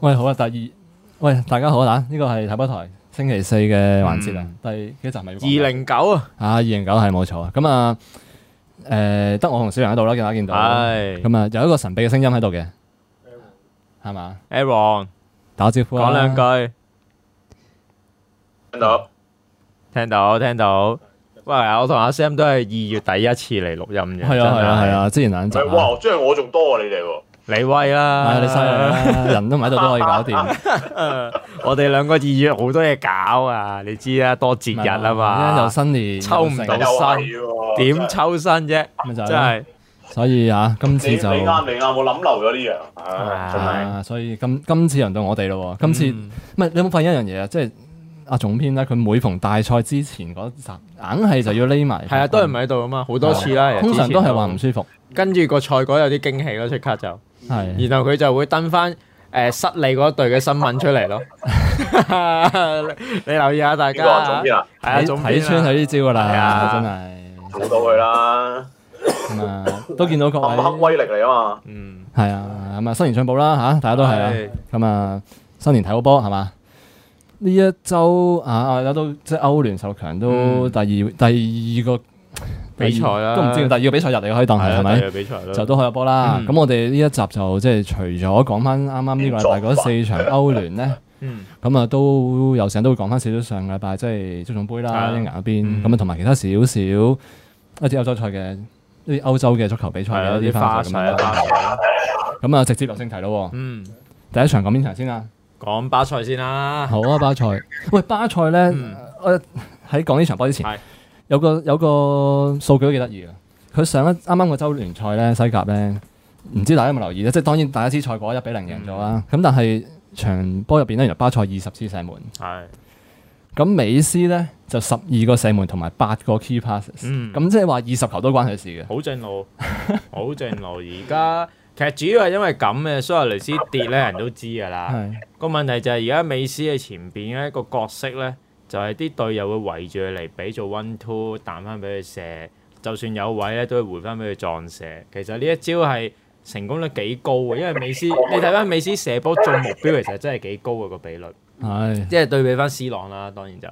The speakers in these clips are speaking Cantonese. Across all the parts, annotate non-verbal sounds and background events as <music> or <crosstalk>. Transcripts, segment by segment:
喂，好啊！第二，喂，大家好啊！呢個係《體波台》星期四嘅環節啊，第幾集？二零九啊，啊，二零九係冇錯啊！咁啊，誒，得我同小楊喺度啦，見到見到？係，咁啊，有一個神秘嘅聲音喺度嘅，係嘛？Aaron，打招呼啊，講兩句，聽到，聽到，聽到。喂，我同阿 Sam 都係二月第一次嚟錄音嘅，係啊，係啊，係啊，之前兩集，哇，即係我仲多過你哋喎。你威啦，你犀利啦，人都唔喺度都可以搞掂。我哋兩個二月好多嘢搞啊，你知啦，多節日啊嘛，又新年，抽唔到身，點抽身啫？咪就真係，所以啊，今次就你你啱未啱？我諗漏咗呢樣，係啊，所以今今次輪到我哋咯。今次唔係你有冇發現一樣嘢啊？即係阿總編咧，佢每逢大賽之前嗰集，硬係就要匿埋。係啊，都係唔喺度啊嘛，好多次啦。通常都係話唔舒服，跟住個賽果有啲驚喜咯，即刻就。係，然後佢就會登翻誒失利嗰隊嘅新聞出嚟咯。你留意下大家，係一睇穿佢呢招噶啦，真係睇到佢啦。咁啊，都見到佢黑威力嚟啊嘛。嗯，係啊，咁啊，新年進步啦吓，大家都係啦。咁啊，新年睇好波係嘛？呢一周啊，大家都即係歐聯受強都第二第二個比賽啊，都唔知，但係要比賽日你可以，當係係咪？就都可以波啦。咁我哋呢一集就即係除咗講翻啱啱呢個禮拜嗰四場歐聯咧，咁啊都有成日都會講翻少少上禮拜即係足總盃啦、英格蘭嗰邊，咁啊同埋其他少少一啲歐洲賽嘅一啲歐洲嘅足球比賽嘅啲花絮啦。咁啊直接落正題咯。嗯，第一場講邊場先啊？講巴塞先啦。好啊，巴塞。喂，巴塞咧，我喺講呢場波之前。有個有個數據都幾得意啊。佢上一啱啱個周聯賽咧，西甲咧，唔知大家有冇留意咧？即係當然大家知賽果一比零贏咗啦。咁、嗯、但係場波入邊咧，原來巴塞二十次射門，咁、嗯、美斯咧就十二個射門同埋八個 key passes，咁、嗯、即係話二十球都關佢事嘅。好正路，好正路。而家 <laughs> 其實主要係因為咁嘅，蘇亞雷斯跌咧，人都知噶啦。個的的問題就係而家美斯喺前邊嘅一個角色咧。就係啲隊友會圍住佢嚟俾做 one two 彈翻俾佢射，就算有位咧都會回翻俾佢撞射。其實呢一招係成功率幾高嘅，因為美斯你睇翻美斯射波中目標其實真係幾高嘅個比率。係即係對比翻 C 朗啦，當然就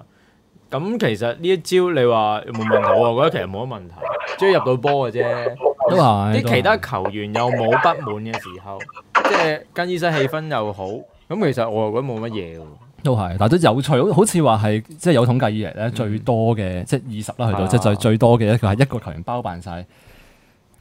咁。其實呢一招你話冇問題，我覺得其實冇乜問題，只要入到波嘅啫。都係啲其他球員又冇不滿嘅時候，即係更衣室氣氛又好。咁其實我又覺得冇乜嘢。都係，但都有趣，好似話係即係有統計以嚟咧最多嘅，嗯、即係二十啦，去到、啊、即係最最多嘅一個係一個球員包辦晒。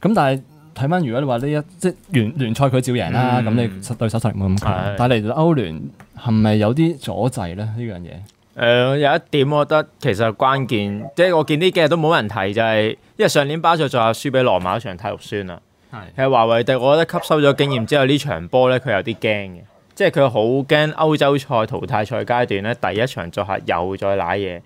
咁但係睇翻，如果你話呢一即係聯聯賽佢照贏啦，咁、嗯、你對手實冇咁強，是的 但係嚟到歐聯係咪有啲阻滯咧呢樣嘢？誒、呃，有一點我覺得其實關鍵，即係我見呢幾日都冇人提就係、是，因為上年巴塞仲有輸俾羅馬場體育酸啊。係的，係華為迪，我覺得吸收咗經驗之後呢場波咧，佢有啲驚嘅。即係佢好驚歐洲賽淘汰賽階段咧，第一場作客又再賴嘢，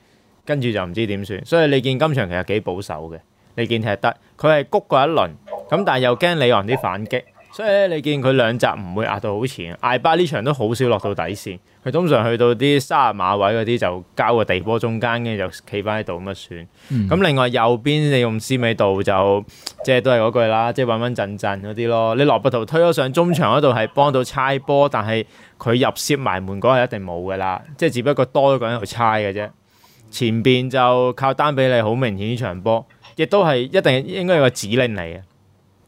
跟住就唔知點算，所以你見今場其實幾保守嘅，你見踢得佢係谷過一輪，咁但係又驚李昂啲反擊。所以咧，你見佢兩閘唔會壓到好前，艾巴呢場都好少落到底線，佢通常去到啲三啊碼位嗰啲就交個地波中間，跟住就企翻喺度咁啊算。咁、嗯、另外右邊你用斯美度就，即係都係嗰句啦，即係穩穩陣陣嗰啲咯。你羅伯圖推咗上中場嗰度係幫到猜波，但係佢入攝埋門嗰刻一定冇噶啦，即係只不過多咗個人去猜嘅啫。前邊就靠單比利好明顯呢場波，亦都係一定應該有個指令嚟嘅。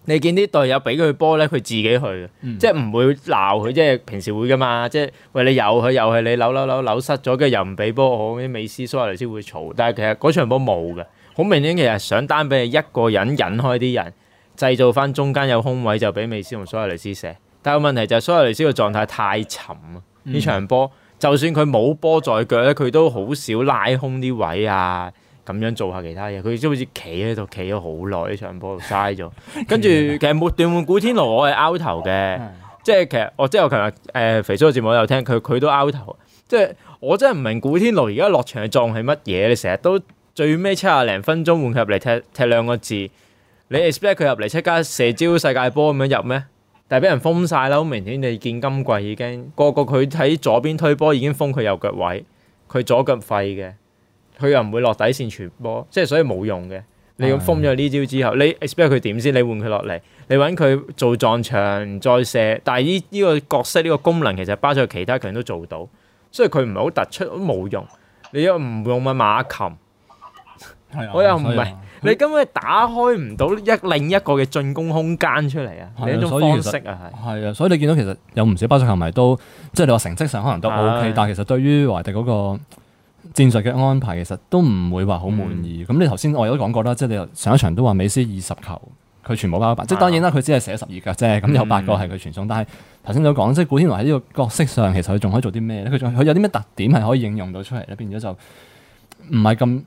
你見啲隊友俾佢波咧，佢自己去，嗯、即係唔會鬧佢，即係平時會噶嘛。即係喂你又去又去，你扭扭扭扭失咗，跟住又唔俾波，好，啲美斯蘇亞雷斯會嘈。但係其實嗰場波冇㗎，好明顯其實上單俾佢一個人引開啲人，製造返中間有空位就俾美斯同蘇亞雷斯射。但係個問題就係蘇亞雷斯嘅狀態太沉啊！呢、嗯、場波就算佢冇波在腳咧，佢都好少拉空啲位啊。咁樣做下其他嘢，佢即好似企喺度，企咗好耐，呢場波就嘥咗。跟住其實末段換古天奴，我係 out 頭嘅，即係其實我即係我琴日誒肥叔嘅節目有聽，佢佢都 out 頭。即係我真係唔明古天奴而家落場嘅狀係乜嘢？你成日都最尾七廿零分鐘換佢入嚟踢踢兩個字，你 expect 佢入嚟即刻射焦世界波咁樣入咩？但係俾人封曬啦！好明顯你見今季已經個個佢喺左邊推波已經封佢右腳位，佢左腳廢嘅。佢又唔會落底線傳波，即係所以冇用嘅。你咁封咗呢招之後，的你 expect 佢點先？你換佢落嚟，你揾佢做撞牆再射。但係呢呢個角色呢、呢個功能其實巴塞其他強都做到，所以佢唔係好突出，冇用。你又唔用咪馬琴？的我又唔係。以你根本係打開唔到一另一個嘅進攻空間出嚟啊！係的一種方式啊，係的。係啊，所以你見到其實有唔少巴塞球迷都即係你話成績上可能都 OK，的但係其實對於華迪嗰、嗰個戰術嘅安排其實都唔會話好滿意，咁、嗯、你頭先我有講過啦，即、就、係、是、你上一場都話美斯二十球，佢全部包翻。啊、即係當然啦，佢只係射十二球啫，咁、嗯、有八個係佢傳送，但係頭先都講，即係古天華喺呢個角色上，其實佢仲可以做啲咩咧？佢仲佢有啲咩特點係可以應用到出嚟咧？變咗就唔係咁，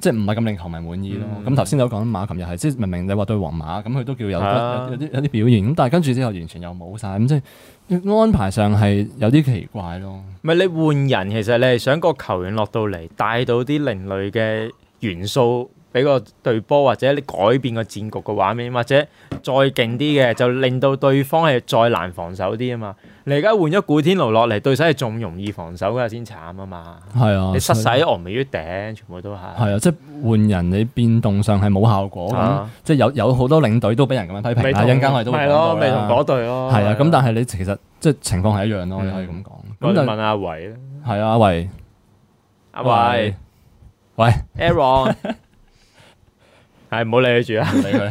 即係唔係咁令球迷滿意咯。咁頭先都講馬琴又係，即係、就是、明明你話對皇馬咁，佢都叫有有有啲有啲表現，咁、啊、但係跟住之後完全又冇晒，咁即係。安排上係有啲奇怪咯，唔係你換人，其實你係想個球員落到嚟，帶到啲另類嘅元素。俾個對波或者你改變個戰局嘅畫面，或者再勁啲嘅就令到對方係再難防守啲啊嘛！你而家換咗古天奴落嚟對手係仲容易防守嘅先慘啊嘛！係啊，你失使我唔理頂，全部都係。係啊，即係換人你變動上係冇效果咁，即係有有好多領隊都俾人咁樣批評啦。一陣間我哋都係咯、啊，未同嗰隊咯。係啊，咁、啊、但係你其實即係情況係一樣咯，你、啊、可以咁講。咁就、啊、問，問阿偉啦。係啊，阿偉。阿偉。喂。Aaron 係唔好理佢住啦，理佢。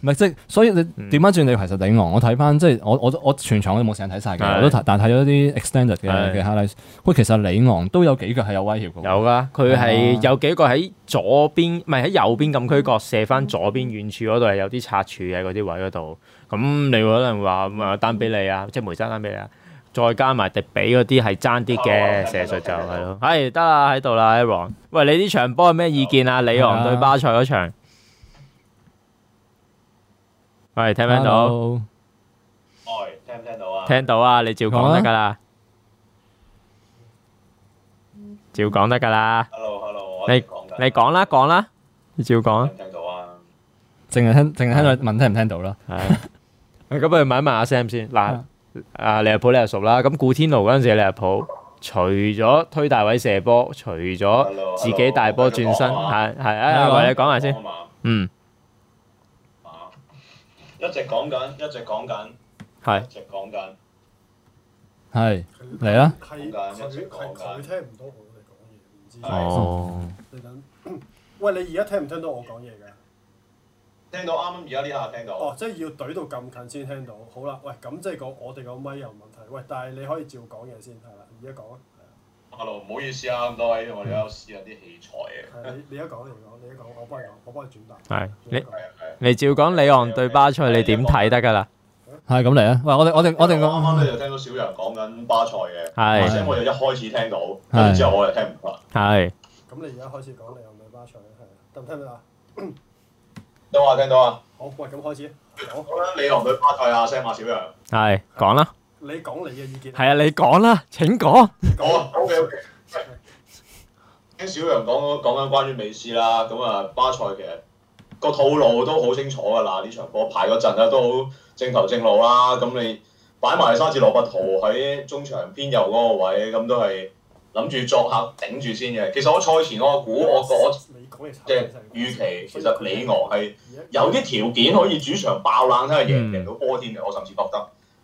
唔係即係，所以你點翻轉你其實李昂，我睇翻即係我我我全場都冇成日睇晒嘅，我都但睇咗啲 extended 嘅嘅哈利。喂，其實李昂都有幾個係有威脅嘅。有噶，佢係有幾個喺左邊，唔係喺右邊禁區角射翻左邊遠處嗰度係有啲插柱嘅嗰啲位嗰度。咁你可能話阿丹比利啊，即係梅沙丹比利啊，再加埋迪比嗰啲係爭啲嘅射術就係咯。係得啦，喺度啦 i 喂，你呢場波係咩意見啊？李昂對巴塞嗰場？喂，聽唔聽到？喂，聽唔聽到啊？聽到啊，你照講得噶啦，照講得噶啦。Hello，Hello，你你講啦，講啦，你照講。聽到啊。淨係聽，淨係聽佢問聽唔聽到咯。係咁，不如問一問阿 Sam 先嗱，阿利物浦，你又熟啦？咁古天奴嗰陣時，利物浦除咗推大位射波，除咗自己大波轉身，係係，啊，喂你講下先，嗯。一直講緊，一直講緊，係，一直講緊，係是，嚟啦，講緊，一直講緊，佢聽唔到我哋講嘢，唔知。哦。Oh. 你等、嗯。喂，你而家聽唔聽到我講嘢㗎？聽到，啱啱聽到，啱啱而家呢下聽到。哦，即係要懟到咁近先聽到。好啦，喂，咁即係講我哋個麥有問題。喂，但係你可以照講嘢先，係啦，而家講。Hello，唔好意思啊，咁多位我哋而家試下啲器材啊。你你而家講，我我幫你講，我幫你轉達。係你嚟，照講，李昂對巴塞你點睇得噶啦？係咁嚟啊！喂，我哋我哋我哋啱啱咧就聽到小楊講緊巴塞嘅，而且我哋一開始聽到，但之後我又聽唔到。係咁，你而家開始講李昂對巴塞係，得唔聽到啊？聽到啊，聽到啊。好，喂，咁開始。好啦，李昂對巴塞啊，聲啊，小楊。係講啦。你講你嘅意見係啊，你講啦，請講。講啊，OK OK。聽小楊講講緊關於美斯啦，咁啊巴塞其實個套路都好清楚噶啦，呢場波排咗陣啦，都好正頭正路啦。咁你擺埋沙治羅伯圖喺中場偏右嗰個位，咁都係諗住作客頂住先嘅。其實我賽前我估，我我即係預期，其實里昂係有啲條件可以主場爆冷，睇下贏唔贏到波添嘅，我甚至覺得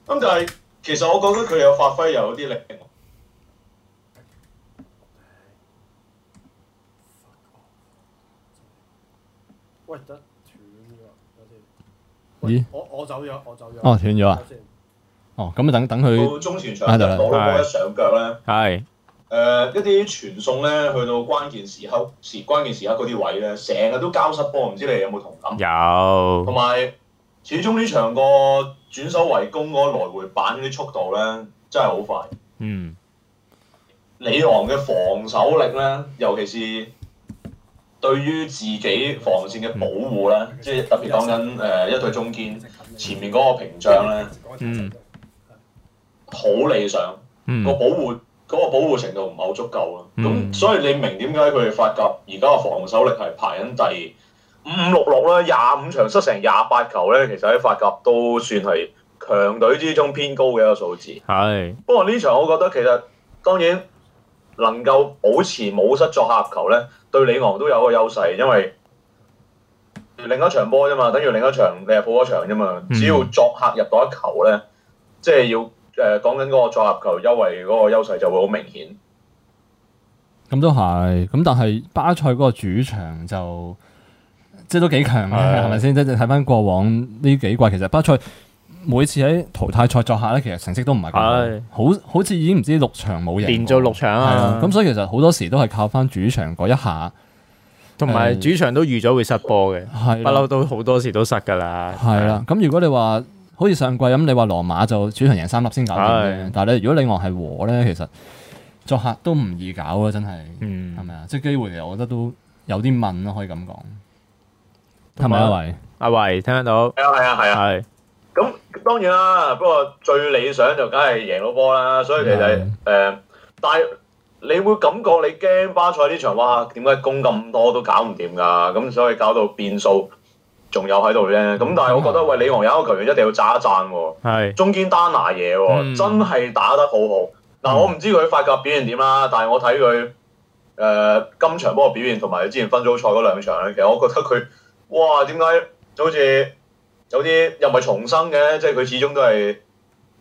咁但係。其實我覺得佢有發揮，又有啲力。喂，得斷咗，咦，我我走咗，我走咗。哦，斷咗啊！哦，咁等等佢中前場攞攞得上腳咧。係。誒一啲傳送咧，去到關鍵時刻時，關鍵時刻嗰啲位咧，成日都交失波，唔知你哋有冇同感？有。同埋。始終呢場個轉守為攻嗰個來回板嗰啲速度咧，真係好快。嗯，李昂嘅防守力咧，尤其是對於自己防線嘅保護咧，嗯、即係特別講緊誒一隊中堅前面嗰個屏障咧，嗯，好、嗯、理想。嗯，保護那個保護嗰保護程度唔係好足夠咯。咁、嗯嗯、所以你明點解佢哋法甲而家個防守力係排緊第二？五五六六咧，廿五場失成廿八球咧，其實喺法甲都算係強隊之中偏高嘅一個數字。係，是的 不過呢場我覺得其實當然能夠保持冇失作客入球咧，對里昂都有個優勢，因為另一場波啫嘛，等於另一場利物浦嗰場啫嘛，只要作客入到一球咧，嗯、即係要誒講緊嗰個作客球優惠嗰個優勢就會好明顯。咁都係，咁但係巴塞嗰個主場就。即係都幾強嘅，係咪先？即睇翻過往呢幾季，其實巴塞每次喺淘汰賽作客咧，其實成績都唔係咁好。好似已經唔知六場冇贏，連續六場啊！咁所以其實好多時都係靠翻主場嗰一下，同埋主場都預咗會失波嘅，不嬲是的 都好多時都失噶啦。係啦，咁如果你話好似上季咁，你話羅馬就主場贏三粒先搞掂嘅，但係咧，如果你話係和咧，其實作客都唔易搞啊！真係，係咪啊？即係機會嚟，我覺得都有啲問咯，可以咁講。同埋阿維，阿維聽得到，係啊係啊係啊，係、啊。咁、啊、是當然啦，不過最理想就梗係贏到波啦。所以其實誒的、呃，但係你會感覺你驚巴塞呢場，哇，點解攻咁多都搞唔掂噶？咁所以搞到變數仲有喺度啫。咁但係我覺得的喂，李昂有一個球員一定要讚一讚喎、哦，係的。中堅丹拿嘢、哦，嗯、真係打得好好。嗱、呃，我唔知佢法甲表現點啦，但係我睇佢誒今場波嘅表現同埋之前分組賽嗰兩場，其實我覺得佢。哇！點解就好似有啲又唔係重生嘅？即係佢始終都係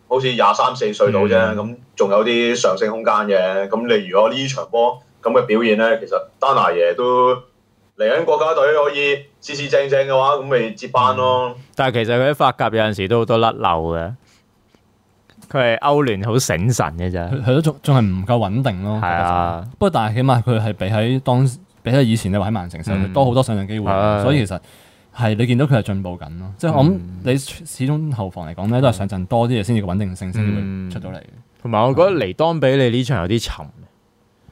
好似廿三四歲到啫，咁仲、嗯、有啲上升空間嘅。咁你如果呢場波咁嘅表現咧，其實丹拿爺都嚟緊國家隊可以四四正正嘅話，咁咪接班咯。嗯、但係其實佢喺法甲有陣時都好多甩漏嘅。佢係歐聯好醒神嘅咋？佢都仲仲係唔夠穩定咯。係啊，不過但係起碼佢係比喺當。比起以前你話喺曼城就多好多上陣機會，嗯、所以其實係你見到佢係進步緊咯。即係我諗你始終後防嚟講咧，都係上陣多啲嘢，先至個穩定性先會出到嚟。同埋、嗯、我覺得尼當比你呢場有啲沉，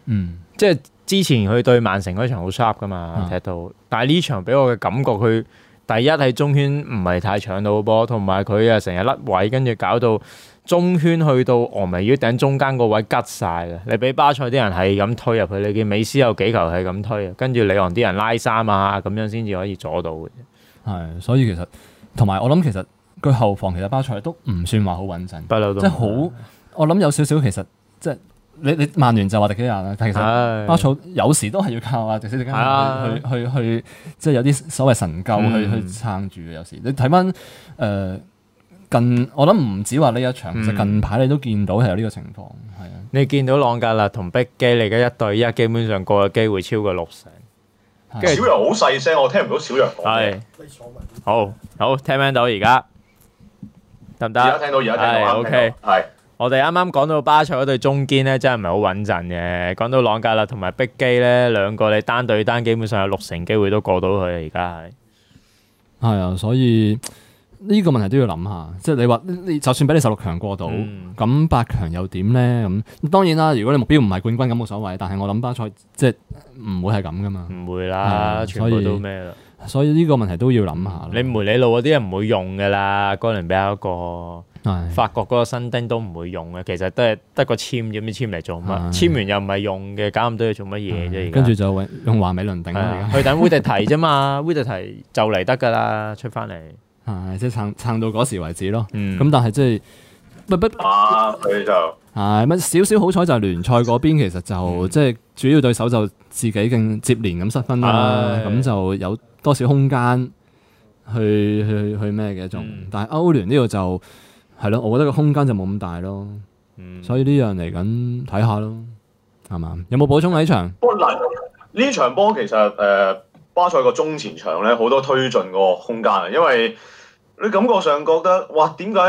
嗯，即係之前佢對曼城嗰場好 sharp 噶嘛踢到，嗯、但係呢場俾我嘅感覺，佢第一係中圈唔係太搶到波，同埋佢又成日甩位，跟住搞到。中圈去到峨眉腰頂中間嗰位吉晒啦！你俾巴塞啲人係咁推入去，你見美斯有幾球係咁推啊？跟住里昂啲人拉衫啊，咁樣先至可以阻到嘅。係，所以其實同埋我諗，其實佢後防其實巴塞都唔算話好穩陣，即係好我諗有少少其實即係你你曼聯就話迪幾人啦，其實巴塞有時都係要靠啊迪幾迪根去的去的去，去，去，即係有啲所謂神救去去，去撐住。有時、嗯、你睇翻誒。呃呃近我諗唔止話呢一場，近排你都見到係有呢個情況。係啊，你見到朗格勒同碧基嚟嘅一對一，基本上過嘅機會超過六成。小楊好細聲，我聽唔到小楊講嘅。係，好好聽唔聽到而家得唔得？而家聽到，而家聽到 O K，係。我哋啱啱講到巴塞嗰對中堅咧，真係唔係好穩陣嘅。講到朗格勒同埋碧基咧，兩個你單對單，基本上有六成機會都過到佢。而家係，係啊，所以。呢個問題都要諗下，即係你話就算俾你十六強過到，咁八強又點咧？咁當然啦，如果你目標唔係冠軍，咁冇所謂。但係我諗巴塞，即係唔會係咁噶嘛，唔會啦，全部都咩啦。所以呢個問題都要諗下。你梅里路嗰啲人唔會用噶啦，哥倫比亞嗰個法國嗰個新丁都唔會用嘅。其實都係得個簽咁樣簽嚟做乜？簽完又唔係用嘅，搞咁多嘢做乜嘢啫。跟住就用華美倫頂去等 Widet 提啫嘛，Widet 提就嚟得噶啦，出翻嚟。係，即係撐撐到嗰時為止咯。咁、嗯、但係即係，唔係不，佢就係乜少少好彩就聯賽嗰邊，其實就、嗯、即係主要對手就自己已接連咁失分啦。咁、嗯、就有多少空間去去去咩嘅？仲、嗯、但係歐聯呢度就係咯，我覺得個空間就冇咁大咯。嗯、所以呢樣嚟緊睇下看看咯，係嘛？有冇補充喺場？呢場波其實誒、呃、巴塞個中前場咧好多推進個空間啊，因為你感覺上覺得，哇點解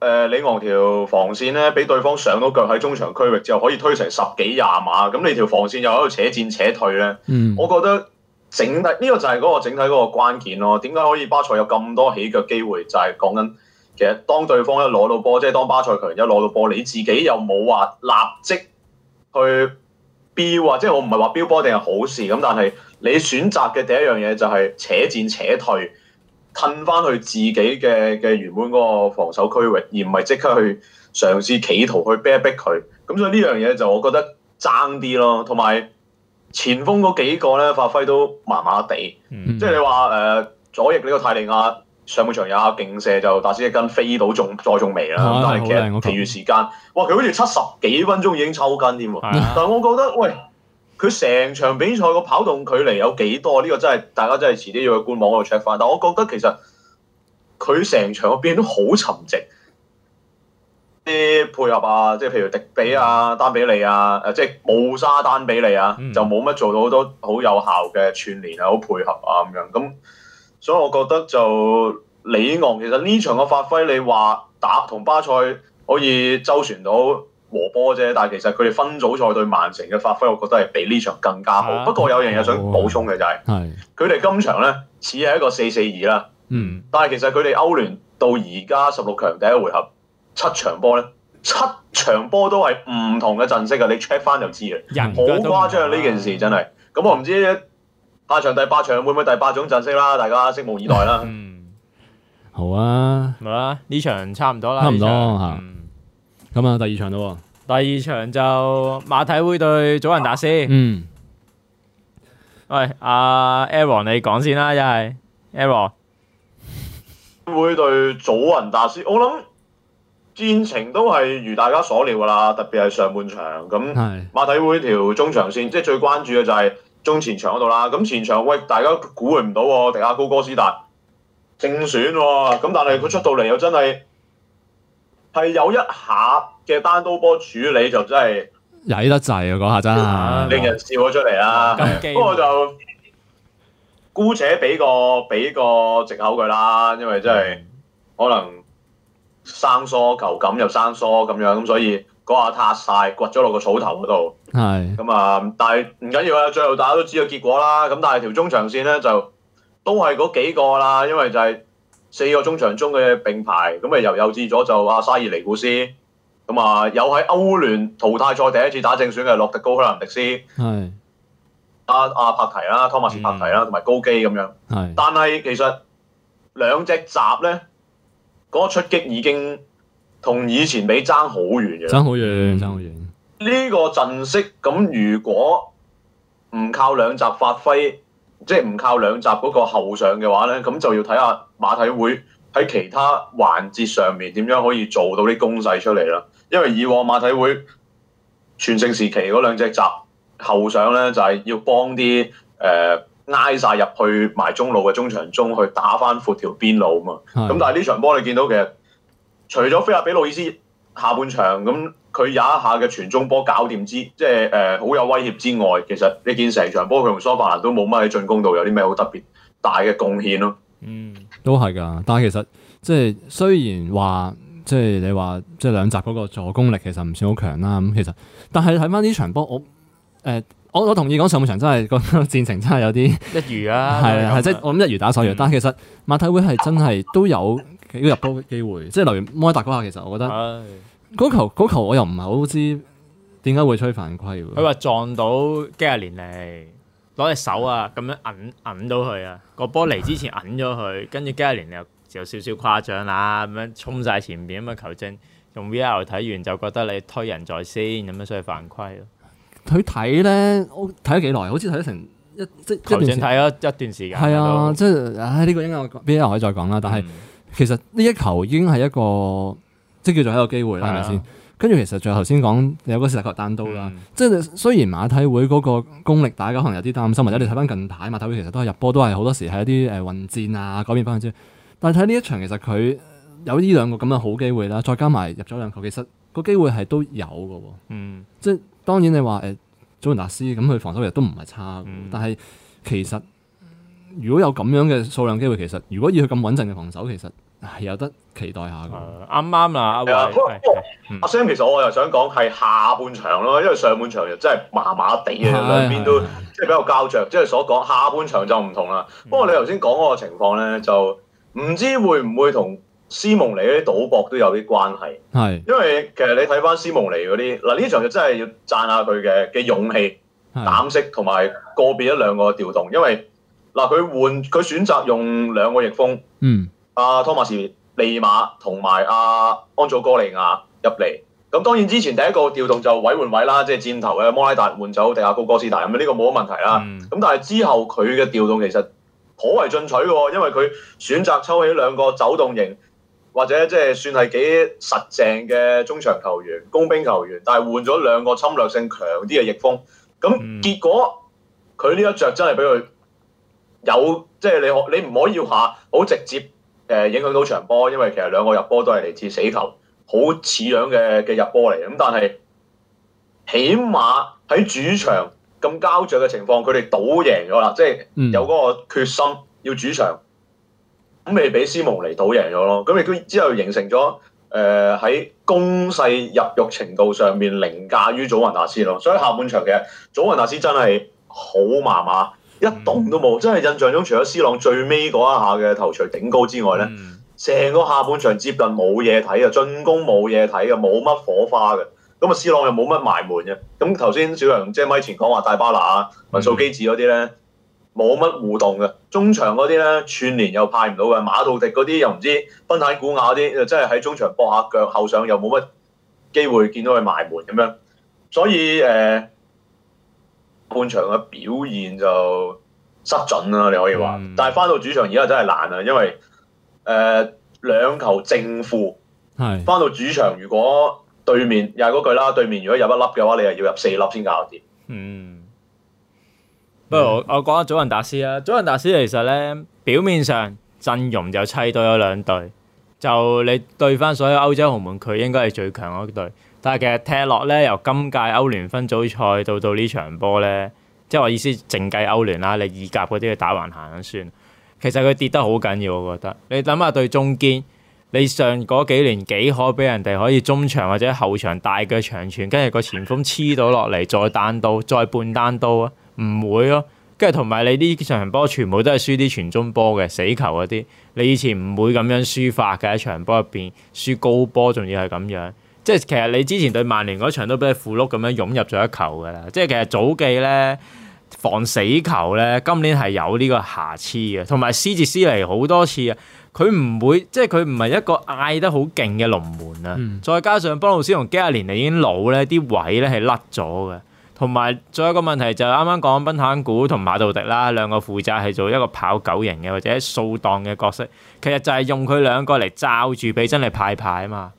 誒李昂條防線咧，俾對方上到腳喺中場區域之後，可以推成十幾廿碼，咁你條防線又喺度且戰且退咧？嗯，我覺得整體呢、這個就係嗰個整體嗰個關鍵咯。點解可以巴塞有咁多起腳機會？就係、是、講緊其實當對方一攞到波，即係當巴塞強，一攞到波，你自己又冇話立即去標啊！即係我唔係話標波定係好事咁，但係你選擇嘅第一樣嘢就係且戰且退。褪翻去自己嘅嘅原本嗰個防守區域，而唔係即刻去嘗試企圖去逼一逼佢。咁所以呢樣嘢就我覺得爭啲咯。同埋前鋒嗰幾個咧，發揮都麻麻地。即係你話誒左翼呢個泰利亞上半場有一下勁射就打先一根飛到中再中眉啦。啊、但係其實其餘時間，哇佢好似七十幾分鐘已經抽筋添喎。啊、但係我覺得喂。佢成場比賽個跑動距離有幾多？呢個真係大家真係遲啲要去官網度 check 翻。但我覺得其實佢成場個表現都好沉寂，啲配合啊，即係譬如迪比啊、丹比利啊，誒即係冇沙丹比利啊，嗯、就冇乜做到好多好有效嘅串連啊、好配合啊咁樣。咁所以我覺得就里昂其實呢場嘅發揮，你話打同巴塞可以周旋到，和波啫，但係其實佢哋分組賽對曼城嘅發揮，我覺得係比呢場更加好。啊、不過有樣嘢想補充嘅就係、是，佢哋是今場咧似係一個四四二啦。嗯，但係其實佢哋歐聯到而家十六強第一回合七場波咧，七場波都係唔同嘅陣式啊！你 check 翻就知啊，好誇張呢件事真係。咁、啊、我唔知下場第八場會唔會第八種陣式啦，大家拭目以待啦。嗯，好啊，唔係呢場差唔多啦，差唔多嚇。啊嗯咁啊，第二場咯，第二場就馬體會對祖雲達斯。嗯，喂，阿 Aaron 你講先啦，真係 Aaron 會對祖雲達斯。我諗戰情都係如大家所料噶啦，特別係上半場咁，馬體會條中場線，即係最關注嘅就係中前場嗰度啦。咁前場喂，大家估計唔到，迪亞高哥斯達正選，咁但係佢出到嚟又真係。係有一下嘅單刀波處理就真係曳得滯啊！嗰下真係令 <laughs> 人笑咗出嚟啦。不過、哦、就姑且俾個俾個藉口佢啦，因為真、就、係、是嗯、可能生疏球感又生疏咁樣，咁所以嗰下塌晒掘咗落個草頭嗰度。係咁啊！但係唔緊要啊，最後大家都知個結果啦。咁但係條中場線咧就都係嗰幾個啦，因為就係、是。四個中場中嘅並排，咁啊由右至左就阿沙爾尼古斯，咁啊有喺歐聯淘汰賽第一次打正選嘅洛特高克蘭迪斯，係阿阿帕提啦、托馬斯帕提啦同埋是高基咁樣，係是。但係其實兩隻閘咧，嗰、那個、出擊已經同以前比爭好遠嘅啦。爭好遠，爭好遠。呢個陣式咁，如果唔靠兩集發揮。即係唔靠兩集嗰個後上嘅話咧，咁就要睇下馬體會喺其他環節上面點樣可以做到啲攻勢出嚟啦。因為以往馬體會全盛時期嗰兩隻集後上咧，就係、是、要幫啲誒挨曬入去埋中路嘅中場中去打翻闊條邊路嘛。咁是、嗯、但係呢場波你見到其實除咗菲亞比路爾斯下半場咁。嗯佢有一下嘅傳中波搞掂之，即係誒好有威脅之外，其實你見成場波佢同蘇伯蘭都冇乜喺進攻度有啲咩好特別大嘅貢獻咯。嗯，都係噶，但係其實即係雖然話即係你話即係兩集嗰個助攻力其實唔算好強啦。咁其實但係睇翻呢場波，我誒我、呃、我同意講上半場真係個戰情真係有啲一如啊，係係即係我諗一如打手如。嗯、但係其實馬體會係真係都有入波嘅機會，即係例如摩打嗰下，其實我覺得。嗰球嗰球我又唔係好知點解會吹犯規喎。佢話撞到幾廿年嚟攞隻手啊，咁樣摁摁到佢啊，個波嚟之前摁咗佢，跟住 <laughs> 幾廿年又又少少誇張啦，咁樣衝晒前邊咁啊球證。用 VAR 睇完就覺得你推人在先，咁樣所以犯規咯。佢睇咧，我睇咗幾耐，好似睇咗成一即係一段時間。係啊，即係呢、啊呢個應該 VAR 可以再講啦。但係、嗯、其實呢一球已經係一個。即叫做一個機會啦，係咪先？跟住、嗯、其實再頭先講有嗰次打球單刀啦，嗯、即係雖然馬體會嗰個功力大家可能有啲擔心，嗯、或者你睇翻近排馬體會其實都係入波，都係好多時係一啲誒混戰啊，改變方向，但係睇呢一場其實佢有呢兩個咁嘅好機會啦，再加埋入咗兩球，其實個機會係都有嘅。嗯即，即係當然你話誒、呃、祖雲達斯咁，佢防守亦都唔係差，但係其實，嗯、其實如果有咁樣嘅數量機會，其實如果要佢咁穩陣嘅防守，其實。有得期待下㗎，啱啱啦。阿 Sam，其實我又想講係下半場咯，因為上半場就真係麻麻地嘅，兩邊都即係比較膠着。即係所講下半場就唔同啦。不過你頭先講嗰個情況咧，就唔知會唔會同斯蒙尼嗰啲賭博都有啲關係。係，因為其實你睇翻斯蒙尼嗰啲嗱，呢場就真係要讚下佢嘅嘅勇氣、膽識同埋個別一兩個調動。因為嗱，佢換佢選擇用兩個翼鋒，嗯。阿、啊、托馬斯利馬同埋阿安祖哥利亞入嚟，咁當然之前第一個調動就委換位啦，即係箭頭嘅摩拉達換走迪亞高哥斯達，咁呢個冇乜問題啦。咁、嗯、但係之後佢嘅調動其實頗為進取嘅，因為佢選擇抽起兩個走動型或者即係算係幾實淨嘅中場球員、工兵球員，但係換咗兩個侵略性強啲嘅逆風。咁結果佢呢、嗯、一著真係俾佢有，即、就、係、是、你可你唔可以要下好直接？誒影響到場波，因為其實兩個入波都係嚟自死球，好似樣嘅嘅入波嚟嘅。咁但係，起碼喺主場咁膠着嘅情況，佢哋賭贏咗啦，即係有嗰個決心要主場，咁未俾斯蒙尼賭贏咗咯。咁亦之後形成咗誒喺攻勢入肉程度上面凌駕於祖雲達斯咯。所以下半場嘅祖雲達斯真係好麻麻。一動都冇，真係印象中除咗 C 朗最尾嗰一下嘅頭槌頂高之外咧，成、嗯、個下半場接近冇嘢睇啊，進攻冇嘢睇啊，冇乜火花嘅。咁啊，C 朗又冇乜埋門嘅。咁頭先小楊即係咪前講話大巴拿、文素機智嗰啲咧，冇乜互動嘅。中場嗰啲咧，串連又派唔到嘅，馬杜迪嗰啲又唔知奔坦古雅啲，就真係喺中場搏下腳後上又冇乜機會見到佢埋門咁樣。所以誒。呃半場嘅表現就失準啦，你可以話。嗯、但係翻到主場而家真係難啊，因為誒兩、呃、球正負係翻到主場，如果對面又係嗰句啦，對面如果入一粒嘅話，你係要入四粒先搞掂。嗯，不如我講下祖雲達斯啦。嗯、祖雲達斯其實咧表面上陣容就砌到有兩隊，就你對翻所有歐洲豪門該，佢應該係最強嗰隊。但係其實踢落咧，由今屆歐聯分組賽到到呢場波咧，即係我意思，淨計歐聯啦、啊，你意甲嗰啲嘅打橫行算。其實佢跌得好緊要，我覺得。你諗下對中堅，你上嗰幾年幾可俾人哋可以中場或者後場大腳長傳，跟住個前鋒黐到落嚟再單刀再半單刀啊？唔會咯。跟住同埋你呢場波全部都係輸啲傳中波嘅死球嗰啲，你以前唔會咁樣輸法嘅一場波入邊輸高波，仲要係咁樣。即係其實你之前對曼聯嗰場都俾你扶碌咁樣湧入咗一球噶啦，即係其實祖記咧防死球咧，今年係有呢個瑕疵嘅，同埋施哲斯嚟好多次啊，佢唔會即係佢唔係一個嗌得好勁嘅龍門啊，嗯、再加上邦魯斯同基亞連尼已經老咧，啲位咧係甩咗嘅，同埋仲有一個問題就係啱啱講賓坦古同馬杜迪啦，兩個負責係做一個跑狗型嘅或者掃蕩嘅角色，其實就係用佢兩個嚟罩住俾真係派牌啊嘛。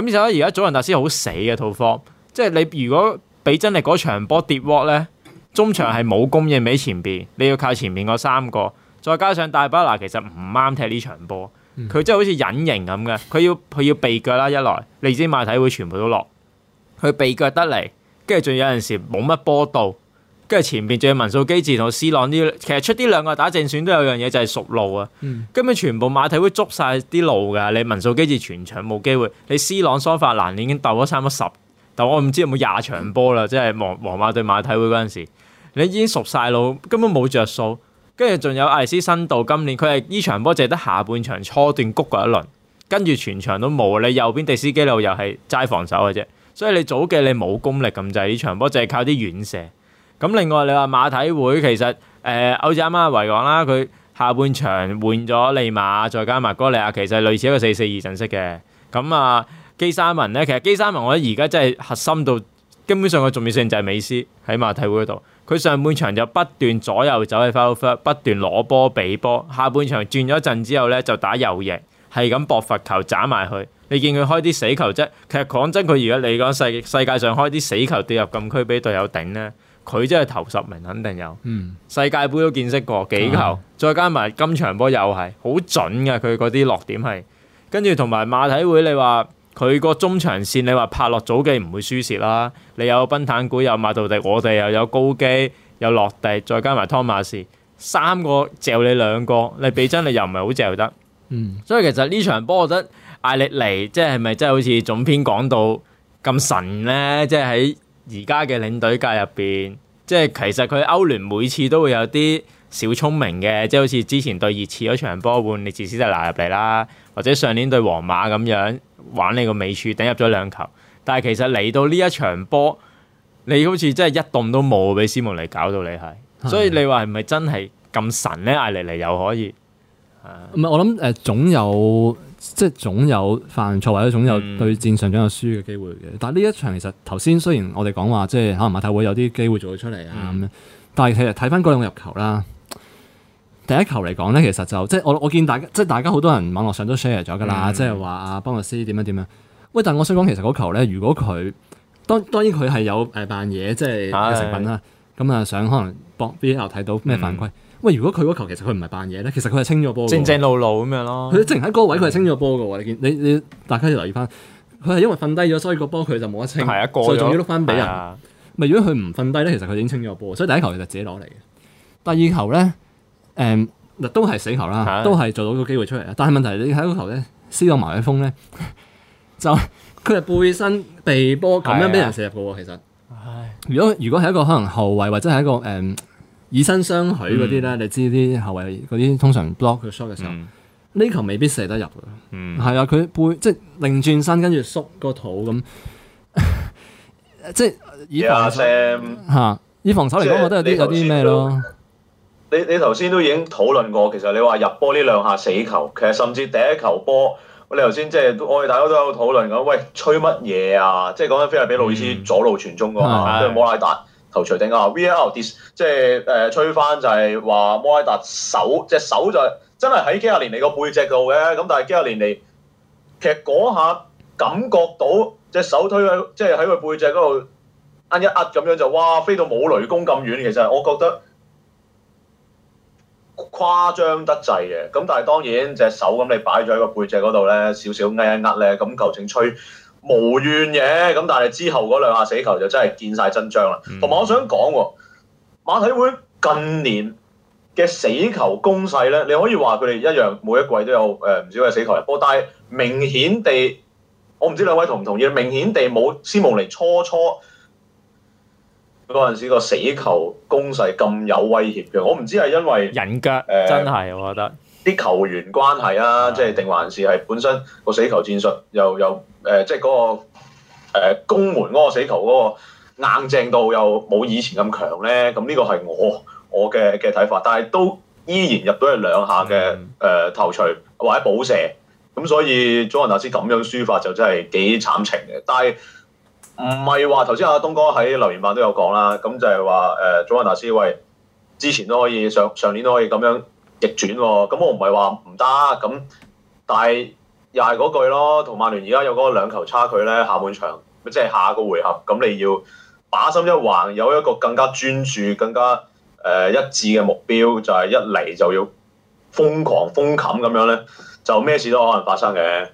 咁就而家祖雲達斯好死嘅套防，即係你如果俾真力嗰場波跌鑊呢，中場係冇供應喺前邊，你要靠前面嗰三個，再加上大巴拉其實唔啱踢呢場波，佢真係好似隱形咁嘅，佢要佢要避腳啦一來，你知馬體會全部都落，佢避腳得嚟，跟住仲有陣時冇乜波到。跟住前邊仲有文素基治同 C 朗呢，其實出啲兩個打正選都有樣嘢就係、是、熟路啊。嗯、根本全部馬體會捉晒啲路噶，你文素基治全場冇機會，你 C 朗、沙發、蘭已經鬥咗差唔多十，但我唔知有冇廿場波啦。嗯、即係皇皇馬對馬體會嗰陣時，你已經熟晒路，根本冇着數。跟住仲有艾斯申道，今年佢係呢場波淨係得下半場初段谷過一輪，跟住全場都冇。你右邊迪斯基路又係齋防守嘅啫，所以你早嘅你冇功力咁滯，呢場波就係靠啲遠射。咁另外你話馬體會其實誒、呃、歐子阿媽維港啦，佢下半場換咗利馬，再加埋哥利亞，其實類似一個四四二陣式嘅。咁啊基沙文咧，其實基沙文我覺得而家真係核心到根本上個重要性就係美斯喺馬體會嗰度。佢上半場就不斷左右走喺不斷攞波俾波。下半場轉咗陣之後咧，就打右翼，係咁搏罰球斬埋去。你見佢開啲死球啫，其實講真，佢而家你講世世界上開啲死球跌入禁區俾隊友頂咧。佢真係頭十名肯定有，嗯、世界盃都見識過幾球，嗯、再加埋今場波又係好準嘅，佢嗰啲落點係跟住，同埋馬體會你，你話佢個中場線，你話拍落早機唔會輸蝕啦。你有奔坦古，有馬道迪，我哋又有高基，有落地，再加埋湯馬士，三個嚼你兩個，你俾真你又唔係好嚼得。嗯，所以其實呢場波，我覺得艾力尼即係咪真係好似總編講到咁神呢？即係喺。而家嘅領隊界入邊，即係其實佢歐聯每次都會有啲小聰明嘅，即係好似之前對熱刺嗰場波換列治斯都拿入嚟啦，或者上年對皇馬咁樣玩你個尾處頂入咗兩球。但係其實嚟到呢一場波，你好似真係一動都冇俾斯蒙尼搞到你係，是的 所以你話係咪真係咁神呢？艾莉尼，尼又可以，唔係我諗誒、呃、總有。即係總有犯錯或者總有對戰上總有輸嘅機會嘅。嗯、但係呢一場其實頭先雖然我哋講話，即係可能馬體會有啲機會做出嚟啊咁樣。嗯、但係其實睇睇翻嗰兩個入球啦，第一球嚟講咧，其實就即係我我見大家即係大家好多人網絡上都 share 咗㗎啦，嗯、即係話阿邦若思點樣點樣。喂，但係我想講其實嗰球咧，如果佢當當然佢係有誒扮嘢即係嘅成品啦。咁啊想可能博 VAR 睇到咩犯規？嗯嗯喂，如果佢嗰球其實佢唔係扮嘢咧，其實佢係清咗波。正正路路咁樣咯。佢之喺嗰個位佢係清咗波嘅喎，你見你大家要留意翻。佢係因為瞓低咗，所以個波佢就冇得清。係啊了，過咗。所以仲要碌翻俾人。咪是、啊、如果佢唔瞓低咧，其實佢已經清咗波，所以第一球其實就自己攞嚟嘅。但二球咧，誒、嗯，嗱都係死球啦，是的 都係做到個機會出嚟。但係問題你睇個球咧，C 朗馬偉峰咧，就佢 <laughs> 係背身避波咁樣俾是的 人射入嘅喎，其實。唉 如果如果係一個可能後衛或者係一個誒。嗯以身相許嗰啲咧，你知啲後衞嗰啲通常 block 佢 shot 嘅時候，呢球未必射得入嘅。嗯，係啊，佢背即係擰轉身跟住縮個肚咁，即係以防守嚇。以防守嚟講，我覺得有啲有啲咩咯。你你頭先都已經討論過，其實你話入波呢兩下死球，其實甚至第一球波，你頭先即係我哋大家都有討論過。喂，吹乜嘢啊？即係講緊菲利比魯斯左路傳中嗰下俾摩拉達。頭鎚定啊！V l dis 即係誒吹翻、就是，就係話摩埃達手隻手就真係喺幾十年嚟個背脊度嘅。咁但係幾十年嚟，其實嗰下感覺到隻手推去，即係喺個背脊嗰度，壓一壓咁樣就哇飛到冇雷公咁遠。其實我覺得誇張得滯嘅。咁但係當然隻手咁你擺咗喺個背脊嗰度咧，少少壓壓咧咁，求證吹。無怨嘅，咁但係之後嗰兩下死球就真係見晒真章啦。同埋、嗯、我想講喎，馬體會近年嘅死球攻勢咧，你可以話佢哋一樣每一季都有誒唔、呃、少嘅死球，不過但係明顯地，我唔知兩位同唔同意，明顯地冇斯蒙尼初初嗰陣時個死球攻勢咁有威脅嘅。我唔知係因為人腳誒，真係我覺得。啲球員關係啊，即係定還是係本身個死球戰術又又誒，即係嗰個誒、呃、攻門嗰個死球嗰個硬淨度又冇以前咁強咧，咁呢個係我我嘅嘅睇法，但係都依然入到去兩下嘅誒、嗯呃、頭槌或者補射，咁所以祖雲達斯咁樣輸法就真係幾慘情嘅。但係唔係話頭先阿東哥喺留言板都有講啦，咁就係話誒祖雲達斯喂，之前都可以上上年都可以咁樣。逆轉喎，咁我唔係話唔得，咁但係又係嗰句咯，同曼聯而家有嗰個兩球差距咧，下半場即係下一個回合，咁你要把心一橫，有一個更加專注、更加誒、呃、一致嘅目標，就係、是、一嚟就要瘋狂封冚咁樣咧，就咩事都可能發生嘅。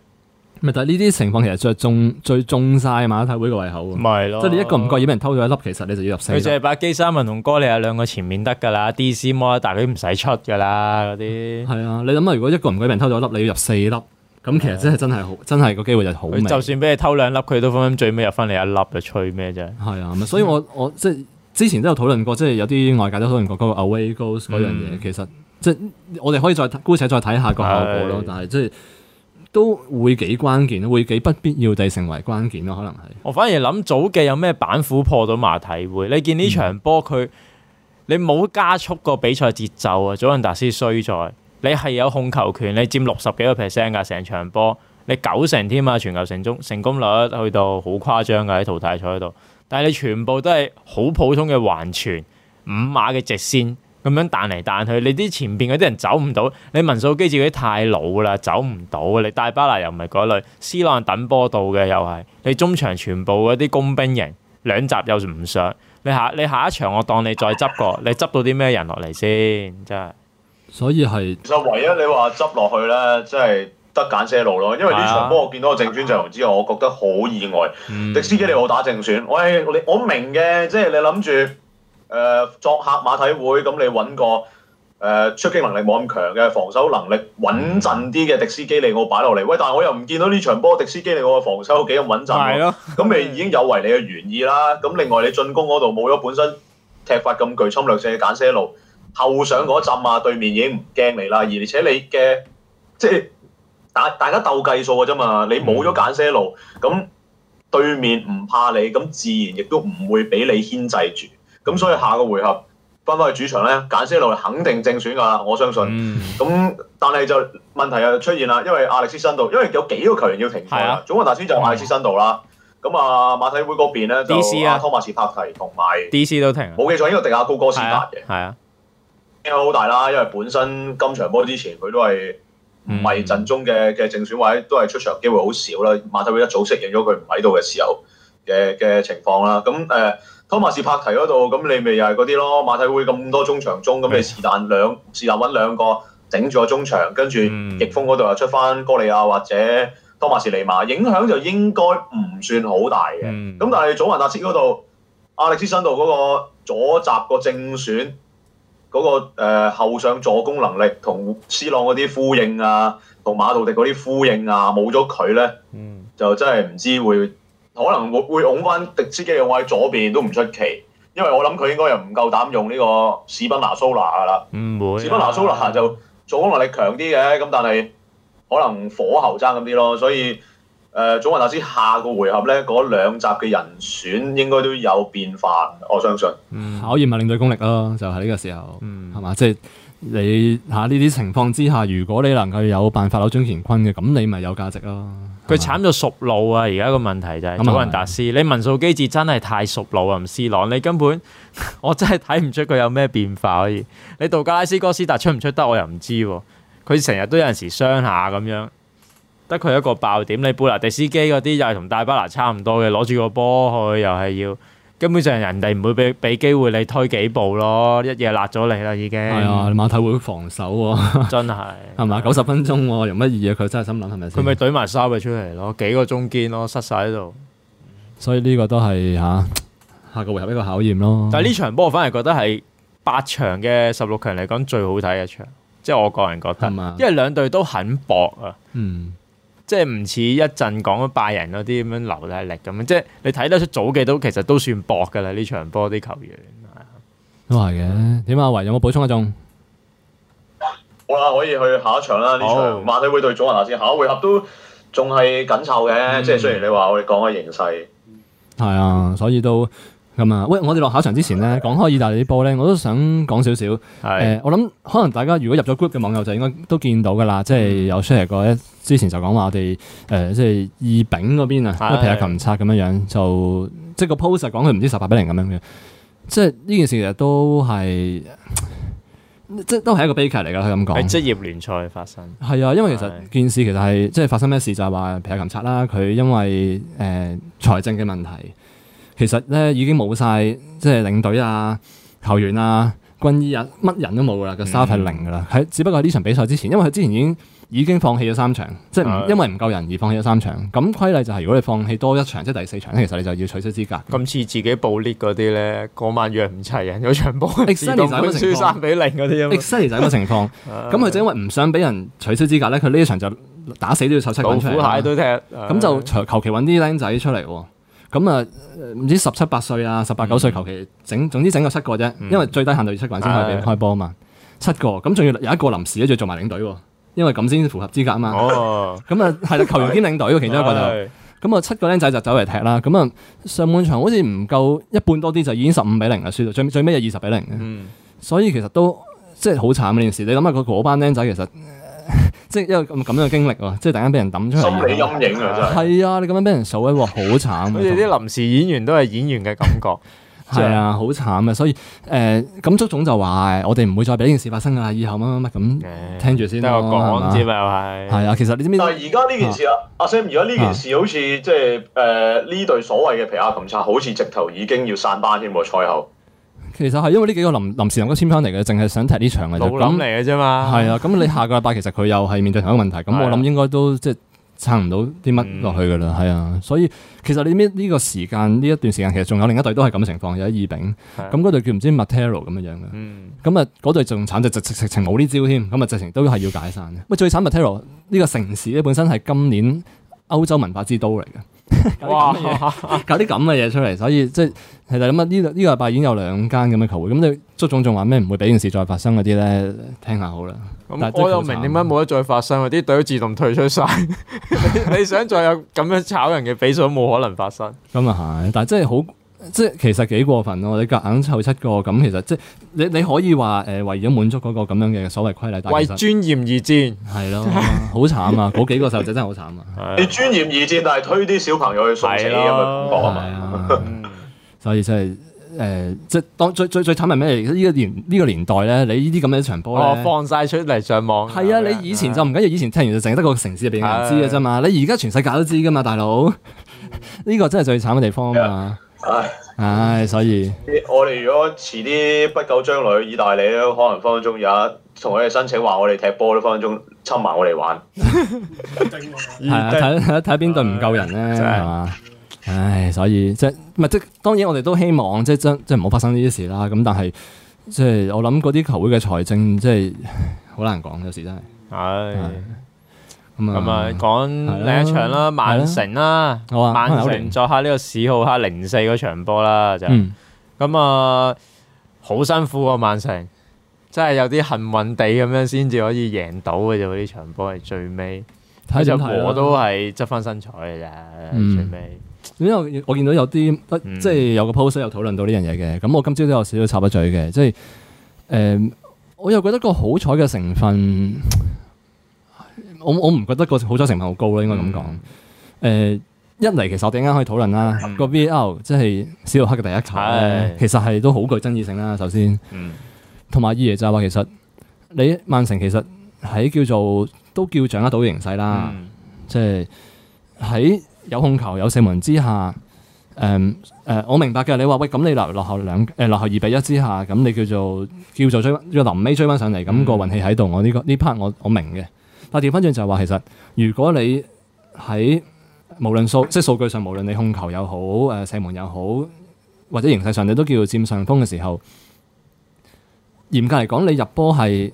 但係呢啲情況其實最中最中曬馬體會個胃口唔咪係咯，即係你一個唔覺意被人偷咗一粒，其實你就要入四粒。佢係把基三文同哥利亞兩個前面得㗎啦，DC 摩大佢唔使出㗎啦嗰啲。係啊，你諗下，如果一個唔覺意被人偷咗一粒，你要入四粒，咁其實真係是的 真係好，真係個機會就好。就算俾你偷兩粒，佢都分分最尾入翻你一粒，就吹咩啫？係啊，所以我、嗯、我即係之前都有討論過，即係有啲外界都討論過嗰個 Away Goes 嗰、嗯、樣嘢，其實即係我哋可以再姑且再睇下個效果咯，但係即係。都會幾關鍵咯，會幾不必要地成為關鍵咯、啊，可能係。我反而諗早期有咩板斧破到馬體會？你見呢場波佢、嗯，你冇加速個比賽節奏啊！祖雲達斯衰在，你係有控球權，你佔六十幾個 percent 噶成場波，你九成添啊！傳球成功成功率去到好誇張噶喺淘汰賽度，但係你全部都係好普通嘅橫傳、五碼嘅直線。咁樣彈嚟彈去，你啲前邊嗰啲人走唔到，你文素基自己太老啦，走唔到。你大巴黎又唔係嗰類，C 朗等波到嘅又係，你中場全部嗰啲工兵營，兩集又唔上。你下你下一場我當你再執過，你執到啲咩人落嚟先，真係。所以係，其實唯一你話執落去咧，真係得簡些路咯，因為呢場波我見到正選場之後，我覺得好意外。嗯、迪斯基你好打正選，我係、嗯、我明嘅，即係你諗住。誒、呃、作客馬體會，咁、嗯、你揾個誒、呃、出擊能力冇咁強嘅，防守能力穩陣啲嘅迪斯基利奧擺落嚟。喂，但係我又唔見到呢場波迪斯基利奧嘅防守幾咁穩陣咯、啊。咁咪是的 已經有違你嘅原意啦。咁另外你進攻嗰度冇咗本身踢法咁具侵略性嘅簡些路，後上嗰陣啊，對面已經唔驚你啦。而且你嘅即係大大家鬥計數嘅啫嘛。你冇咗簡些路，咁對面唔怕你，咁自然亦都唔會俾你牽制住。咁、嗯、所以下個回合翻翻去主場咧，簡些路肯定正選噶啦，我相信。咁、嗯、但係就問題又出現啦，因為亞歷斯辛道，因為有幾個球員要停賽啦。啊、總大先就係亞歷斯辛道啦。咁、嗯、啊馬體會嗰邊咧，DC 啊托、啊、馬斯帕提同埋 DC 都停，冇記錯呢個迪亞高哥斯達嘅。係啊，影響好大啦，因為本身今場波之前佢都係唔係陣中嘅嘅正選位，或者都係出場機會好少啦。嗯、馬體會一早適應咗佢唔喺度嘅時候嘅嘅情況啦。咁誒。托馬斯帕提嗰度，咁你咪又係嗰啲咯。馬體會咁多中場中，咁你是但兩，是但揾兩個頂住個中場，跟住逆風嗰度又出翻哥利亞或者托馬斯尼馬，影響就應該唔算好大嘅。咁 <laughs> 但係祖雲達斯嗰度，阿力斯山度嗰個左閘個正選，嗰個，嗰個誒後上助攻能力同斯朗嗰啲呼應啊，同馬杜迪嗰啲呼應啊，冇咗佢咧，就真係唔知會。可能會會擁翻迪斯機用喺左邊都唔出奇，因為我諗佢應該又唔夠膽用呢個史賓拿蘇拿噶啦。唔會、嗯。史賓拿蘇拿就做功能力強啲嘅，咁但係可能火候爭咁啲咯。所以誒、呃，祖雲達斯下個回合咧，嗰兩集嘅人選應該都有變化，我相信。嗯、考驗埋領隊功力咯，就係呢個時候，係嘛、嗯？即係、就是、你嚇呢啲情況之下，如果你能夠有辦法扭轉乾坤嘅，咁你咪有價值咯。佢慘就熟路啊！而家個問題就係，是，咁祖雲達斯， <noise> 你文素基治真係太熟路啊！唔，C 朗，你根本 <laughs> 我真係睇唔出佢有咩變化可以。你杜格拉斯哥斯達出唔出得，我又唔知，啊。佢成日都有陣時傷下咁樣，得佢一個爆點。你貝拿迪斯基嗰啲又係同戴巴拿差唔多嘅，攞住個波去又係要。根本上人哋唔會俾俾機會你推幾步咯，一嘢甩咗你啦已經。係啊、哎，你馬體會防守喎、啊。真係。係嘛，九十分鐘、啊，的容乜易佢真係心諗係咪先？佢咪懟埋三個出嚟咯，幾個中堅咯，失晒喺度。所以呢個都係吓、啊、下個回合一個考驗咯。但係呢場波我反而覺得係八場嘅十六強嚟講最好睇嘅一場，即、就、係、是、我個人覺得，的因為兩隊都很薄。啊。嗯。.即係唔似一陣講咗拜仁嗰啲咁樣留低力咁樣，即係你睇得出早嘅都其實都算薄噶啦呢場波啲球員，嗯、都係嘅。點，阿維有冇補充一種好啦，可以去下一場啦。呢、哦、場馬體會對祖雲達斯下先，下一回合都仲係緊湊嘅，嗯、即係雖然你話我哋講嘅形勢係、嗯嗯、啊，所以都。咁啊！喂，我哋落考場之前咧，講開意大利啲波咧，我都想講少少。誒是的、呃，我諗可能大家如果入咗 group 嘅網友就應該都見到噶啦，即係有 share 過一之前就講話我哋誒、呃，即係意丙嗰邊啊，皮亞琴察咁樣樣，就即係個 post 講佢唔知十八比零咁樣樣，即係呢件事其實都係，即係都係一個悲劇嚟噶。佢咁講，喺職業聯賽發生。係啊，因為其實件事其實係即係發生咩事就係話，皮亞琴察啦，佢因為誒財、呃、政嘅問題。其實咧已經冇晒即係領隊啊、球員啊、軍醫啊，乜人都冇噶啦，個 staff 係零噶啦。喺只不過喺呢場比賽之前，因為佢之前已經已經放棄咗三場，即係因為唔夠人而放棄咗三場。咁規例就係如果你放棄多一場，即係第四場其實你就要取消資格。咁似自己暴裂嗰啲咧，個晚約唔齊人，有場波，exley 情況三比零啲啊情況。咁佢就因為唔想俾人取消資格咧，佢呢一場就打死都要湊七人出嚟。港咁就求其揾啲僆仔出嚟。咁啊，唔、嗯、知十七八歲啊，十八九歲，求其整，嗯、總之整個七個啫，嗯、因為最低限度要七個人先可以開波啊嘛。嗯、七個，咁仲要有一個臨時咧，仲要做埋領隊、啊，因為咁先符合資格啊嘛。哦，咁啊係啦，球員兼領隊其中一個就，咁啊七個僆仔就走嚟踢啦，咁、嗯、啊、嗯嗯、上半場好似唔夠一半多啲，就已經十五比零啊，輸到最最尾就二十比零，嗯、所以其實都即係好慘呢件事。你諗下佢嗰班僆仔其實。 <laughs> 即係因為咁樣嘅經歷啊，即係突然間俾人抌出嚟，心理陰影啊真係。係啊，你咁樣俾人數喎，好慘、啊。好似啲臨時演員都係演員嘅感覺，係 <laughs> 啊，好慘啊。所以誒、咁、呃、足總就話我哋唔會再俾呢件事發生噶啦，以後乜乜乜咁聽住先。得個講字又係。係啊，其實你知唔知？但係而家呢件事啊，阿 Sam 而家呢件事好似即係誒呢對所謂嘅皮卡咁差，好似直頭已經要散班添喎，賽後。其實係因為呢幾個林臨時都夠簽翻嚟嘅，淨係想踢呢場嘅。老咁嚟嘅啫嘛。係啊，咁你下個禮拜其實佢又係面對同一個問題，咁 <laughs> 我諗應該都即係撐唔到啲乜落去噶啦。係啊、 <laughs> 嗯，所以其實你呢呢個時間呢一段時間其實仲有另一隊都係咁嘅情況，有二丙，咁嗰隊叫唔知 Material 咁嘅樣嘅。嗯。咁啊，嗰隊仲慘，就直直情冇呢招添。咁啊，直情都係要解散。喂，最慘 Material 呢個城市咧，本身係今年歐洲文化之都嚟嘅。哇！ <laughs> 搞啲咁嘅嘢出嚟，所以即係其實咁啊，呢呢個禮拜已經有兩間咁嘅球會，咁你足總仲話咩唔會俾件事再發生嗰啲咧？聽下好啦、嗯。咁但係我又明點解冇得再發生，啲隊 <laughs> 都自動退出晒， <laughs> 你想再有咁樣炒人嘅比數冇可能發生。咁啊係，但係真係好。即係其實幾過分咯，你夾硬湊七個咁，其實即係你你可以話，誒，為咗滿足嗰個咁樣嘅所謂規例，為尊嚴而戰係咯，好慘啊！嗰幾個細路仔真係好慘啊！你尊嚴而戰，但係推啲小朋友去輸，所以真係誒，即係當最最最慘係咩嚟？呢個呢個年代咧，你呢啲咁嘅一場波放晒出嚟上網，係啊！你以前就唔緊要，以前聽完就淨得個城市入邊人知嘅啫嘛。你而家全世界都知噶嘛，大佬，呢個真係最慘嘅地方啊嘛！唉，唉，所以我哋如果遲啲不久將嚟去意大利都可能分分鐘有同我哋申請話我哋踢波都分分鐘侵埋我哋玩。係 <laughs> <laughs> 啊，睇睇邊隊唔夠人咧，係嘛？唉，所以即唔係即當然我哋都希望即真即唔好發生呢啲事啦。咁但係即我諗嗰啲球會嘅財政即係好難講，有時真係。係的。咁、嗯、啊，講另一,一場啦，曼城啦，曼城、啊哦啊、作下呢個史浩克零四嗰場波啦，就咁、嗯、啊，好辛苦啊，曼城，真係有啲幸運地咁樣先至可以贏到嘅啫，啲場波係最尾，睇、啊、我都係執翻身彩嘅啫，嗯、最尾後。因為我，我見到有啲、嗯、即係有個 post 又討論到呢樣嘢嘅，咁我今朝都有少少插一嘴嘅，即係誒、呃，我又覺得個好彩嘅成分。 <laughs> 我我唔覺得個好彩成分好高啦，應該咁講。誒、mm. 呃，一嚟其實我哋陣間可以討論啦，個、mm. VAR 即係史浩克嘅第一球咧、mm. 呃，其實係都好具爭議性啦。首先，同埋二嘢就係話，其實你曼城其實喺叫做都叫掌握到形勢啦，即係喺有控球有射門之下，誒、呃、誒、呃，我明白嘅。你話喂咁你落落後兩落後、呃、二比一之下，咁你叫做叫做追，要臨尾追翻上嚟，咁、那個那個運氣喺度。我呢、這個呢 part 我、這個、我，我明嘅。嗱，調翻轉就係、是、話，其實如果你喺無論數即係數據上，無論你控球又好，誒、呃、射門又好，或者形勢上你都叫做佔上風嘅時候，嚴格嚟講、嗯，你入波係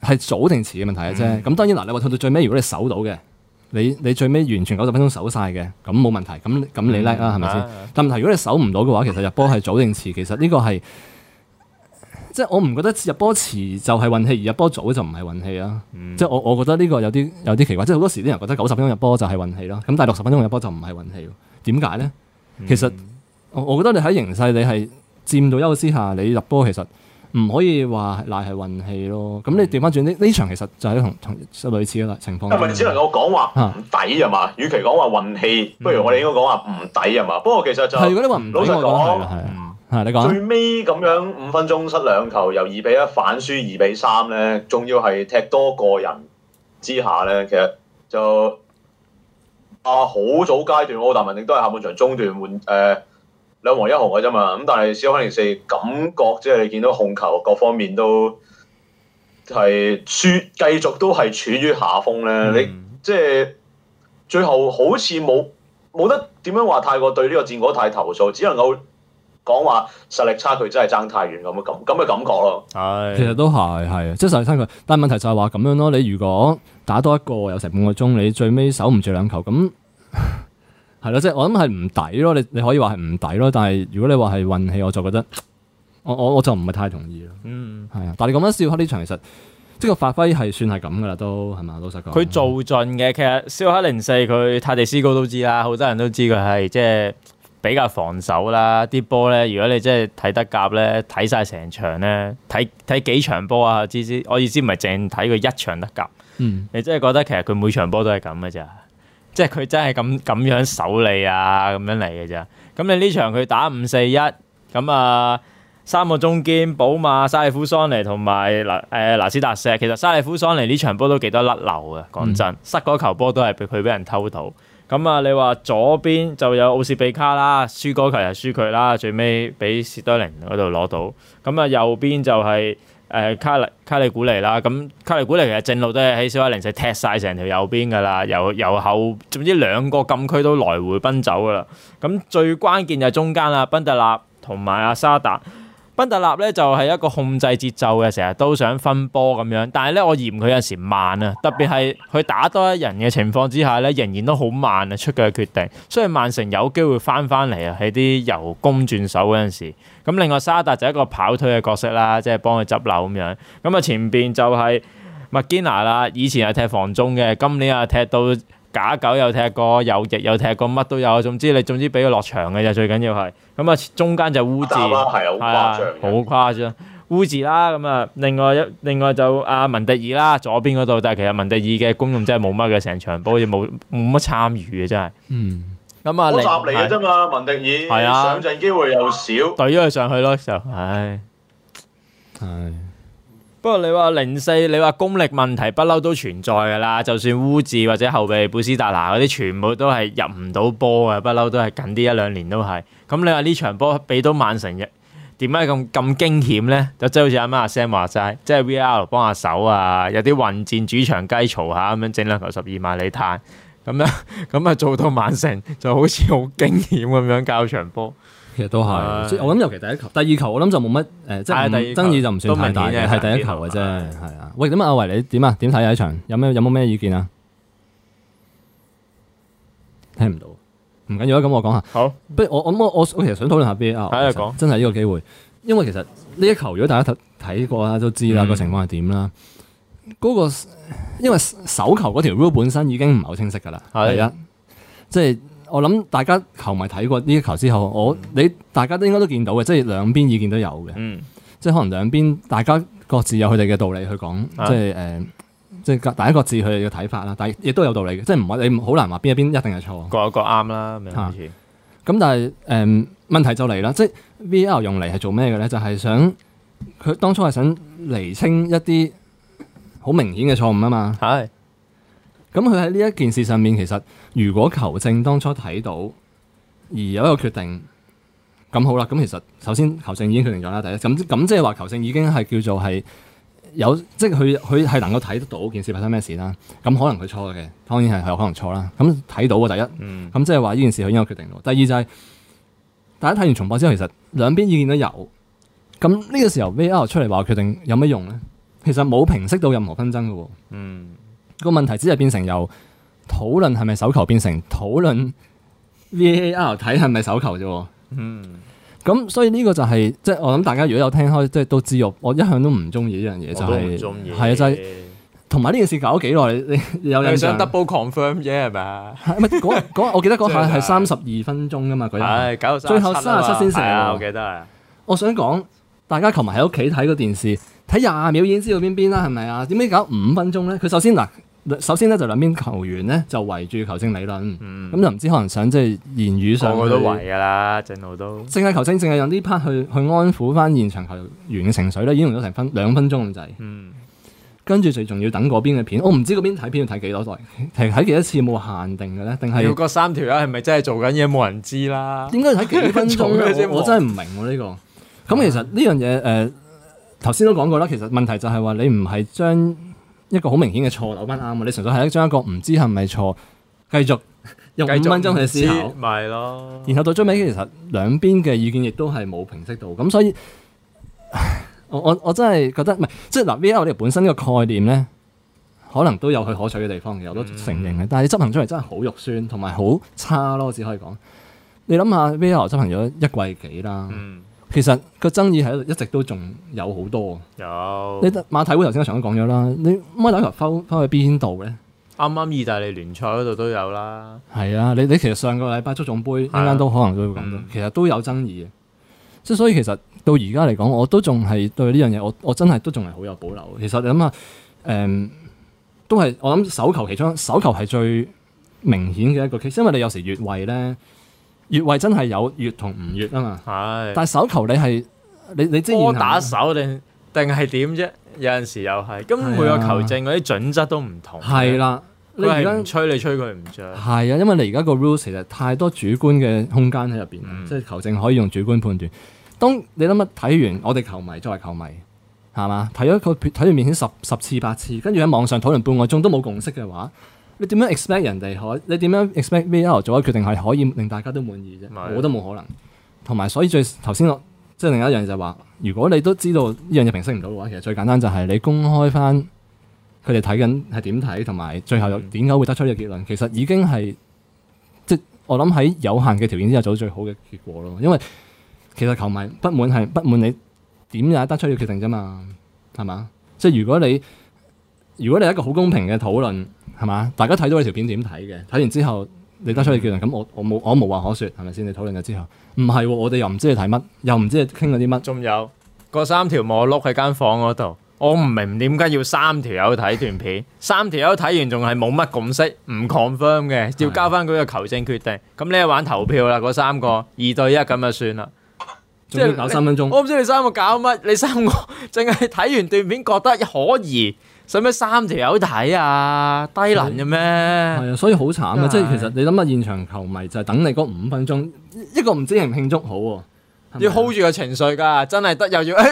係早定遲嘅問題嘅啫。咁當然嗱，你話退到最尾，如果你守到嘅，你你最尾完全九十分鐘守晒嘅，咁冇問題。咁咁你叻啦，係咪先？吧嗯、但問題如果你守唔到嘅話，其實入波係早定遲，其實呢個係。即係我唔覺得入波遲就係運氣，而入波早就唔係運氣啊。嗯、即係我我覺得呢個有啲有啲奇怪。即係好多時啲人覺得九十分鐘入波就係運氣咯，咁但係六十分鐘入波就唔係運氣。點解咧？嗯、其實我我覺得你喺形勢你係佔到優勢下，你入波其實唔可以話賴係運氣咯。咁、嗯、你調翻轉呢呢場其實就係同同類似嘅情況。係咪只能夠講話唔抵啊嘛？與、嗯、其講話運氣，不如我哋應該講話唔抵啊嘛？不過其實就係如果你話唔抵，老實講。啊、你講最尾咁樣五分鐘失兩球，由二比一反輸二比三咧，仲要係踢多個人之下咧，其實就啊好早階段，奧達文定都係下半場中段換誒兩黃一紅嘅啫嘛。咁但係小亨零四感覺即係你見到控球各方面都係輸，繼續都係處於下風咧。嗯、你即係最後好似冇冇得點樣話太過對呢個戰果太投訴，只能夠。講話實力差距真係爭太遠咁嘅感咁嘅感覺咯，係其實都係，係，即係實力差距。但係問題就係話咁樣咯。你如果打多一個有成半個鐘，你最尾守唔住兩球咁，係咯，即 <laughs> 係我諗係唔抵咯。你你可以話係唔抵咯。但係如果你話係運氣，我就覺得我我我就唔係太同意咯。嗯，係啊。但係你講翻少克呢場，其實即係個發揮係算係咁噶啦，都係嘛？老實講，佢做盡嘅。其實少克零四，佢泰迪斯高都知啦，好多人都知佢係即係。比較防守啦，啲波咧，如果你真係睇得夾咧，睇晒成場咧，睇睇幾場波啊？知知，我意思唔係淨睇佢一場得夾，嗯、你真係覺得其實佢每場波都係咁嘅咋？即係佢真係咁咁樣守你啊，咁樣嚟嘅咋？咁你呢場佢打五四一，咁啊三個中堅，寶馬、沙利夫桑尼同埋嗱誒拿斯達石，其實沙利夫桑尼呢場波都幾多甩漏啊。講真，失嗰、嗯、球波都係俾佢俾人偷到。咁啊、嗯，你話左邊就有奧斯比卡啦，輸嗰球就輸佢啦，最尾俾薛多靈嗰度攞到。咁、嗯、啊，右邊就係、是、誒、呃、卡利卡利古尼啦。咁、嗯、卡利古尼其實正路都係喺小德靈，就踢晒成條右邊噶啦，由由後，總之兩個禁區都來回奔走噶啦。咁、嗯、最關鍵就係中間啦，賓特納同埋阿沙達。芬特納咧，就係一個控制節奏嘅，成日都想分波咁樣，但係咧我嫌佢有陣時慢啊，特別係佢打多一人嘅情況之下咧，仍然都好慢啊出嘅決定，所以曼城有機會返返嚟啊，喺啲由攻轉守嗰陣時。咁另外沙特就係一個跑腿嘅角色啦，即係幫佢執漏咁樣。咁啊前邊就係麥基納啦，以前係踢防中嘅，今年啊踢到假九又踢過，右翼又踢過，乜都有。總之你總之俾佢落場嘅就最緊要係。咁啊中間就污字，係好誇張，好誇張污字啦。咁啊，另外一另外就阿、啊、文迪爾啦，左邊嗰度。但係其實文迪爾嘅功用真係冇乜嘅，成場波好似冇冇乜參與嘅真係。咁、嗯、啊，你我集嚟嘅啫嘛，啊、文迪爾、啊、上陣機會又少，懟咗佢上去咯，就唉。唉不過你話零四，你話功力問題不嬲都存在噶啦，就算烏智或者後備布斯達拿嗰啲，全部都係入唔到波嘅，不嬲都係近啲一兩年都係。咁你話呢場波俾到曼城一，點解咁咁驚險咧？就即係好似阿媽阿 Sam 話齋，即係 V R 幫下手啊，有啲混戰主場雞嘈下咁樣，整兩球十二碼你嘆，咁樣咁啊做到曼城就好似好驚險咁樣教場波。其實都係，的我諗尤其第一球，第二球我諗就冇乜誒，即係的爭議就唔算太大嘅，係第一球嘅啫，係啊的。喂，咁阿維你點啊？點睇下一場？有咩有冇咩意見啊？聽唔到，唔緊要啊。咁我講下。好，不如我我我我，我其實想討論下 b、啊、的真係呢個機會，因為其實呢一球如果大家睇睇過啦，都知啦、嗯那個情況係點啦。嗰個因為手球嗰條 rule 本身已經唔係好清晰噶啦，係啊的，即係。就是我諗大家球迷睇過呢一球之後，我、嗯、你大家都應該都見到嘅，即係兩邊意見都有嘅，嗯、即係可能兩邊大家各自有佢哋嘅道理去講、啊呃，即係誒，即係大家各自佢哋嘅睇法啦，但係亦都有道理嘅，即係唔係你好難話邊一邊一定係錯，各有各啱啦，咁、啊、但係誒、呃、問題就嚟啦，即係 V L 用嚟係做咩嘅咧？就係、是、想佢當初係想厘清一啲好明顯嘅錯誤啊嘛，係、嗯。嗯咁佢喺呢一件事上面，其實如果球證當初睇到而有一個決定，咁好啦。咁其實首先球證已經決定咗啦。第一咁咁即係話球證已經係叫做係有，即係佢佢係能夠睇得到件事發生咩事啦。咁可能佢錯嘅，當然係有可能錯啦。咁睇到嘅第一，咁即係話呢件事佢已經決定咗。第二就係大家睇完重播之後，其實兩邊意見都有。咁呢個時候 VAR 出嚟話決定有咩用呢？其實冇平息到任何紛爭㗎喎。嗯。個問題只係變成由討論係咪手球，變成討論 VAR 睇係咪手球啫。嗯。咁所以呢個就係即係我諗大家如果有聽開，即係都知。我我一向都唔中意呢樣嘢，是就係係啊，就係同埋呢件事搞咗幾耐，你， <laughs> 你有印象？double confirm 啫，係咪啊？嗰 <laughs> 嗰，我記得嗰下係三十二分鐘噶嘛，嗰日。搞到最後三十七先成。我記得啊。我想講，大家球迷喺屋企睇個電視，睇廿秒已經知道邊邊啦，係咪啊？點 <laughs> 解搞五分鐘咧？佢 <laughs> 首先嗱。首先咧就兩邊球員咧就圍住球星理論，咁、嗯、就唔知可能想即係、就是、言語上都圍噶啦，正路都淨係球星，淨係用呢 part 去去安撫翻現場球員嘅情緒咧，已經用咗成分兩分鐘咁滯，跟住、嗯、就仲要等嗰邊嘅片，我唔知嗰邊睇片要睇幾多代，睇睇幾多次冇限定嘅咧，定係要個三條友係咪真係做緊嘢冇人知啦？應該睇幾分鐘 <laughs> 我真係唔明呢、啊這個。咁、嗯、其實呢樣嘢誒，頭、呃、先、呃、都講過啦，其實問題就係話你唔係將。一個好明顯嘅錯扭翻啱，你純粹係將一,一個唔知係咪錯，繼續用五分鐘去思考，咪咯。然後到最尾其實兩邊嘅意見亦都係冇平息到，咁所以我我我真係覺得唔係，即係嗱，V L 我哋本身呢個概念咧，可能都有佢可取嘅地方，有得承認嘅。但係執行出嚟，真係好肉酸，同埋好差咯，我只可以講。你諗下 V L 執行咗一季幾啦？嗯其實個爭議係喺度，一直都仲有好多。有你太，你馬體會頭先阿常都講咗啦，你乜打球翻翻去邊度咧？啱啱意大利聯賽嗰度都有啦。係啊，你你其實上個禮拜足總盃啱啱都可能都會咁，其實都有爭議嘅。即係所以，其實到而家嚟講，我都仲係對呢樣嘢，我我真係都仲係好有保留。其實你諗下，誒、嗯，都係我諗手球其中，手球係最明顯嘅一個 case，因為你有時越位咧。越位真係有越同唔越啊嘛！係的，但係手球你係你你即係打手定定係點啫？有陣時又係，咁每個球證嗰啲準則都唔同。係啦的，你而家吹你，你吹佢唔着。係啊，因為你而家個 rule 其實太多主觀嘅空間喺入邊，嗯、即係球證可以用主觀判斷。當你諗下，睇完，我哋球迷作為球迷係嘛？睇咗佢睇完面先十十次八次，跟住喺網上討論半個鐘都冇共識嘅話。你點樣 expect 人哋可？你點樣 expect 邊一頭做咗決定係可以令大家都滿意啫？是的 我都冇可能。同埋，所以最頭先我即係另一樣嘢就係、是、話，如果你都知道呢樣嘢平息唔到嘅話，其實最簡單就係你公開翻佢哋睇緊係點睇，同埋最後又點解會得出呢個結論，嗯、其實已經係即、就是、我諗喺有限嘅條件之下做到最好嘅結果咯。因為其實球迷不滿係不滿你點樣得出嘅決定啫嘛，係嘛？即係如果你如果你一個好公平嘅討論。係嘛？大家睇到呢條片點睇嘅？睇完之後你得出你叫人咁，我我冇我冇話可說，係咪先？你討論咗之後，唔係、哦、我哋又唔知你睇乜，又唔知你傾咗啲乜。仲有個三條咪碌喺間房嗰度，我唔明點解要三條友睇段片， <laughs> 三條友睇完仲係冇乜共識，唔 confirm 嘅，要交翻佢個求證決定。咁的你又玩投票啦，嗰三個二對一咁就算啦。仲要搞三分鐘，我唔知你三個搞乜，你三個淨係睇完段片覺得可疑。使咩三條友睇啊？低能嘅咩？係啊，所以好慘啊！實即係其實你諗下，現場球迷就係等你嗰五分鐘，一個唔知慶唔慶祝好喎，啊，要 hold 住個情緒㗎，真係得又要 <laughs>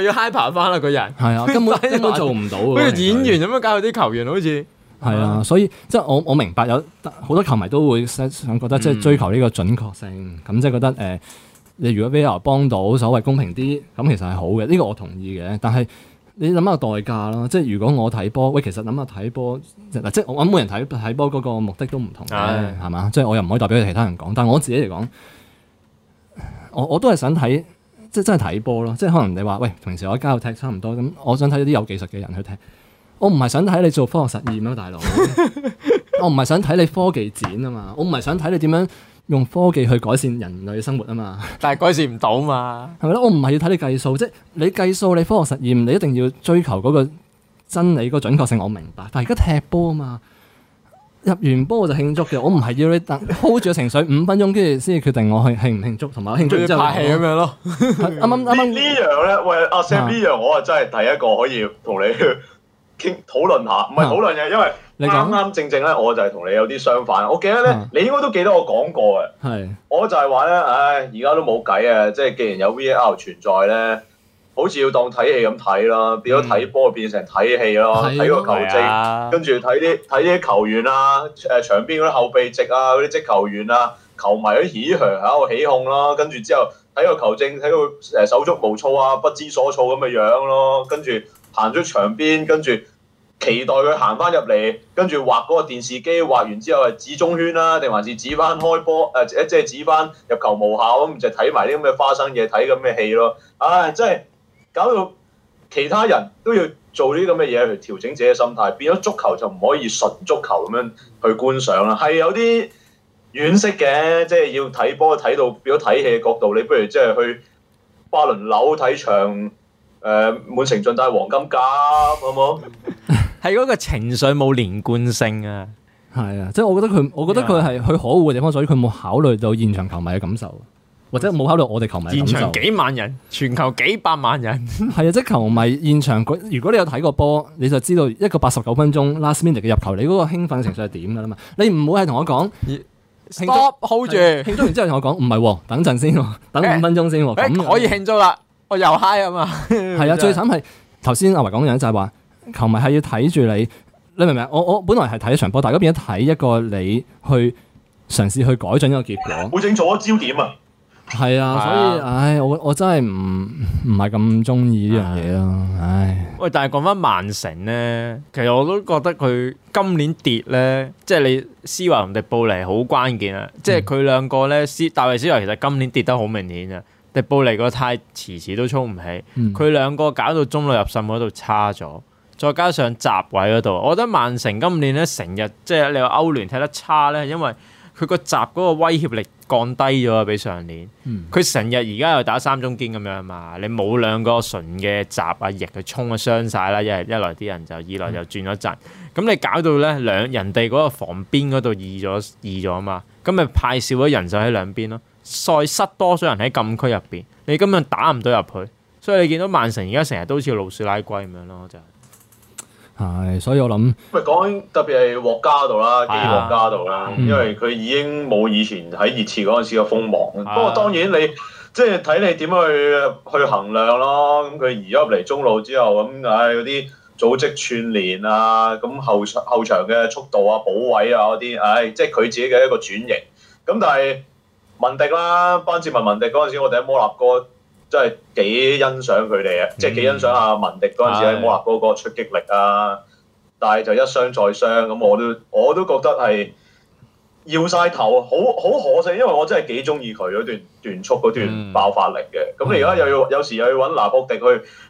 又要 high 爬翻啦！個人係啊，根本根本做唔到，好似 <laughs> 演員咁樣教佢啲球員，好似係 <laughs> 啊，所以即係我我明白有好多球迷都會想覺得即係，嗯、追求呢個準確性，咁即係覺得誒、呃，你如果俾啊幫到，所謂公平啲，咁其實係好嘅，呢、這個這個我同意嘅，但係。但你諗下代價咯，即係如果我睇波，喂，其實諗下睇波，即係我諗每人睇睇波嗰個目的都唔同嘅，係嘛、啊？吧即係我又唔可以代表其他人講，但係我自己嚟講，我我都係想睇，即係真係睇波咯。即係可能你話，喂，平時我喺街度踢差唔多，咁我想睇啲有技術嘅人去踢。我唔係想睇你做科學實驗啊，大佬， <laughs> 我唔係想睇你科技展啊嘛，我唔係想睇你點樣。用科技去改善人類生活啊嘛，但係改善唔到啊嘛，係咪咧？我唔係要睇你計數，即係你計數，你科學實驗，你一定要追求嗰個真理個準確性，我明白。但係而家踢波啊嘛，入完波我就慶祝嘅，我唔係要你等 hold 住個情緒五分鐘，跟住先至決定我去慶唔慶祝，同埋慶祝之後拍戲咁樣咯。啱啱啱啱呢樣咧，喂阿 Sam 呢樣我啊真係第一個可以同你傾討論下，唔係討論嘅，因為。啱啱正正咧，我就係同你有啲相反。我記得咧，啊、你應該都記得我講過嘅。係是，我就係話咧，唉、哎，而家都冇計啊！即係既然有 VR 存在咧，好似要當睇戲咁睇咯，變咗睇波變成睇戲咯，睇、嗯、個球證，跟住睇啲睇啲球員啦，誒、呃，場邊嗰啲後備席啊，嗰啲職球員啊，球迷喺噓噓喺度起哄啦、啊，跟住之後睇個球證睇到誒手足無措啊，不知所措咁嘅樣咯、啊，跟住行咗場邊，跟住。期待佢行翻入嚟，跟住畫嗰個電視機，畫完之後係指中圈啦、啊，定還是指翻開波？誒、啊、即係指翻入球無效咁，就睇埋啲咁嘅花生嘢睇咁嘅戲咯。唉、啊，真係搞到其他人都要做啲咁嘅嘢，去調整自己嘅心態，變咗足球就唔可以純足球咁樣去觀賞啦，係有啲惋惜嘅，即係要睇波睇到變咗睇戲嘅角度，你不如即係去巴倫樓睇場誒、呃、滿城盡帶黃金甲，好冇？係嗰個情緒冇連貫性啊！係啊，即、就、係、是、我覺得佢，我覺得佢係佢可惡嘅地方，所以佢冇考慮到現場球迷嘅感受，或者冇考慮我哋球迷。現場幾萬人，全球幾百萬人。係 <laughs> 啊，即係球迷現場。如果你有睇過波，你就知道一個八十九分鐘，last minute 嘅入球，你嗰個興奮情緒係點噶啦嘛？ <laughs> 你唔好係同我講 stop hold 住慶、啊、祝完之後同我講，唔係、 <laughs> 啊，等陣先，等五分鐘先，咁可以慶祝啦，我又嗨 i 啊嘛！係 <laughs> <laughs> <laughs> 啊，最慘係頭先阿維講嘢就係、是、話。球迷係要睇住你，你明唔明？我我本來係睇場波，大家變咗睇一個你去嘗試去改進一個結果。冇整錯焦點啊！係啊，啊所以唉，我我真係唔唔係咁中意呢樣嘢咯，啊啊、唉。喂，但係講翻曼城呢，其實我都覺得佢今年跌呢，即、就、係、是、你斯華同迪布尼好關鍵啊！即係佢兩個呢，斯大衛斯華其實今年跌得好明顯啊！迪布尼個太遲遲都衝唔起，佢兩、嗯、個搞到中路入滲嗰度差咗。再加上閘位嗰度，我覺得曼城今年咧成日即係你話歐聯踢得差咧，因為佢個閘嗰個威脅力降低咗啊，比上年佢成日而家又打三中堅咁樣嘛，你冇兩個純嘅閘啊翼去衝啊，傷晒啦。一一來啲人就二來就轉咗陣，咁、嗯、你搞到咧兩人哋嗰個防邊嗰度易咗易咗啊嘛，咁咪派少咗人手喺兩邊咯。塞多咗人喺禁區入邊，你根本打唔到入去，所以你見到曼城而家成日都好似老鼠拉龜咁樣咯，就。係，所以我諗，喂講特別係霍家度啦，基隆家度啦，哎、呀因為佢已經冇以前喺熱刺嗰陣時嘅鋒芒。哎、呀不過當然你即係睇你點去去衡量咯。咁佢移咗入嚟中路之後，咁唉嗰啲組織串聯啊，咁後後場嘅速度啊、補位啊嗰啲，唉、哎，即係佢自己嘅一個轉型。咁但係文迪啦，班哲文文迪嗰陣時，我哋喺摩納哥。真係幾欣賞佢哋、嗯、啊！即係幾欣賞阿文迪嗰陣時喺摩納哥嗰個出擊力啊！的但係就一傷再傷，咁我都我都覺得係搖曬頭，好好可惜，因為我真係幾中意佢嗰段速段爆發力嘅。咁你而家又要有時又要揾拿破迪去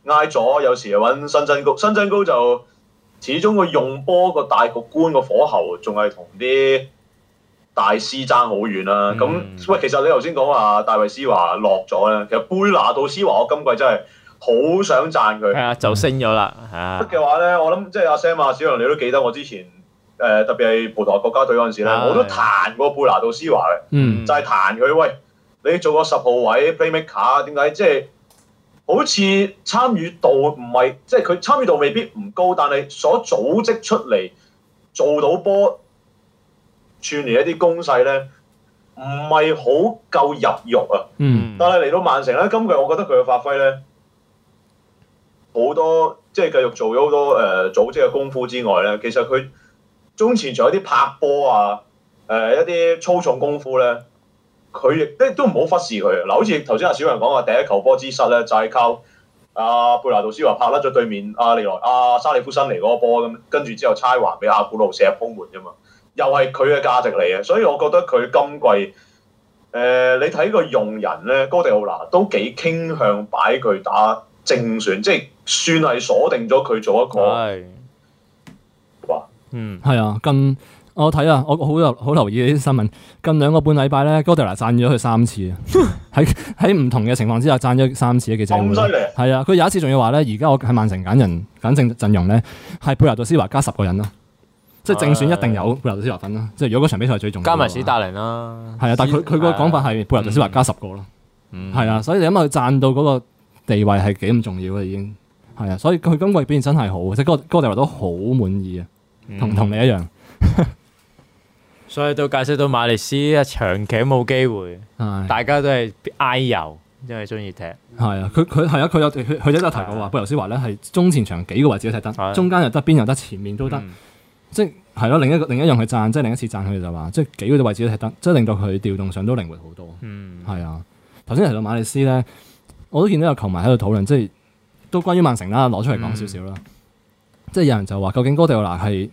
挨咗，有時又揾辛真高，辛真高就始終佢用波個大局觀個火候，仲係同啲。大師爭好遠啦、啊，咁喂、嗯，其實你頭先講話戴維斯華落咗咧，其實貝拿度斯華我今季真係好想讚佢、嗯，就升咗啦。n o 嘅話咧，我諗即係阿 Sam 啊，小龍你都記得我之前誒、呃、特別係葡萄牙國家隊嗰陣時咧，的我都彈過貝拿度斯華嘅，嗯、就係彈佢喂，你做個十號位 playmaker 點解即係、就是、好似參與度唔係即係佢參與度未必唔高，但係所組織出嚟做到波。串聯一啲攻勢咧，唔係好夠入肉啊！嗯，但係嚟到曼城咧，今季我覺得佢嘅發揮咧，好多即係繼續做咗好多誒組織嘅功夫之外咧，其實佢中前場有啲拍波啊，誒一啲操縱功夫咧，佢亦都都唔好忽視佢嗱，好似頭先阿小榮講話第一球波之失咧，就係靠阿貝拿杜斯華拍甩咗對面阿利來阿沙利夫辛尼嗰個波咁，跟住之後差還俾阿古路射入空門啫嘛。又係佢嘅價值嚟嘅，所以我覺得佢今季，誒、呃，你睇個用人咧，哥迪奧拿都幾傾向擺佢打正選，即係算係鎖定咗佢做一個。是哇，嗯，係啊，近我睇啊，我好留好留意啲新聞，近兩個半禮拜咧，哥迪奧拿讚咗佢三次啊，喺喺唔同嘅情況之下讚咗三次其實，咁犀利，係啊，佢有一次仲要話咧，而家我喺曼城揀人揀正陣容咧，係配合到施華加十個人咯。即係正選一定有賓拿度施華份啦，即係如果嗰場比賽最重要，加埋史達寧啦，係啊，但係佢佢個講法係賓拿度施華加十個咯，係啊，所以你諗下佢賺到嗰個地位係幾咁重要啊，已經係啊，所以佢今季表現真係好，即係嗰個地位都好滿意啊，同同你一樣，所以都解釋到馬利斯啊，長期冇機會，的大家都係挨油，因為中意踢，係啊，佢佢係啊，佢有佢佢都提過話賓拿度施華咧係中前場幾個位置都踢得，中間又得，邊又得，前面都得。即係咯，另一個另一樣佢讚，即係另一次讚佢就話，即係幾個位置都踢得，即係令到佢調動上都靈活好多。嗯，係啊。頭先提到馬利斯咧，我都見到有球迷喺度討論，即係都關於曼城啦，攞出嚟講少少啦。嗯、即係有人就話，究竟哥迪奧拿係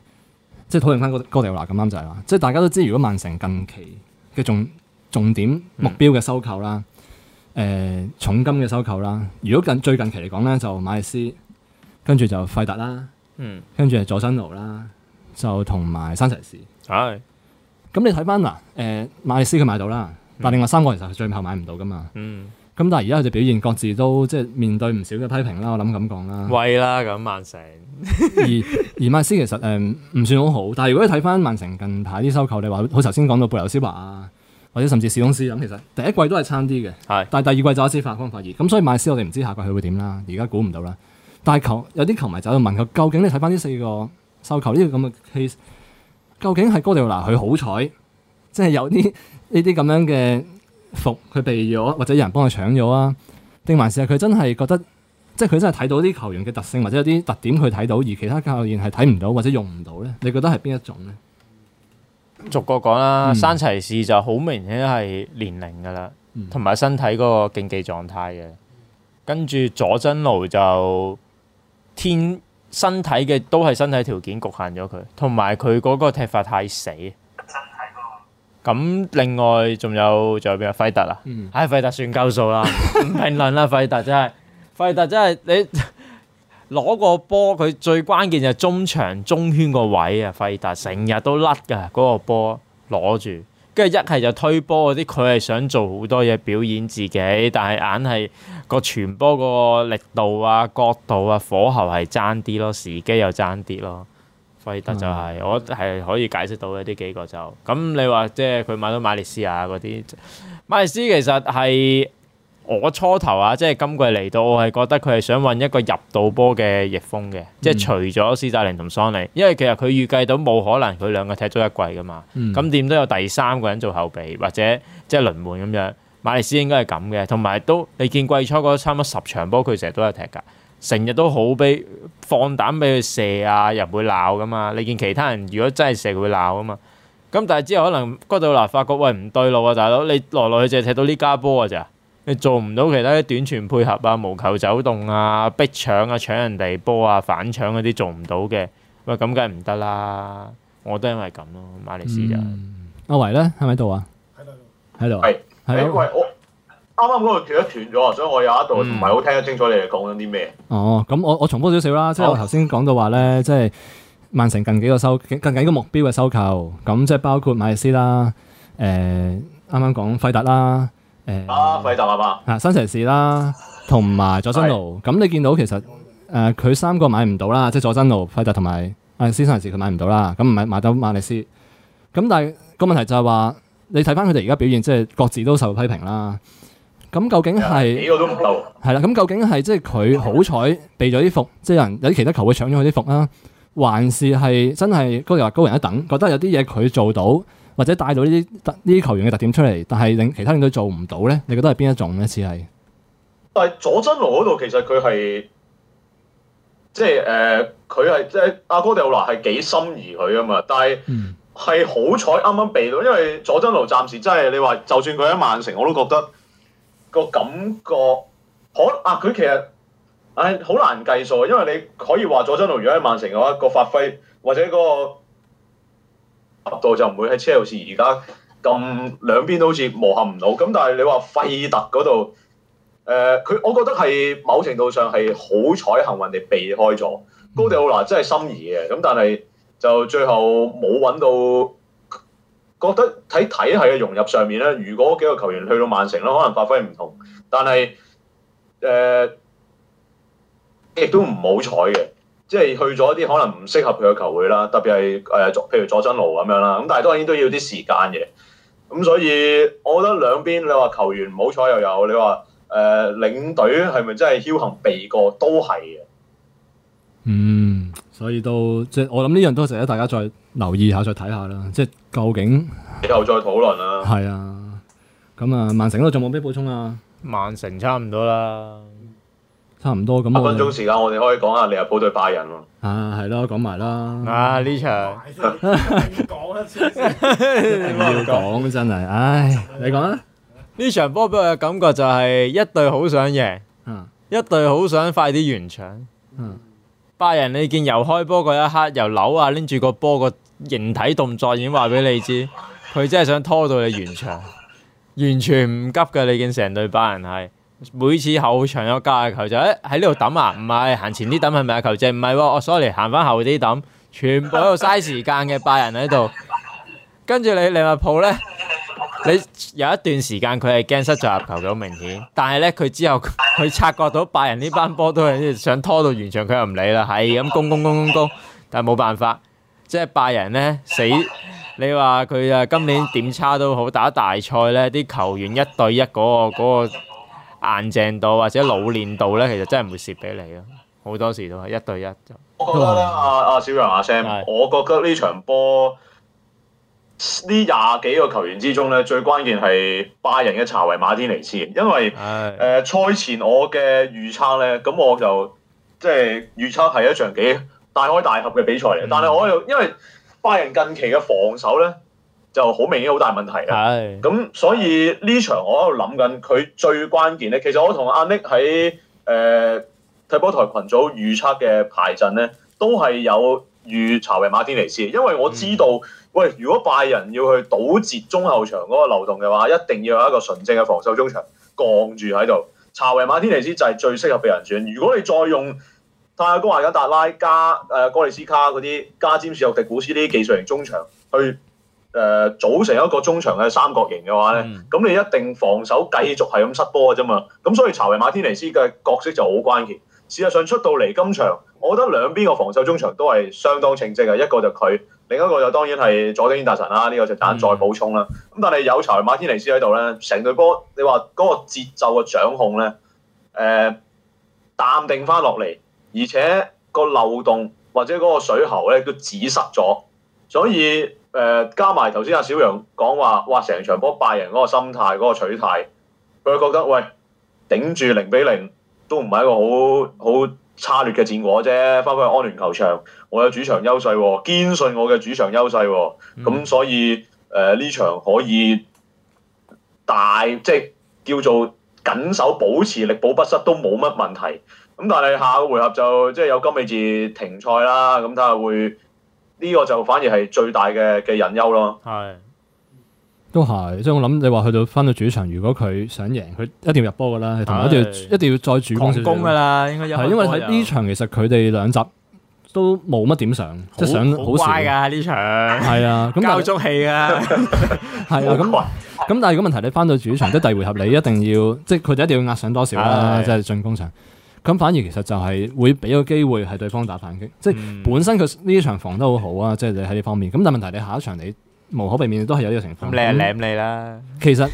即係討論翻哥迪奧拿咁啱就係、是、啦。即係大家都知，如果曼城近期嘅重重點目標嘅收購啦，誒、呃、重金嘅收購啦，如果近最近期嚟講咧，就馬利斯跟住就費達啦，跟住佐新奴啦。就同埋山城市，咁的你睇翻嗱，誒、呃、馬斯佢買到啦，嗯、但另外三個其實最後買唔到噶嘛，咁、嗯、但係而家佢哋表現各自都即係、就是、面對唔少嘅批評啦，我諗咁講啦，喂啦咁曼城，而而馬斯其實誒唔、呃、算好好，但係如果你睇翻曼城近排啲收購，你話佢佢頭先講到貝拿度施華啊，或者甚至史東斯咁，其實第一季都係差啲嘅，的但係第二季就開始發光發熱，咁所以馬斯我哋唔知下季佢會點啦，而家估唔到啦，但係球有啲球迷走喺度問佢，究竟你睇翻呢四個？受球呢個咁嘅 case，究竟係哥迪奧拿佢好彩，即係有啲呢啲咁樣嘅服佢避咗，或者有人幫佢搶咗啊？定還是係佢真係覺得，即係佢真係睇到啲球員嘅特性或者有啲特點佢睇到，而其他教練係睇唔到或者用唔到咧？你覺得係邊一種咧？逐個講啦，嗯、山齊士就好明顯係年齡㗎喇，同埋、嗯、身體嗰個競技狀態嘅。跟住佐真奴就天。身體嘅都係身體條件局限咗佢，同埋佢嗰個踢法太死。咁另外仲有仲有邊個費特啊？唉、嗯，費特算鳩數啦，唔 <laughs> 評論啦，費特真係，費特真係你攞個波，佢最關鍵就係中場中圈個位啊，費特成日都甩㗎嗰個波攞住。.跟住一係就推波嗰啲，佢係想做好多嘢表演自己，但係硬係個傳波個力度啊、角度啊、火候係爭啲咯，時機又爭啲咯，費特就係、是，嗯、我係可以解釋到嘅呢幾個就，咁你話即係佢買到馬利斯啊嗰啲，馬利斯其實係。我初頭啊，即係今季嚟到，我係覺得佢係想揾一個入到波嘅逆風嘅，嗯、即係除咗斯大林同桑尼，因為其實佢預計到冇可能佢兩個踢足一季噶嘛，咁點、嗯、都有第三個人做後備或者即係輪換咁樣。馬利斯應該係咁嘅，同埋都你見季初嗰差唔多十場波，佢成日都有踢噶，成日都好俾放膽俾佢射啊，又唔會鬧噶嘛。你見其他人如果真係射佢會鬧噶嘛，咁但係之後可能哥迪奧拿發覺喂唔對路啊，大佬你來來去去踢到呢家波啊，咋？你做唔到其他啲短傳配合啊、無球走動啊、逼搶啊、搶人哋波啊、反搶嗰啲做唔到嘅、哎嗯，喂咁梗係唔得啦！我都因為咁咯，馬尼斯就阿維咧喺咪喺度啊？喺度喺度係，阿維我啱啱嗰度斷一斷咗啊，所以我有一度唔係好聽得清楚你哋講緊啲咩。哦，咁我我重複少少啦，即係我頭先講到話咧，哦、即係曼城近幾個收近幾個目標嘅收購，咁即係包括馬尼斯啦，誒啱啱講費達啦。剛剛啊，費特係嘛？啊，新城市啦，同埋佐真奴。咁的、嗯、你見到其實誒佢、呃、三個買唔到啦，即係佐真奴、費特同埋埃斯山士，佢買唔到啦。咁唔係買到馬利斯。咁但係個問題就係話，你睇翻佢哋而家表現，即係各自都受批評啦。咁究竟係幾個都唔夠？係啦、嗯，咁究竟係即係佢好彩避咗啲伏，即係有人有啲其他球會搶咗佢啲伏啊？還是係真係高人話高人一等，覺得有啲嘢佢做到？或者帶到呢啲呢啲球員嘅特點出嚟，但係令其他隊都做唔到咧，你覺得係邊一種咧？似係，但係佐真奴嗰度其實佢係即係誒，佢、呃、係即係阿哥迪奧拿係幾心儀佢啊嘛，但係係好彩啱啱避到，因為佐真奴暫時真係你話，就算佢喺曼城，我都覺得個感覺可啊，佢其實唉好、哎、難計數，因為你可以話佐真奴如果喺曼城嘅話，個發揮或者嗰、那個。幅度就唔會喺車路士而家咁兩邊都好似磨合唔到，咁但係你話費特嗰度，誒、呃、佢我覺得係某程度上係好彩幸運地避開咗高迪奧拿，真係心儀嘅，咁但係就最後冇揾到，覺得喺體系嘅融入上面咧，如果幾個球員去到曼城咧，可能發揮唔同，但係誒、呃、亦都唔好彩嘅。即係去咗一啲可能唔適合佢嘅球會啦，特別係誒，譬如佐真奴咁樣啦，咁但係當然都要啲時間嘅。咁所以，我覺得兩邊你話球員唔好彩又有，你話誒、呃、領隊係咪真係僥倖避過都係嘅。嗯，所以到即都即係我諗呢樣都值得大家再留意下，再睇下啦。即係究竟以後再討論啦。係啊，咁啊，啊，曼城度仲有冇咩補充啊？曼城差唔多啦。差唔多咁，一分鐘時間我哋可以講下利物浦對拜仁喎。啊，係咯，講埋啦。啊，呢場點講咧？先 <laughs> <laughs> 要講真係，唉，你講啦。呢場波俾我嘅感覺就係一隊好想贏，啊、一隊好想快啲完場，啊、嗯。拜仁你見由開波嗰一刻，由扭啊拎住個波個形體動作已經話俾你知，佢真係想拖到你完場，完全唔急嘅。你見成隊拜仁係。每次後場有架球就，誒喺呢度抌啊？唔係行前啲抌係咪啊？球證唔係喎，我 sorry，行翻後啲抌，全部喺度嘥時間嘅拜仁喺度。跟住你利物浦咧，你有一段時間佢係驚失咗入球嘅，好明顯，但係咧佢之後佢察覺到拜仁呢班波都係想拖到完場，佢又唔理啦，係咁攻攻攻攻攻，但係冇辦法，即係拜仁咧，死，你話佢啊今年點差都好，打大賽咧啲球員一對一嗰個嗰個。硬淨度或者老練度咧，其實真係唔會蝕俾你咯。好多時都係一對一。我覺得阿阿、哦啊、小楊阿、啊、Sam，是我覺得呢場波呢廿幾個球員之中咧，最關鍵係拜仁嘅查維馬天尼斯，因為誒賽是、呃、前我嘅預測咧，咁我就即係預測係一場幾大開大合嘅比賽嚟。嗯、但係我又因為拜仁近期嘅防守咧。就好明顯，好大問題啦。咁的所以呢場我喺度諗緊，佢最關鍵咧。其實我同阿 Nick 喺誒踢波台群組預測嘅排陣咧，都係有預查維馬天尼斯。因為我知道，嗯、喂，如果拜仁要去堵截中後場嗰個流動嘅話，一定要有一個純正嘅防守中場降住喺度。查維馬天尼斯就係最適合被人選。如果你再用泰戈爾加達拉加誒、呃、哥利斯卡嗰啲加占士奧迪古斯呢啲技術型中場去。誒、呃、組成一個中場嘅三角形嘅話咧，咁、嗯、你一定防守繼續係咁失波嘅啫嘛。咁所以查維馬天尼斯嘅角色就好關鍵。事實上出到嚟今場，我覺得兩邊嘅防守中場都係相當稱職嘅，一個就佢，另一個就當然係佐敦軒達臣啦。呢、這個就等下再補充啦。咁、嗯、但係有查維馬天尼斯喺度咧，成隊波你話嗰個節奏嘅掌控咧，誒、呃、淡定翻落嚟，而且個漏洞或者嗰個水喉咧都止塞咗，所以。誒、呃、加埋頭先阿小楊講話，哇！成場波拜仁嗰個心態嗰、嗰個取態，佢覺得喂，頂住零比零都唔係一個好好差劣嘅戰果啫。翻返去安聯球場，我有主場優勢、哦，堅信我嘅主場優勢、哦，咁、嗯、所以誒呢、呃、場可以大即係叫做緊守保持力保不失都冇乜問題。咁但係下個回合就即係有金美治停賽啦，咁睇下會。呢個就反而係最大嘅嘅隱憂咯。係，都係，即係我諗你話去到翻到主場，如果佢想贏，佢一定要入波㗎啦，同埋一定一定要再主攻㗎啦。應該係因為喺呢場其實佢哋兩集都冇乜點上，即係上好乖㗎呢場。係啊，咁夠足氣㗎。係啊，咁咁但係如果問題你翻到主場，即係第二回合你一定要，即係佢哋一定要壓上多少啦，即係進攻場。咁反而其實就係會俾個機會係對方打反擊，即係本身佢呢場防得好好啊，即係你喺呢方面。咁但係問題你下一場你無可避免都係有呢個情況。攬你啦，其實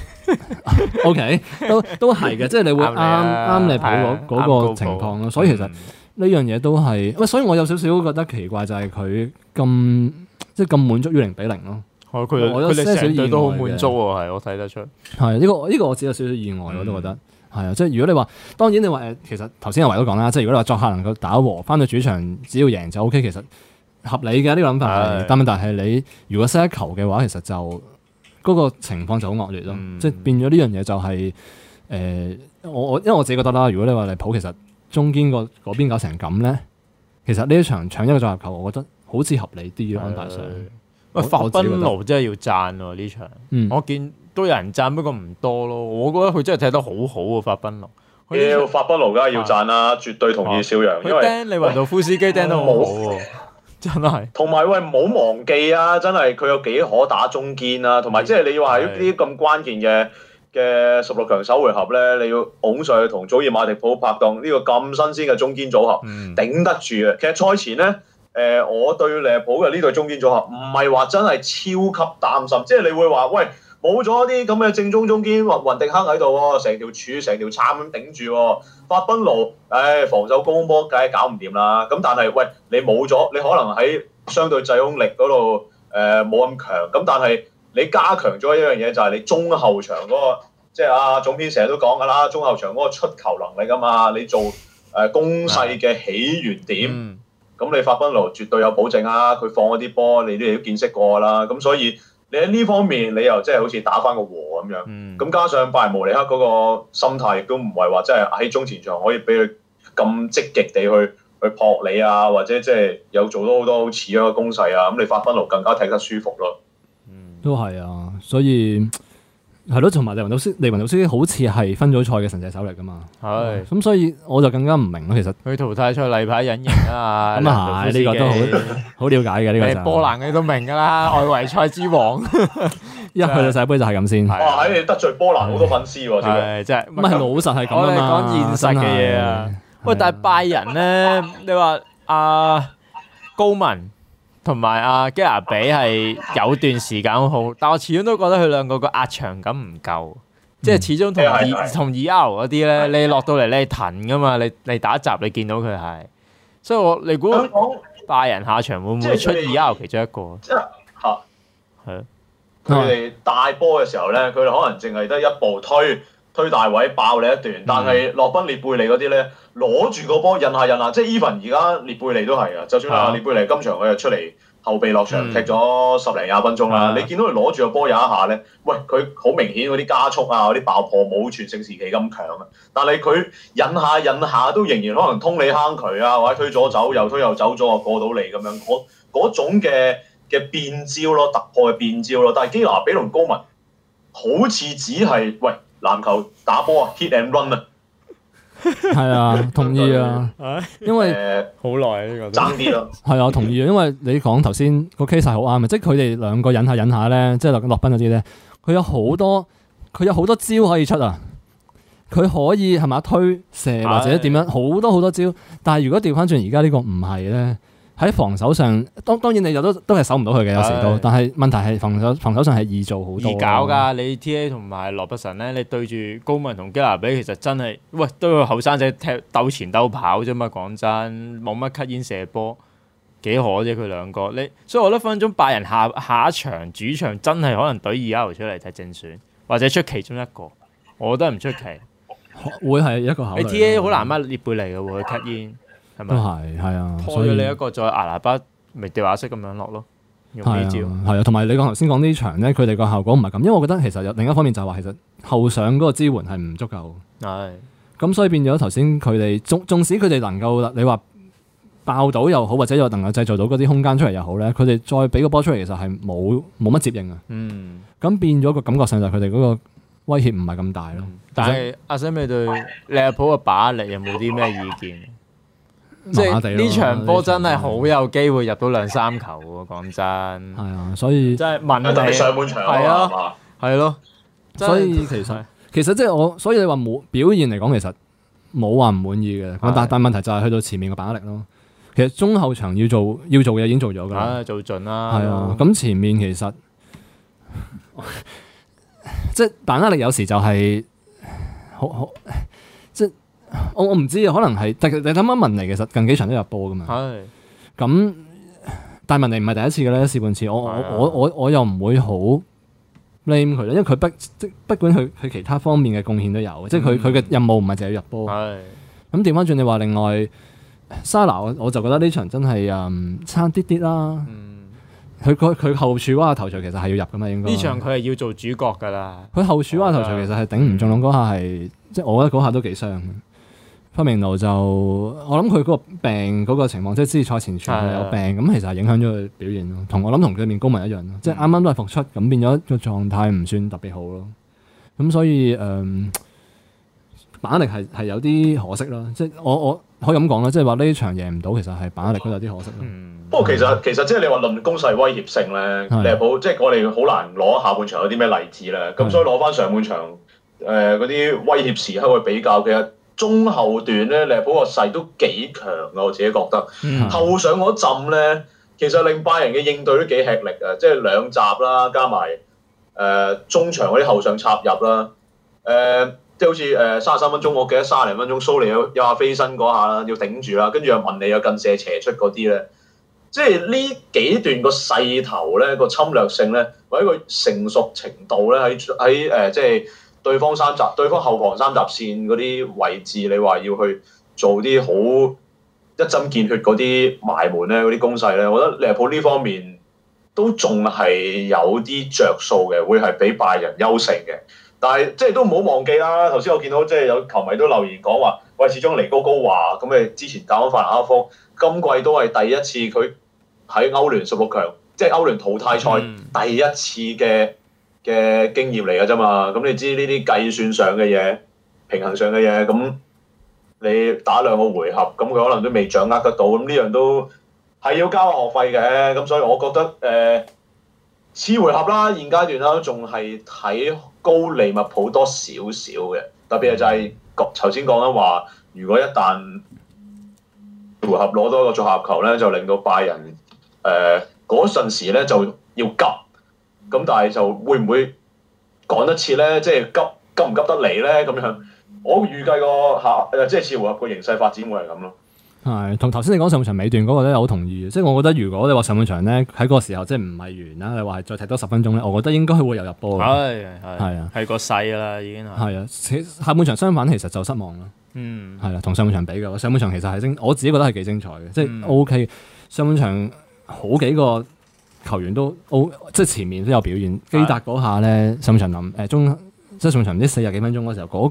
OK 都都係嘅，即係你會啱啱你補落嗰個情況咯。所以其實呢樣嘢都係所以我有少少覺得奇怪，就係佢咁即係咁滿足於零比零咯。係佢，佢哋成隊都好滿足喎，係我睇得出。係呢個呢個，我只有少少意外，我都覺得。係啊，即係如果你話，當然你話，誒，其實頭先阿維都講啦，即係如果你話作客能夠打和，翻到主場只要贏就 OK，其實合理嘅呢個諗法。是的 但係但係你如果失一球嘅話，其實就嗰、那個情況就好惡劣咯。嗯、即係變咗呢樣嘢就係、是，誒、呃，我我因為我自己覺得啦，如果你話利物浦其實中間個嗰邊搞成咁咧，其實呢一場搶一個作客入球，我覺得好似合理啲咯。安排上，喂是的 我，法賓奴真係要讚呢場，嗯、我見。都有人讚，不過唔多咯。我覺得佢真係踢得好好啊！法賓奴，要法賓奴梗係要讚啦、啊，的絕對同意小楊。啊、因為你韋喂到夫斯基掟都冇，嗯、真係。同埋喂，唔好忘記啊！真係佢有幾可打中堅啊！同埋即係你話呢啲咁關鍵嘅嘅的十六強首回合咧，你要拱上去同祖爾馬迪普拍檔呢個咁新鮮嘅中堅組合，頂得住啊。嗯、其實賽前咧，誒、呃，我對利普嘅呢對中堅組合唔係話真係超級擔心，即、就、係、是、你會話喂。冇咗啲咁嘅正宗中堅雲雲迪克喺度成條柱成條杉咁頂住喎。法賓奴、哎，防守攻波梗係搞唔掂啦。咁但係，喂，你冇咗，你可能喺相對制空力嗰度，誒冇咁強。咁但係，你加強咗一樣嘢就係你中後場嗰、那個，即係、啊、阿總編成日都講噶啦，中後場嗰個出球能力啊嘛。你做誒、呃、攻勢嘅起源點，咁、嗯、你法賓奴絕對有保證啊。佢放一啲波，你都都見識過啦。咁所以。喺呢方面，你又即係好似打翻個和咁樣，咁、嗯、加上拜慕尼克嗰個心態，亦都唔係話即係喺中前場可以俾佢咁積極地去去撲你啊，或者即係有做到好多似樣嘅攻勢啊，咁你法賓奴更加睇得舒服咯。嗯，都係啊，所以。係咯，同埋李雲老師，李雲老師好似係分組賽嘅神射手嚟噶嘛？係的，咁、嗯、所以我就更加唔明咯，其實。佢淘汰賽例牌隱形啊，咁啊呢個都好 <laughs> 了解嘅呢、這個、就是。波蘭嘅都明噶啦，外圍賽之王。 <laughs> 就是、一去到世界杯就係咁先。哇！哎，得罪波蘭好多粉絲，真、就、係、是，唔係老實係咁我哋講現實嘅嘢啊。喂，但係拜仁咧，你話阿、啊、高文。同埋阿吉亞比係有段時間好，但我始終都覺得佢兩個個壓場感唔夠，即係、嗯、始終同二同二歐嗰啲咧，你落到嚟你騰噶嘛，你打一你打集你見到佢係，所以我你估拜仁下場會唔會出二歐其中一個？即係嚇係啊！佢哋大波嘅時候咧，佢哋可能淨係得一步推。推大位爆你一段，但係洛賓列貝利嗰啲咧攞住個波引下引下，即係 even 而家列貝利都係啊！就算阿列貝利今場佢又出嚟後備落場踢咗十零廿分鐘啦，嗯、你見到佢攞住個波引一下咧，喂，佢好明顯嗰啲加速啊、嗰啲爆破冇全盛時期咁強啊！但係佢引下引下都仍然可能通你坑渠啊，或者推左走右推右走左過到你咁樣，嗰種嘅嘅變招咯，突破嘅變招咯。但係基拿比隆高文好似只係喂。籃球打波啊，hit and run <laughs> 啊，係啊，這個，啊，同意啊，因為好耐呢個爭啲咯，係啊，我同意啊，因為你講頭先個 case 係好啱啊，即係佢哋兩個忍下忍下咧，即係諾諾賓嗰啲咧，佢有好多佢有好多招可以出啊，佢可以係咪推射或者點樣，好多好多招，但係如果調翻轉而家呢個唔係咧。喺防守上，當當然你有都都係守唔到佢嘅，有時都。都的但係問題係防守、嗯、防守上係易做好多。易搞噶。你 T A 同埋羅伯臣咧，你對住高文同加拿比，其實真係喂，都係後生仔踢斗前斗跑啫嘛。講真，冇乜吸煙射波，幾可啫佢兩個。你所以我覺得分分鐘，拜仁下下一場主場真係可能懟二 L 出嚟踢正選，或者出其中一個，我覺得唔出奇， <laughs> 會係一個考你 TA 你。你 T A 好難乜裂貝尼嘅喎，吸煙。都係，係啊，所以你一個再牙喇叭，咪掉下式咁樣落咯，用呢招。係啊，同埋、啊、你講頭先講呢場呢，佢哋個效果唔係咁，因為我覺得其實有另一方面就係話，其實後上嗰個支援係唔足夠。係是，咁所以變咗頭先佢哋，縱使佢哋能夠你話爆到又好，或者又能夠製造到嗰啲空間出嚟又好咧，佢哋再俾個波出嚟，其實係冇冇乜接應啊。嗯，咁變咗個感覺上就係佢哋嗰個威脅唔係咁大咯，嗯。但係阿 Sam，你對利物浦嘅把握力有冇啲咩意見？呢場波真係好有機會入到兩三球喎，講真。係啊，所以即係問下上半場係啊，係咯吧。啊啊、的所以其實 <laughs> 其實即係我，所以你話冇表現嚟講，其實冇話唔滿意嘅。但、啊、但問題就係去到前面嘅把握力咯。其實中後場要做要做嘢已經做咗噶、啊，做盡啦。係啊，咁前面其實即係把握力有時就係好好。我我唔知，可能係，但你諗一文尼，其實近幾場都入波噶嘛。係咁，但文尼唔係第一次嘅咧，一試半次。我我我我我又唔會好 blame 佢咧，因為佢不即，不管佢佢其他方面嘅貢獻都有，即係佢佢嘅任務唔係淨係入波。咁調翻轉，你話另外沙拿，我就覺得呢場真係嗯差啲啲啦。佢佢佢後處嗰下頭錘其實係要入噶嘛，應該呢場佢係要做主角噶啦。佢後處嗰下頭錘其實係頂唔中，嗰下係即係我覺得嗰下都幾傷。科明奴就我諗佢嗰個病嗰、嗰個情況，即係知賽前傳佢有病，咁其實係影響咗佢表現咯。同我諗同佢面高民一樣、嗯、即係啱啱都係復出，咁變咗個狀態唔算特別好咯。咁所以誒，板、呃、力係係有啲可惜咯。即係我我可以咁講啦，即係話呢場贏唔到，其實係板力都有啲可惜咯。不過、嗯嗯、其實其實即係是的 你話論攻勢威脅性咧，利物浦，即係我哋好難攞下半場有啲咩例子啦。咁是的 所以攞翻上半場誒嗰啲威脅時刻去比較一，嘅。實。中後段咧，利物浦個勢都幾強啊！我自己覺得後上嗰陣咧，其實令拜仁嘅應對都幾吃力啊！即係兩閘啦，加埋誒、呃、中場嗰啲後上插入啦，誒、呃、即係好似誒三十三分鐘，我記得三十零分鐘蘇利有有下飛身嗰下啦，要頂住啦，跟住又問你有近射斜出嗰啲咧，即係呢幾段個勢頭咧，個侵略性咧，或者個成熟程度咧，喺喺誒即係。對方三閘，對方後防三閘線嗰啲位置，你話要去做啲好一針見血嗰啲埋門咧，嗰啲攻勢咧，我覺得利物浦呢方面都仲係有啲着數嘅，會係比拜仁優勝嘅。但係即係都唔好忘記啦，頭先我見到即係有球迷都留言講話，喂、哎，始終尼高高華咁你之前打翻法蘭克福，今季都係第一次佢喺歐聯十六強，即係歐聯淘汰賽第一次嘅、嗯。嘅經驗嚟嘅啫嘛，咁你知呢啲計算上嘅嘢、平衡上嘅嘢，咁你打兩個回合，咁佢可能都未掌握得到，咁呢樣都係要交學費嘅，咁所以我覺得誒、呃，次回合啦，現階段啦，仲係睇高利物浦多少少嘅，特別係就係頭先講緊話，如果一旦回合攞多個組合球咧，就令到拜仁誒嗰陣時咧就要急。咁但係就會唔會趕得切咧？即係急急唔急得嚟咧？咁樣我預計個下即係、呃、似乎個形勢發展會係咁咯。係同頭先你講上半場尾段嗰個咧，我好同意嘅。即係我覺得如果你話上半場咧喺嗰個時候即係唔係完啦，你話係再踢多十分鐘咧，我覺得應該係會有入波嘅。係係啊，係個勢啦已經係。係啊，下半場相反其實就失望啦。嗯，係啊，同上半場比嘅，上半場其實係我自己覺得係幾精彩嘅，即係 OK。上半場好幾個。球員都即係前面都有表演。基達嗰下咧，宋長林誒中，即係宋長林四十幾分鐘嗰時候，嗰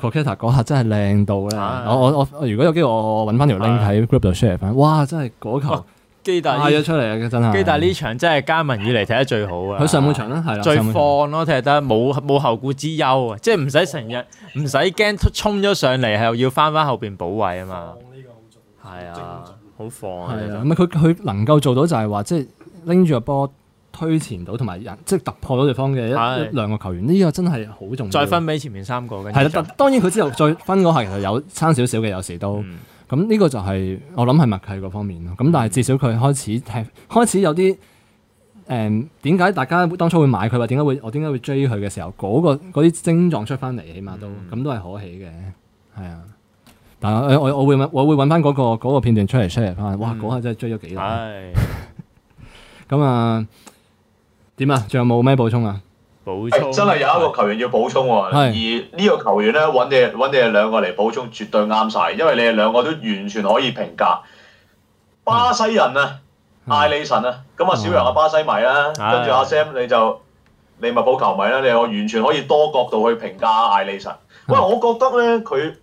個基達嗰下真係靚到咧。我我我，如果有機會，我揾翻條 link 喺 group 度 share 翻。哇，真係嗰球基達嗌咗出嚟啊！真係基達呢場真係加盟以嚟踢得最好啊！佢上半場啦，係啦，最放咯，踢得冇冇後顧之憂啊！即係唔使成日唔使驚衝咗上嚟，係要翻翻後邊補位啊嘛。放呢個好重要，係啊，好放啊！係啊，唔係佢佢能夠做到就係話即係。拎住個波推前到同埋人，即係突破到對方嘅一，的一兩個球員，呢、這個真係好重要。再分俾前面三個，嘅，係啦。當然佢之後再分嗰下其實有差少少嘅，有時都咁呢、嗯、個就係、是、我諗係默契嗰方面咯。咁但係至少佢開始踢，開始有啲誒點解大家當初會買佢？點解會我點解會追佢嘅時候，嗰、那個嗰啲症狀出翻嚟，起碼都咁、嗯、都係可喜嘅。係啊，但我我，我會揾我會翻嗰、那個那個片段出嚟 share 翻。哇！嗰、那、下、個、真係追咗幾耐。嗯 <laughs> 咁啊，點啊？仲有冇咩補充啊？補充、欸，真係有一個球員要補充喎、啊，是而呢個球員咧，揾你揾你哋兩個嚟補充絕對啱晒，因為你哋兩個都完全可以評價巴西人啊，艾里臣啊，咁啊，小楊啊，巴西迷啦、啊，哇跟住阿、啊、Sam 你就你咪補球迷啦、啊，你我完全可以多角度去評價艾里臣。喂是、啊，我覺得咧，佢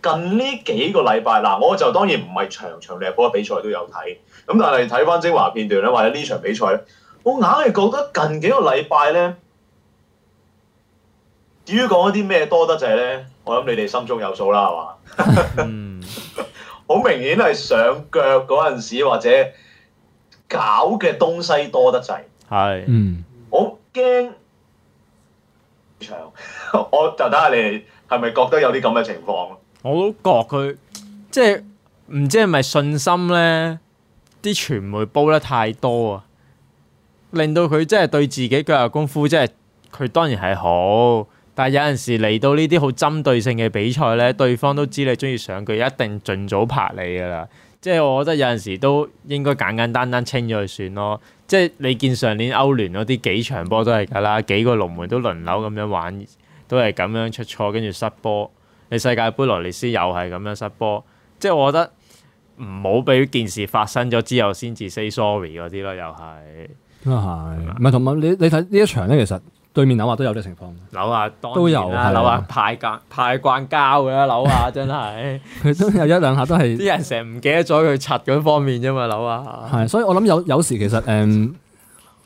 近呢幾個禮拜嗱，我就當然唔係場場利物浦嘅比賽都有睇。咁但係睇翻精華片段咧，或者呢場比賽咧，我硬係覺得近幾個禮拜咧，至於講啲咩多得滯咧，我諗你哋心中有數啦，係嘛？嗯，好明顯係上腳嗰陣時或者搞嘅東西多得滯，係，嗯，我驚場，我就睇下你哋係咪覺得有啲咁嘅情況咯？我都覺佢即係唔知係咪信心咧。啲傳媒煲得太多啊，令到佢真係對自己腳下功夫真，真係佢當然係好，但係有陣時嚟到呢啲好針對性嘅比賽咧，對方都知你中意上佢，一定盡早拍你噶啦。即係我覺得有陣時都應該簡簡單單，單清咗佢算咯。即係你見上年歐聯嗰啲幾場波都係噶啦，幾個龍門都輪流咁樣玩，都係咁樣出錯跟住失波。你世界盃羅里斯又係咁樣失波，即係我覺得。唔好俾件事發生咗之後先至 say sorry 嗰啲咯，又係都係。唔係，同埋你你睇呢一場咧，其實對面扭下都有啲情況。扭下都有下是啊，扭下太夾太慣交嘅啦，扭下真係佢 <laughs> 都有一兩下都係啲 <laughs> 人成日唔記得咗佢擦嗰方面啫嘛，扭下。係，所以我諗有有時其實誒、嗯，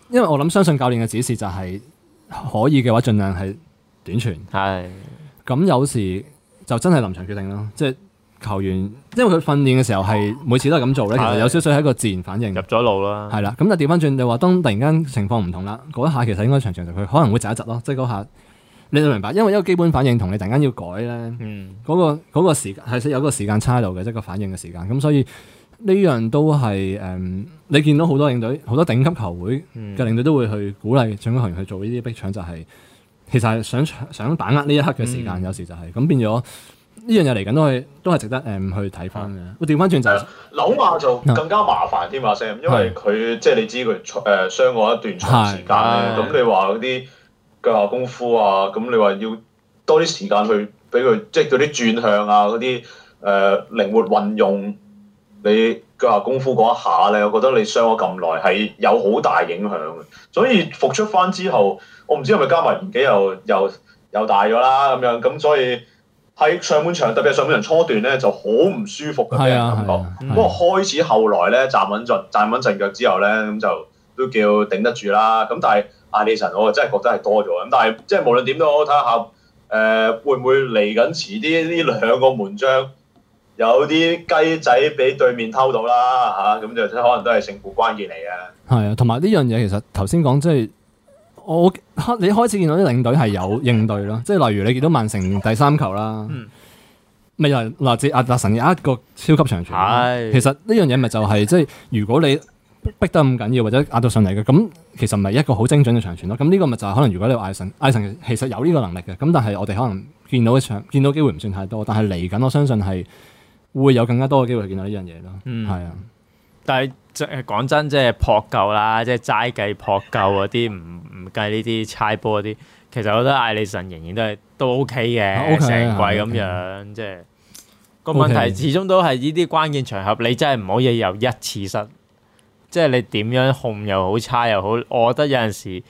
因為我諗相信教練嘅指示就係可以嘅話，盡量係短傳。係的。咁有時就真係臨場決定啦，即係。球員，因為佢訓練嘅時候係每次都係咁做咧，的其實有少少係一個自然反應，入咗腦啦。係啦，咁就係掉返轉就話，當突然間情況唔同啦，嗰一下其實應該長長就佢可能會窒一窒咯。即係嗰下，你就明白，因為一個基本反應同你突然間要改咧，嗰、嗯那個嗰、那個時間係有個時間差度嘅，即係個反應嘅時間。咁所以呢樣都係誒、嗯，你見到好多領隊，好多頂級球會嘅領隊都會去鼓勵整個球員去做呢啲逼搶，就係、是、其實想想把握呢一刻嘅時間，嗯、有時就係、是、咁變咗。呢樣嘢嚟緊都係都係值得誒去睇翻嘅。會調翻轉仔？樓啊就更加麻煩添啊聲，因為佢即係你知佢誒傷過一段長時間。咁你話嗰啲腳下功夫啊，咁你話要多啲時間去俾佢即係做啲轉向啊，嗰啲誒靈活運用你腳下功夫嗰一下咧，我覺得你傷咗咁耐係有好大影響嘅。所以復出翻之後，我唔知係咪加埋年紀又又又大咗啦咁樣，咁所以。係上半場，特別係上半場初段咧，就好唔舒服嘅俾、啊、人感覺，啊啊啊、不過開始後來咧，站穩陣站穩陣腳之後咧，咁就都叫頂得住啦。咁但係阿利臣我真係覺得係多咗咁，但係即係無論點都好，睇下誒會唔會嚟緊遲啲呢兩個門將有啲雞仔俾對面偷到啦嚇，咁、啊、就可能都係勝負關鍵嚟嘅。係啊，同埋呢樣嘢其實頭先講即係。我你開始見到啲領隊係有應對咯，即係例如你見到曼城第三球啦，咪又或者阿艾神有一個超級長傳。係、哎、其實呢樣嘢咪就係、是、即係如果你逼得咁緊要，或者壓到上嚟嘅，咁其實唔係一個好精準嘅長傳咯。咁呢個咪就係可能如果你話艾神，艾神其實有呢個能力嘅。咁但係我哋可能見到嘅，場見到機會唔算太多，但係嚟緊我相信係會有更加多嘅機會見到呢樣嘢咯。係啊、嗯。但係講真，即係撲救啦，即係齋計撲救嗰啲，唔唔計呢啲猜波嗰啲。其實我覺得艾利臣仍然都係都 OK 嘅，成季咁樣 okay, okay，即係個問題，始終都係呢啲關鍵場合，你真係唔可以有一次失，okay，即係你點樣控又好，猜又好。我覺得有陣時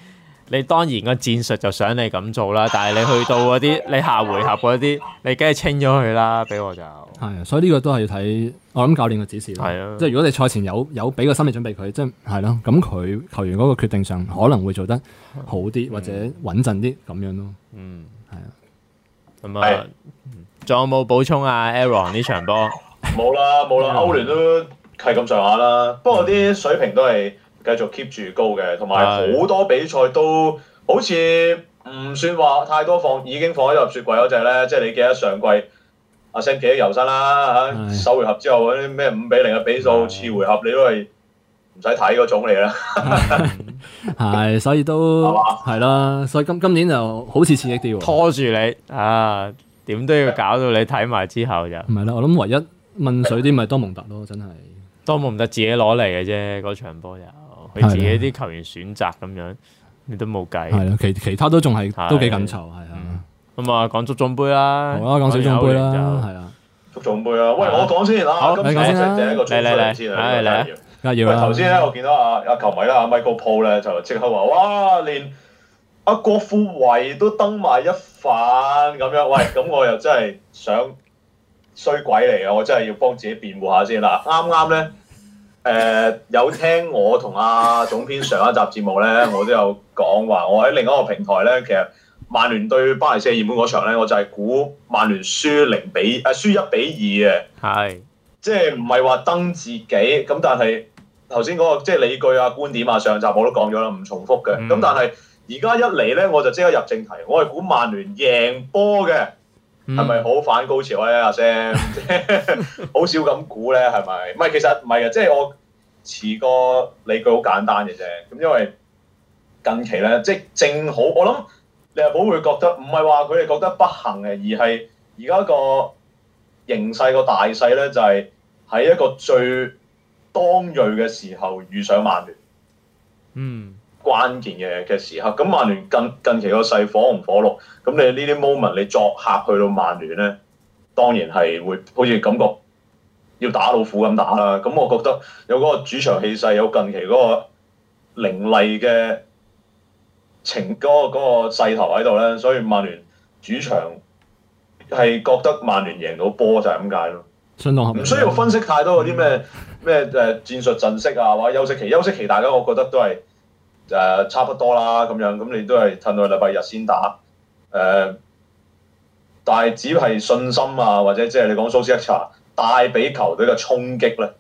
你當然個戰術就想你咁做啦，但係你去到嗰啲，你下回合嗰啲，你梗係清咗佢啦，俾我就係啊， <laughs> 所以呢個都係要睇。我諗教練嘅指示，啊、即係如果你賽前有有俾個心理準備佢，即係係咯，咁佢、啊、球員嗰個決定上可能會做得好啲、嗯、或者穩陣啲咁樣咯。嗯，係啊。咁吧啊，仲有冇補充啊 Aaron？呢場波冇啦冇啦，歐聯 <laughs> <laughs> 都係咁上下啦。不過啲水平都係繼續 keep 住高嘅，同埋好多比賽都好似唔算話太多放，已經放喺入雪櫃嗰隻咧，即係你記得上季。阿星幾都遊身啦嚇，首回合之後嗰啲咩五比零嘅比數，嗯、次回合你都係唔使睇嗰種嚟啦。係， <music> 所以都係啦吧，所以今今年就好似刺激啲喎。拖住你啊，點都要搞到你睇埋之後就。唔係啦，我諗唯一問水啲咪多蒙特咯，真係。 <music> 多蒙特自己攞嚟嘅啫，嗰場波又佢自己啲球員選擇咁樣，的你都冇計。其其他都仲係都幾緊湊，係啊。咁啊，講足總盃啦，好啦，講小盃啦，係啦，足總盃啊，喂，我講先啦，好，你就先一嚟嚟嚟，先啦，阿喂，頭先咧，我見到啊啊球迷啦，阿 Michael Paul 咧就即刻話，哇，連阿郭富維都登埋一份咁樣，喂，咁我又真係想衰鬼嚟啊，我真係要幫自己辯護下先啦，啱啱咧，誒，有聽我同阿總編上一集節目咧，我都有講話，我喺另一個平台咧，其實。曼聯對巴黎聖日耳曼嗰場咧，我就係估曼聯輸零比誒，輸、呃、一比二嘅。係的，即係唔係話登自己咁，但係頭先嗰個即係、就是、理據啊、觀點啊，上集我都講咗啦，唔重複嘅。咁、嗯、但係而家一嚟咧，我就即刻入正題，我係估曼聯贏波嘅，係咪好反高潮咧？阿、啊、s 好 <laughs> 少咁估咧，係咪？唔係，其實唔係嘅，即、就、係、是、我前個理據好簡單嘅啫。咁因為近期咧，即係正好我諗。 <laughs> 利物浦會覺得唔係話佢哋覺得不幸嘅，而係而家個形勢個大勢咧，就係喺一個最當鋭嘅時候遇上曼聯。嗯，關鍵嘅嘅時刻。咁曼聯近近期個勢火紅火綠，咁你呢啲 moment 你作客去到曼聯咧，當然係會好似感覺要打老虎咁打啦。咁我覺得有嗰個主場氣勢，有近期嗰個凌厲嘅。情歌個嗰個勢頭喺度咧，所以曼聯主場係覺得曼聯贏到波就係咁解咯。唔需要分析太多嗰啲咩咩誒戰術陣式啊，或者休息期、休息期，大家我覺得都係誒、呃、差不多啦咁樣。咁你都係褪到禮拜日先打誒、呃，但係只要係信心啊，或者即係你講蘇斯克查帶俾球隊嘅衝擊咧，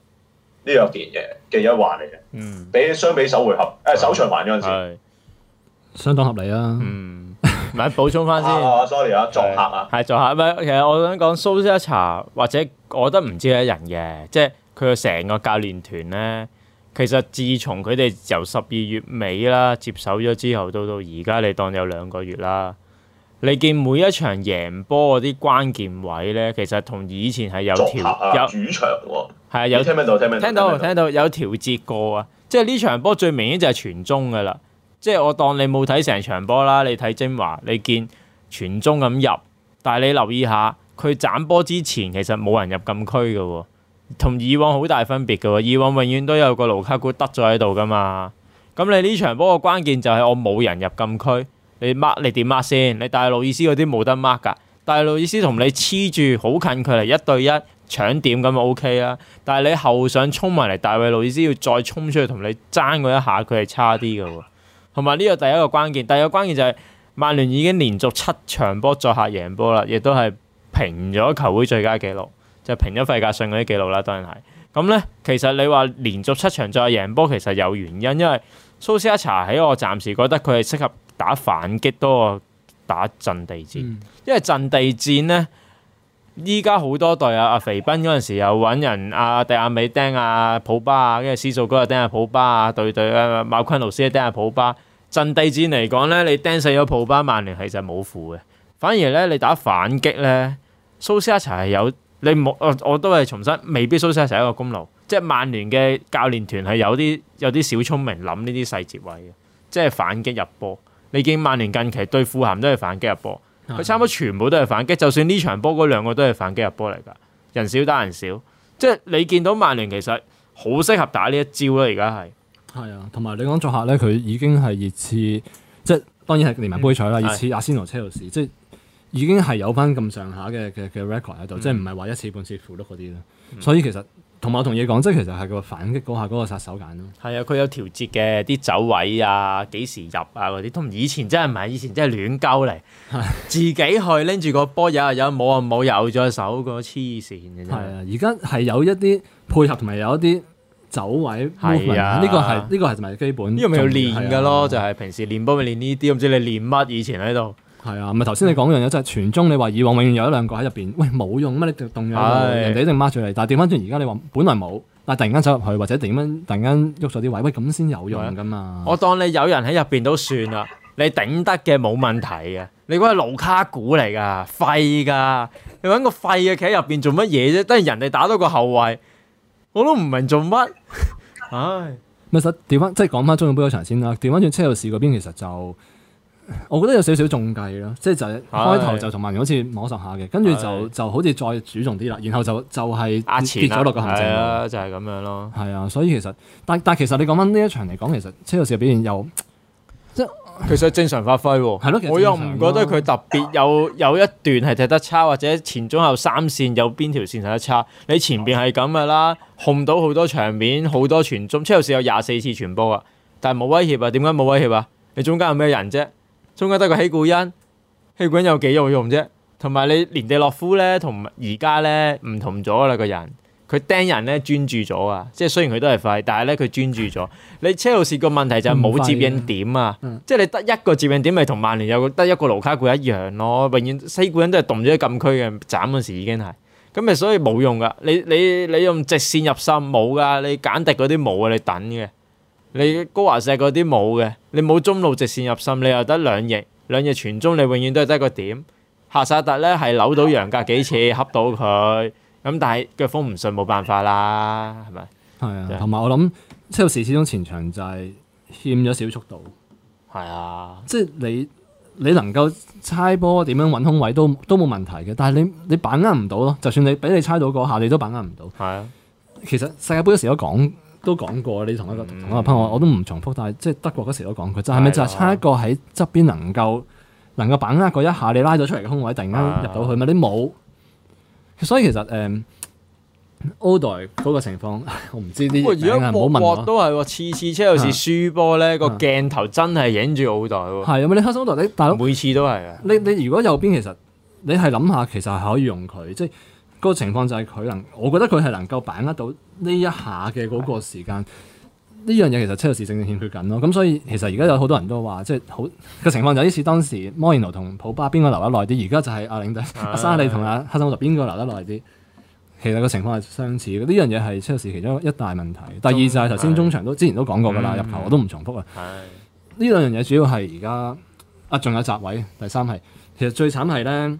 呢樣嘢嘅一,一，個一個環嚟嘅。嗯，比相比首回合誒首、呃、場還嗰陣時。相當合理啊，嗯，咪補充翻先。sorry 啊，作客啊，係作客。咪其實我想講，蘇斯達查或者我覺得唔止一個人嘅，即係佢嘅成個教練團咧。其實自從佢哋由十二月尾啦接手咗之後，到到而家，你當有兩個月啦。你見每一場贏波嗰啲關鍵位咧，其實同以前係有調有主場喎，係啊，有聽唔到，聽到，聽到有調節過啊，即係呢場波最明顯，最明顯就係全中噶啦。即係我當你冇睇成場波啦，你睇精華，你見全中咁入，但係你留意下佢斬波之前其實冇人入禁區嘅喎，同以往好大分別嘅喎，以往永遠都有個盧卡古得咗喺度噶嘛，咁你呢場波嘅關鍵就係我冇人入禁區，你 mark 你點 mark 先？你大衛路易斯嗰啲冇得 mark 㗎，大衛路易斯同你黐住好近距離一對一搶點咁就 O K 啦，但係你後上衝埋嚟大衛路易斯要再衝出去同你爭佢一下佢係差啲嘅喎。同埋呢個第一個關鍵，第二個關鍵就係曼聯已經連續七場波作客贏波啦，亦都係平咗球會最佳紀錄，就平咗費格遜嗰啲紀錄啦，當然係。咁呢，其實你話連續七場作客贏波，其實有原因，因為蘇斯一查喺我暫時覺得佢係適合打反擊多過打陣地戰，嗯、因為陣地戰呢。依家好多隊啊！阿肥斌嗰陣時又揾人，阿、啊、迪亞美釘阿、啊、普巴啊，跟住史素哥又釘阿、啊、普巴啊，對對啊，馬昆老師又釘阿、啊、普巴、啊。陣地戰嚟講咧，你釘死咗普巴，曼聯係就冇符嘅。反而咧，你打反擊咧，蘇斯一齊係有你冇？我我都係重申，未必蘇斯亞齊一個功勞。即係曼聯嘅教練團係有啲有啲小聰明，諗呢啲細節位嘅，即係反擊入波。你見曼聯近期對富咸都係反擊入波。佢差唔多全部都係反擊，就算呢場波嗰兩個都係反擊入波嚟㗎，人少打人少，即係你見到曼聯其實好適合打呢一招咯，而家係。係啊，同埋、啊、你講作客咧，佢已經係熱刺，即係當然係連埋杯賽啦，熱刺阿仙奴車路士，啊、即係已經係有翻咁上下嘅嘅嘅 record 喺度，啊、即係唔係話一次半次符碌嗰啲啦，嗯、所以其實。同埋我同你講，即係其實係個反擊嗰下嗰個殺手鐧咯。係啊，佢有調節嘅啲走位啊，幾時入啊嗰啲。同以前真係唔係，以前真係亂鳩嚟， <laughs> 自己去拎住個波有啊有，有，冇啊冇，有咗手個黐線嘅啫。係啊，而家係有一啲配合同埋有一啲走位。係啊，呢個係呢個係咪基本？呢個咪要練㗎咯，啊、就係平時練波咪練呢啲，唔知你練乜以前喺度。係啊，咪係頭先你講嗰樣嘢，就係傳中你話以往永遠有一兩個喺入邊，喂冇用咩？你動動咗、啊、人哋一定孖住你。但係調翻轉而家你話，本來冇，但係突然間走入去，或者點樣突然間喐咗啲位，喂咁先有用噶嘛、啊？我當你有人喺入邊都算啦，你頂得嘅冇問題嘅。你嗰個盧卡古嚟噶廢㗎，你揾個廢嘅企喺入邊做乜嘢啫？等人哋打到個後衛，我都唔明做乜唉，咪係實調翻，即係講翻中用杯嗰場先啦。調翻轉車路士嗰邊，其實就。我覺得有少少中計咯，即係就開頭就同曼聯好似摸索下嘅，跟住的就就好似再主動啲啦，然後就就係跌咗落個陷阱啦，就係、是、咁、啊就是、樣咯。係啊，所以其實但但其實你講翻呢一場嚟講，其實車路士嘅表現又即係其實正常發揮係、啊、咯，我又唔覺得佢特別有有一段係踢得差，或者前中後三線有邊條線踢得差。你前邊係咁噶啦，控到好多場面，好多傳中，車路士有廿四次傳波啊，但係冇威脅啊，點解冇威脅啊？你中間有咩人啫、啊？中間得個希古恩，希古恩有幾有用啫？同埋你連地洛夫咧，同而家咧唔同咗啦，個人佢釘人咧專注咗啊！即係雖然佢都係廢，但係咧佢專注咗。 <laughs> 你車路士個問題就係冇接應點啊！即係你得一個接應點，咪同曼聯有得一個盧卡古一樣咯。永遠希古恩都係動咗喺禁區嘅斬嗰時已經係，咁咪所以冇用噶。你你你用直線入心冇噶，你簡迪嗰啲冇啊，你等嘅。你高華石嗰啲冇嘅，你冇中路直線入心，你又得兩翼兩翼傳中，你永遠都係得個點。夏薩特咧係扭到揚格幾次，恰到佢，咁但係腳風唔順，冇辦法啦，係咪？係啊，同埋我諗，車路士始終前場就係欠咗少速度。係啊，即係你你能夠猜波點樣揾空位都都冇問題嘅，但係你你把握唔到咯。就算你俾你猜到嗰下，你都把握唔到。係啊，其實世界盃嗰時都講。都講過，你同一個同一個朋友，我都唔重複。但係即係德國嗰時都講佢，就係咪就係差一個喺側邊能夠能夠把握嗰一下，你拉咗出嚟嘅空位，突然間入到去嘛？啊、你冇，所以其實誒歐、嗯、代嗰個情況， <laughs> 我唔知啲影係唔好問都係喎，次次車路士輸波咧，啊、個鏡頭真係影住歐代喎。係啊嘛，你黑松代你大佬每次都係啊。你你如果右邊其實你係諗下，其實係可以用佢即係。個情況就係佢能，我覺得佢係能夠把握到呢一下嘅嗰個時間。呢是的 樣嘢其實車路士正正欠缺緊咯。咁所以其實而家有好多人都話，即係好個情況就係似當時摩連奴同普巴邊個留得耐啲，而家就係阿領隊是的、啊、阿沙利同阿黑森奧達邊個留得耐啲。其實個情況係相似嘅。呢樣嘢係車路士其中一大問題。第二就係頭先中場都、嗯、之前都講過㗎啦，入球我都唔重複啊。呢兩樣嘢主要係而家啊，仲有集位。第三係其實最慘係咧。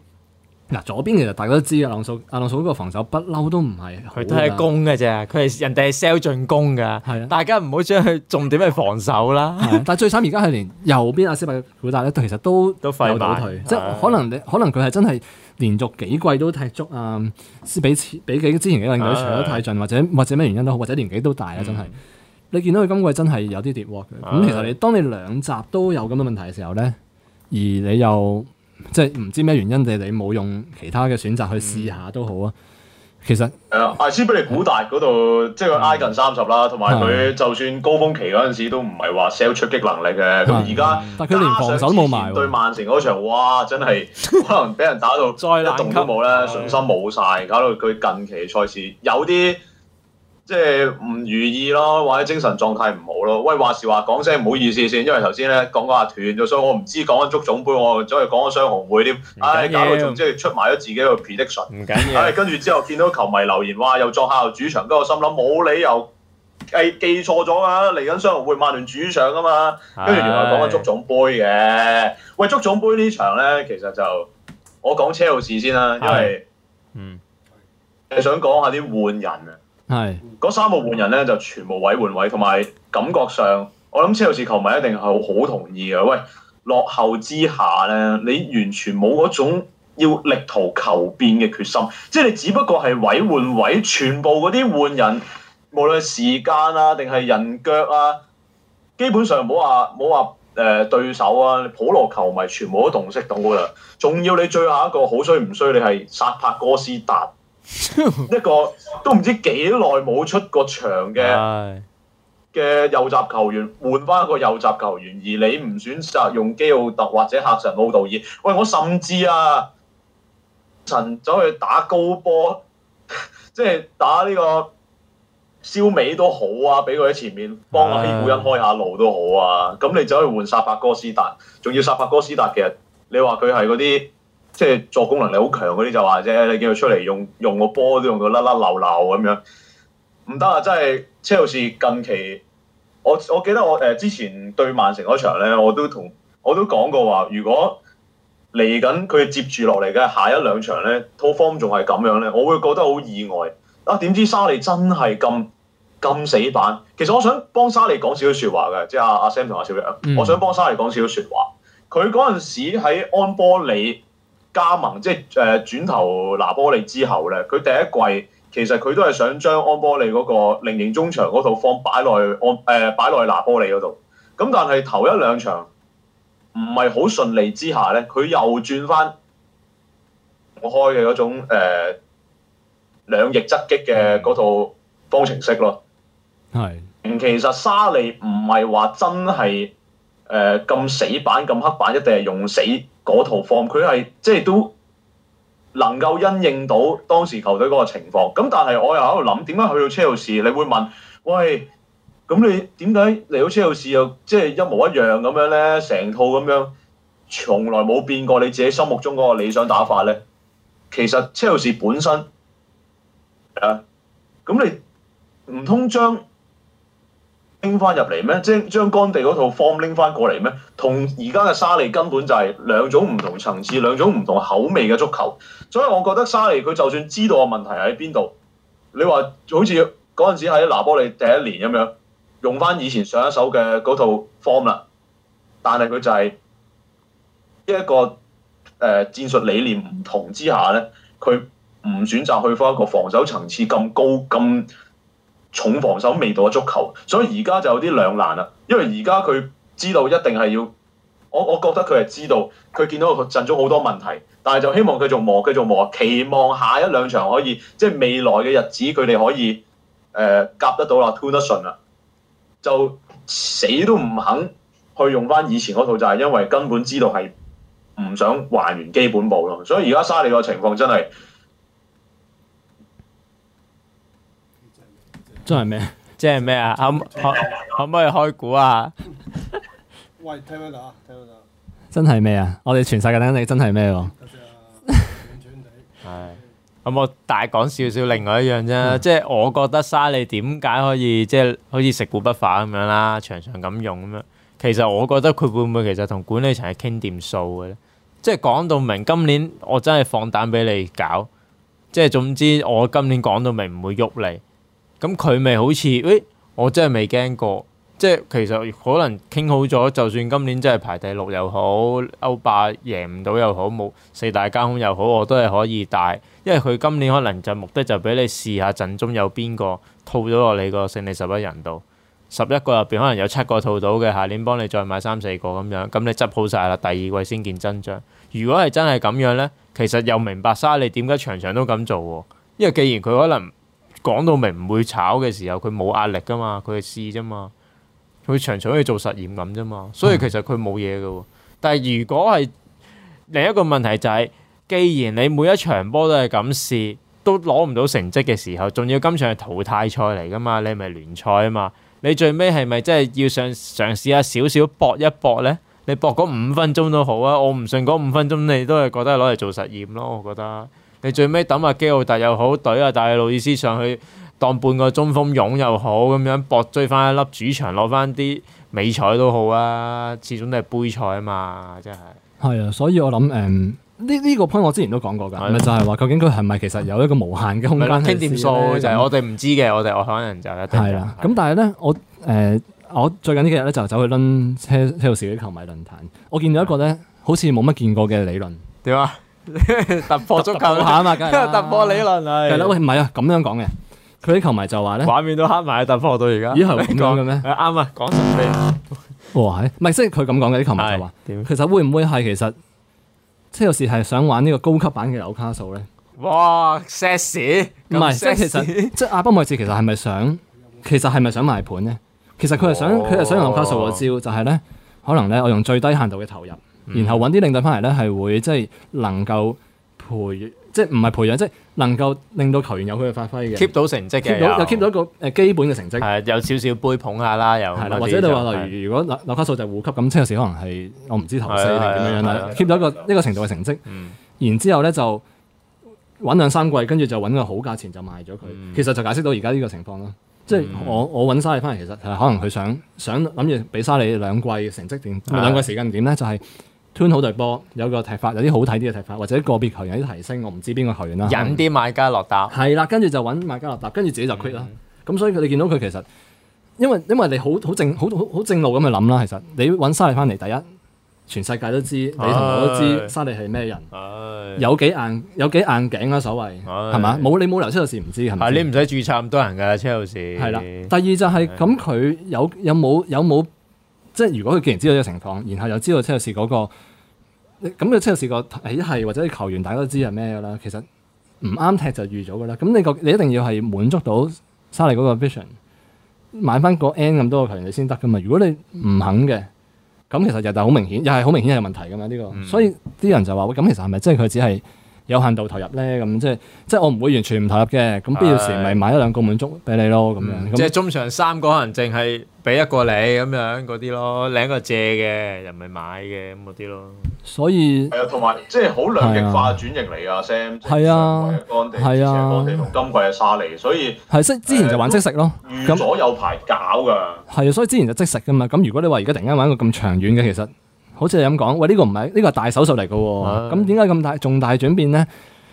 嗱，左邊其實大家都知啊。朗素，阿朗素嗰個防守不嬲都唔係，佢都係攻嘅啫，佢係人哋係 sell 進攻㗎。係啊，大家唔好將佢重點去防守啦。 <laughs> 啊、但係最慘而家係連右邊阿斯伯嘅補打都其實都都廢打，即可能、嗯、可能佢係真係連續幾季都踢足啊，比比幾之前嘅領隊搶得太盡，嗯、或者或者咩原因都好，或者年紀都大啦，真係。嗯、你見到佢今季真係有啲跌落咁、嗯、其實你當你兩集都有咁嘅問題嘅時候咧，而你又。即係唔知咩原因，你你冇用其他嘅選擇去試下都好啊。其實誒，艾斯比利古達嗰度，即係佢挨近三十啦，同埋佢就算高峰期嗰陣時都唔係話 sell 出擊能力嘅。咁而家佢連防守都冇埋，對曼城嗰場，哇！真係可能俾人打到一動都冇咧，信 <laughs> 級心冇晒，搞到佢近期賽事有啲。即係唔如意咯，或者精神狀態唔好咯。喂，話時話講聲唔好意思先，因為頭先咧講講下斷咗，所以我唔知講緊足總杯，我走去講緊雙紅會添。唉行，哎、搞到仲即係出埋咗自己個 prediction 行。唔緊要。跟住之後見到球迷留言，哇！又作客又主場，咁我心諗冇理由記、哎、記錯咗噶，嚟緊雙紅會，曼聯主場噶嘛。跟住原來講緊足總杯嘅。喂，足總杯呢場咧，其實就我講車路士先啦，因為嗯，係想講下啲換人啊。係嗰三個換人咧，就全部委換位，同埋感覺上，我諗車路士球迷一定係好同意嘅。喂，落後之下咧，你完全冇嗰種要力圖求變嘅決心，即係你只不過係委換位，全部嗰啲換人，無論時間啊定係人腳啊，基本上冇話冇話誒對手啊，普羅球迷全部都洞悉到嘅。仲要你最後一個好衰唔衰？你係薩帕哥斯達。 <laughs> 一個都唔知幾耐冇出過場嘅嘅右閘球員，換翻一個右閘球員，而你唔選擇用基奧特或者客實奧道爾，喂，我甚至啊，陳走去打高波， <laughs> 即係打呢個燒尾都好啊，俾佢喺前面幫阿希古恩開下路都好啊，咁你走去換薩柏哥斯達，仲要薩柏哥斯達其實，你話佢係嗰啲？即係作功能力好強嗰啲就話啫，你見佢出嚟用用個波都用到甩甩漏漏咁樣，唔得啊！真係車路士近期，我我記得我誒、呃、之前對曼城嗰場咧，我都同我都講過話，如果嚟緊佢接住落嚟嘅下一兩場咧，套 form 仲係咁樣咧，我會覺得好意外。啊，點知沙利真係咁咁死板？其實我想幫沙利講少少説話嘅，即係阿阿 Sam 同阿小玉，嗯、我想幫沙利講少少説話。佢嗰陣時喺安波里。加盟即係誒、呃、轉頭拿玻利之後咧，佢第一季其實佢都係想將安玻利嗰個菱形中場嗰套方擺落去安、誒擺落去拿玻利嗰度，咁但係頭一兩場唔係好順利之下咧，佢又轉翻我開嘅嗰種誒、呃、兩翼側擊嘅嗰套方程式咯。係是，其實沙利唔係話真係誒咁死板咁刻板，一定係用死。嗰套方佢係即係都能夠因應到當時球隊嗰個情況，咁但係我又喺度諗點解去到車路士，你會問喂，咁你點解嚟到車路士又即係一模一樣咁樣咧，成套咁樣從來冇變過你自己心目中嗰個理想打法咧？其實車路士本身啊，咁你唔通將拎翻入嚟咩？即係將干地嗰套 form 拎翻過嚟咩？同而家嘅沙利根本就係兩種唔同層次、兩種唔同口味嘅足球。所以我覺得沙利佢就算知道個問題喺邊度，你話好似嗰陣時喺拿波利第一年咁樣，用翻以前上一手嘅嗰套 form 啦，但係佢就係呢一個誒、呃、戰術理念唔同之下咧，佢唔選擇去翻一個防守層次咁高咁。重防守未到嘅足球，所以而家就有啲兩難啦。因為而家佢知道一定係要，我我覺得佢係知道，佢見到佢陣中好多問題，但係就希望繼續磨繼續磨，期望下一兩場可以，即係未來嘅日子佢哋可以誒夾、呃、得到啦，斷得順啦，就死都唔肯去用翻以前嗰套，就係因為根本知道係唔想還原基本步咯。所以而家沙利個情況真係。真係咩？即係咩啊？可可唔可以開估啊？ <laughs> 喂，聽唔聽到？聽唔聽到？真係咩啊？我哋全世界等你真係咩喎？係咁， <laughs> <laughs> 我大講少，少少另外一樣啫。嗯、即係我覺得沙利點解可以即係、就是、好似食古不化咁樣啦，長長咁用咁樣。其實我覺得佢會唔會其實同管理層係傾掂數嘅咧？即係講到明，今年我真係放膽俾你搞。即係總之，我今年講到明唔會喐你。咁佢咪好似？誒、哎，我真係未驚過。即係其實可能傾好咗，就算今年真係排第六又好，歐霸贏唔到又好，冇四大皆空又好，我都係可以帶。因為佢今年可能就目的就俾你試下陣中有邊個套咗落你個勝利十一人度，十一個入邊可能有七個套到嘅，下年幫你再買三四個咁樣，咁你執好晒啦，第二季先見真章。如果係真係咁樣咧，其實又明白曬你點解場場都咁做喎，因為既然佢可能。講到明唔會炒嘅時候，佢冇壓力噶嘛，佢係試啫嘛，佢場場去做實驗咁啫嘛，所以其實佢冇嘢嘅。但係如果係另一個問題就係，既然你每一場波都係咁試，都攞唔到成績嘅時候，仲要今場係淘汰賽嚟噶嘛？你咪聯賽啊嘛？你最尾係咪真係要嘗嘗試下少少搏一搏呢？你搏嗰五分鐘都好啊！我唔信嗰五分鐘你都係覺得攞嚟做實驗咯，我覺得。你最尾等阿基奧特又好，隊阿戴路爾斯上去當半個中鋒用又好，咁樣搏追翻一粒主場攞翻啲美彩都好啊！始終都係杯賽啊嘛，真係。係啊，所以我諗誒呢呢個 point 我之前都講過㗎，咪的就係話究竟佢係咪其實有一個無限嘅空間？傾掂數就係這樣 我哋唔知嘅，我哋、嗯、我可能就一定係啦。咁的但係咧，我、呃、誒我最近呢幾日咧就走去撚車車路士啲球迷論壇，我見到一個咧好似冇乜見過嘅理論。點啊的？ <laughs> 突破足球破下嘛 <laughs> 啊嘛，突破理論係係啦，喂唔係啊，咁 <laughs> 樣講嘅，佢啲球迷就話咧，畫面都黑埋突破到而家，咦係咁講嘅咩？啱啊，講實啲，哇，唔係即係佢咁講嘅啲球迷就話，其實會唔會係其實即係有時係想玩呢個高級版嘅紐卡素咧？哇，sexy，唔係即係其實 <laughs> 即係阿波莫士其實係咪想，其實係咪想賣盤咧？其實佢係想佢係哇想用紐卡素嘅招就呢，就係咧可能咧我用最低限度嘅投入。然後揾啲領隊翻嚟咧，係會即係能夠培，即係唔係培養，即係能夠令到球員有佢嘅發揮嘅，keep 到成績嘅，有 keep 到一個誒基本嘅成績。係有少少盃捧，下啦，又係或者你話例如如果紐卡素就護級咁，即有時可能係我唔知投射定點樣樣，keep 到一個呢個程度嘅成績。然之後咧就揾兩三季，跟住就揾個好價錢就賣咗佢。其實就解釋到而家呢個情況啦。即係我我揾沙利翻嚟，其實可能佢想想諗住俾沙利兩季成績點，兩季時間點咧就係。推好隊波，有個踢法，有啲好睇啲嘅踢法，或者個別球員有啲提升，我唔知邊個球員啦。引啲買家落搭，係啦，跟住就揾買家落搭，跟住自己就 quit 啦。咁所以佢哋見到佢其實，因為因為你好好正好好好正路咁去諗啦，其實你揾沙利翻嚟，第一全世界都知，你同我都知沙利係咩人，有幾硬有幾硬頸呀，所謂係嘛？冇你冇留車路士唔知係咪，你唔使註冊咁多人㗎，車路士，係啦。第二就係咁，佢有有冇有冇？即係如果佢既然知道呢個情況，然後又知道車路士嗰個，咁嘅車路士個體系或者啲球員大家都知係咩嘅啦，其實唔啱踢就預咗嘅啦。咁你個你一定要係滿足到沙利嗰個 vision，買翻個 N 咁多個球員你先得噶嘛。如果你唔肯嘅，咁其實又但係好明顯，又係好明顯係有問題噶嘛呢、呢個。嗯、所以啲人就話喂，咁其實係咪即係佢只係？有限度投入咧，咁即係即係我唔會完全唔投入嘅，咁必要時咪買一兩個滿足俾你咯，咁樣。即係中場三個可能淨係俾一個你咁樣嗰啲咯，兩個借嘅又咪買嘅咁嗰啲咯。所以係啊，同埋即係好量極化轉型嚟啊，Sam。係啊，係啊，今季嘅沙利，所以係即之前就玩即食咯。預咗有排搞㗎。係啊，所以之前就即食㗎嘛。咁如果你話而家突然間玩個咁長遠嘅，其實。好似係咁講，喂，呢個唔係呢個係大手術嚟嘅，咁點解咁大重大轉變咧？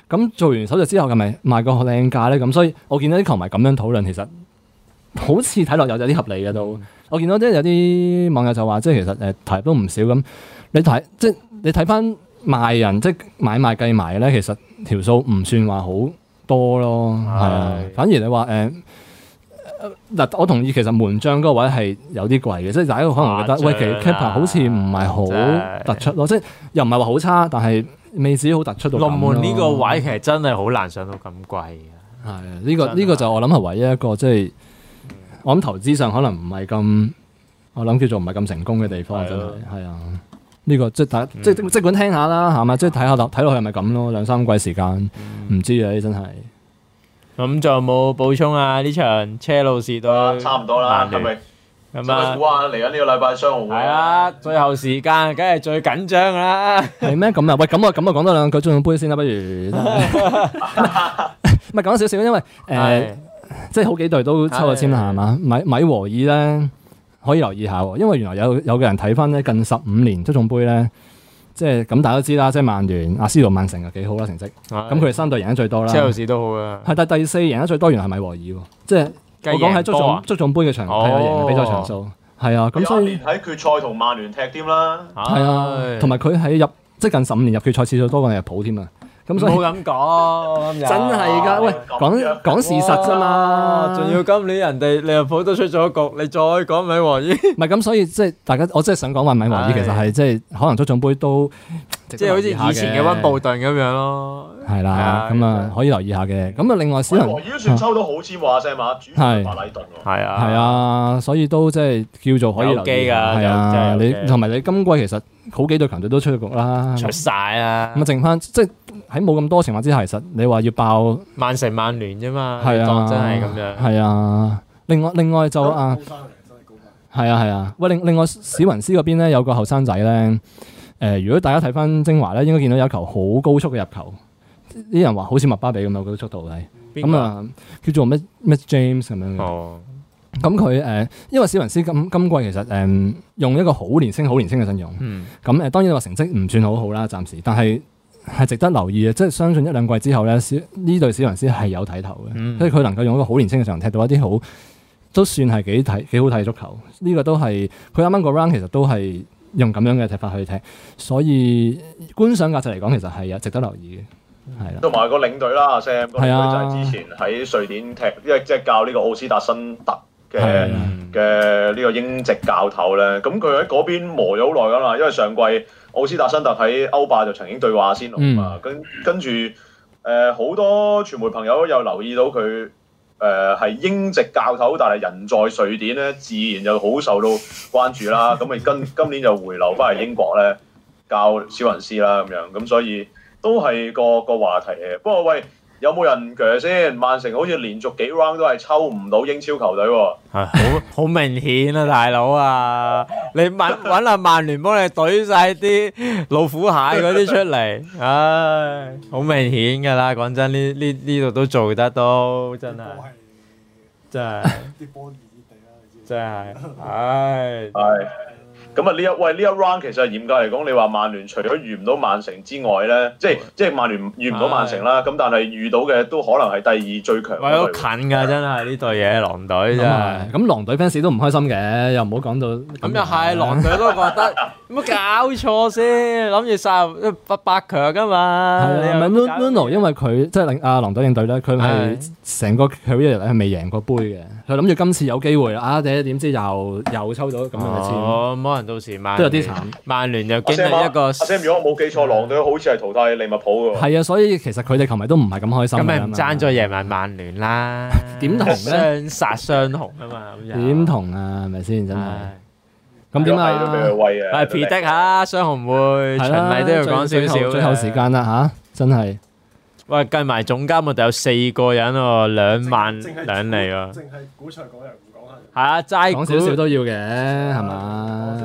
咁做完手術之後，係咪賣個靚價咧？咁所以我見到啲球迷咁樣討論，其實好似睇落有有啲合理嘅都。嗯、我見到即係有啲網友就話，即係其實誒提、呃、都唔少咁。你睇即係你睇翻賣人即係買賣計埋咧，其實條數唔算話好多咯。係啊，反而你話誒。呃嗱，我同意，其實門將嗰位係有啲貴嘅，即係第一個可能覺得，啊、喂，其實 keeper 好似唔係好突出咯，就是、即係又唔係話好差，但係未至於好突出到。龍門呢個位其實真係好難上到咁貴嘅。係啊，呢、這個呢個就我諗係唯一一個即係、就是、我諗投資上可能唔係咁，我諗叫做唔係咁成功嘅地方，真係係啊。呢、這個即係睇即即，即，即管聽下啦，係嘛？即係睇下睇落去係咪咁咯？兩,兩三季時間唔知啊，真係。真咁仲有冇補充啊？呢場車路士都差唔多啦，係咪？咁啊，嚟緊呢個禮拜雙紅會。係啊，最後時間梗係最緊張啦。係咩？咁啊？喂，咁我咁我講多兩句足總盃先啦，不如咪講少少，因為誒，即係好幾隊都抽咗籤啦，係嘛？米米和爾咧可以留意下，因為原來有有嘅人睇翻咧近十五年足總盃咧。即係咁，大家都知啦，即係曼聯、阿斯圖曼城啊，幾好啦成績。咁佢哋三隊贏得最多啦。車路士都好啊。係，但第四贏得最多，原來係米禾爾喎。即係我講喺足總足總杯嘅場，睇啊、哦，贏嘅比賽場數。係啊，咁所以喺決賽同曼聯踢添啦。係啊，同埋佢喺入即近十五年入決賽次數多過利物浦添啊。唔好咁講，真係㗎！喂，講講事實啫嘛，仲要今年人哋利物浦都出咗局，你再講米黃衣，唔係咁，所以即係大家，我真係想講話米黃衣其實係即係可能足總盃都，即係好似以前嘅温布頓咁樣咯，係啦，咁啊可以留意下嘅。咁啊，另外小黃衣都算抽到好籤話，正嘛，主馬拉頓，係啊，係啊，所以都即係叫做可以留機㗎，係啊，你同埋你今季其實。好幾隊強隊都出咗局啦，出晒啊！咁啊，剩翻即係喺冇咁多情況之下，其實你話要爆曼城、曼聯啫嘛，係啊，真係咁樣。係啊，啊，啊，啊，啊，啊，啊，另外另外就啊，係啊係啊，喂，另另外史雲斯嗰邊咧有個後生仔咧，誒、呃，如果大家睇翻精華咧，應該見到有一球好高速嘅入球，啲人話好似麥巴比咁啊，嗰啲速度係。邊個，叫做咩咩 James 咁樣嘅。咁佢誒，嗯、因為史雲斯今今季其實誒用一個好年輕、好年輕嘅陣容。咁誒當然話成績唔算好好啦，暫時，但係係值得留意嘅，即係相信一兩季之後呢，呢隊史雲斯係有睇頭嘅。所以佢能夠用一個好年輕嘅場踢到一啲好，都算係幾睇幾好睇嘅足球。呢、這個都係佢啱啱個 round 其實都係用咁樣嘅踢法去踢，所以觀賞價值嚟講其實係有值得留意嘅。係同埋個領隊啦，Sam。係啊。Sam，就係之前喺瑞典踢，因為即係教呢個奧斯達辛德。嘅嘅呢個英籍教頭咧，咁佢喺嗰邊磨咗好耐㗎嘛，因為上季奧斯達辛特喺歐霸就曾經對話先咯嘛、嗯，跟跟住誒好多傳媒朋友又留意到佢誒係英籍教頭，但係人在瑞典咧，自然就好受到關注啦。咁咪今今年就回流翻嚟英國咧，教史雲斯啦咁樣，咁、嗯、所以都係個個話題嘅。不過喂～有冇人強先？曼城好似連續幾 round 都係抽唔到英超球隊喎。好明顯啊，大佬啊！你揾揾下曼聯幫你懟晒啲老虎蟹嗰啲出嚟。唉、哎，好明顯㗎啦，講真，呢呢度都做得都真係，真係。是真係，唉！ <laughs> <laughs> <laughs> <laughs> <laughs> <laughs> <laughs> 咁啊呢一，喂，呢一 round 其實嚴格嚟講，你話曼聯除咗遇唔到曼城之外咧，即係即係曼聯遇唔到曼城啦。咁但係遇到嘅都可能係第二最強。喂，好近㗎，真係呢隊嘢狼隊真係。咁狼隊 fans 都唔開心嘅，又唔好講到。咁又係狼隊都覺得冇搞錯先，諗住殺入八八強㗎嘛。係唔係 Nuno 因為佢即係阿狼隊應對啦。佢係成個 career 係未贏過杯嘅。佢諗住今次有機會啊，第一，點知又又抽到咁樣嘅籤。到時都有啲慘，曼聯又經歷一個。阿 Sam，如果我冇記錯，狼隊好似係淘汰利物浦㗎喎。係啊，所以其實佢哋球迷都唔係咁開心。咁咪唔爭在贏埋曼聯啦，點同咧？雙殺雙紅啊嘛。點同啊？係咪先真係？咁點啊？俾佢喂啊！皮的嚇，雙紅會，循例都要講少少。最後時間啦嚇，真係。喂，計埋總監，我哋有四個人喎，兩萬兩厘喎。淨係古彩講人。係啊，齋講少少都要嘅，係嘛？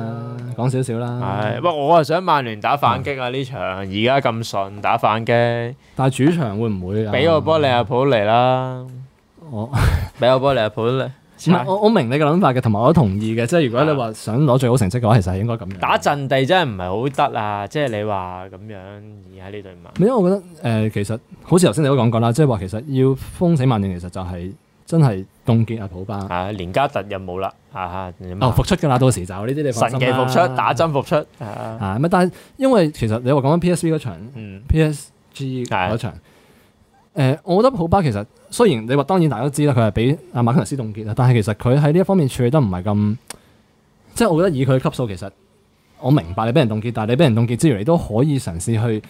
講少少啦。係，喂，我啊想曼聯打反擊啊！呢場而家咁順，打反擊。但係主場會唔會啊？俾個波利阿普嚟啦！我俾個波利阿普嚟。我我明你個諗法嘅，同埋我都同意嘅。即係如果你話想攞最好成績嘅話，其實應該咁樣。打陣地真係唔係好得啊！即係你話咁樣而喺呢隊曼聯，因為我覺得誒，其實好似頭先你都講過啦，即係話其實要封死曼聯，其實就係。真係凍結阿、啊、普巴，啊、連加特任冇啦，啊、哦復出噶啦，到時就呢啲你神奇復出，打針復出，啊！啊但係因為其實你話講緊 P S V 嗰場，P S G 嗰場，誒，我覺得普巴其實雖然你話當然大家都知啦，佢係俾阿馬克斯凍結啦，但係其實佢喺呢一方面處理得唔係咁，即、就、係、是、我覺得以佢級數，其實我明白你俾人凍結，但係你俾人凍結之餘，你都可以嘗試去，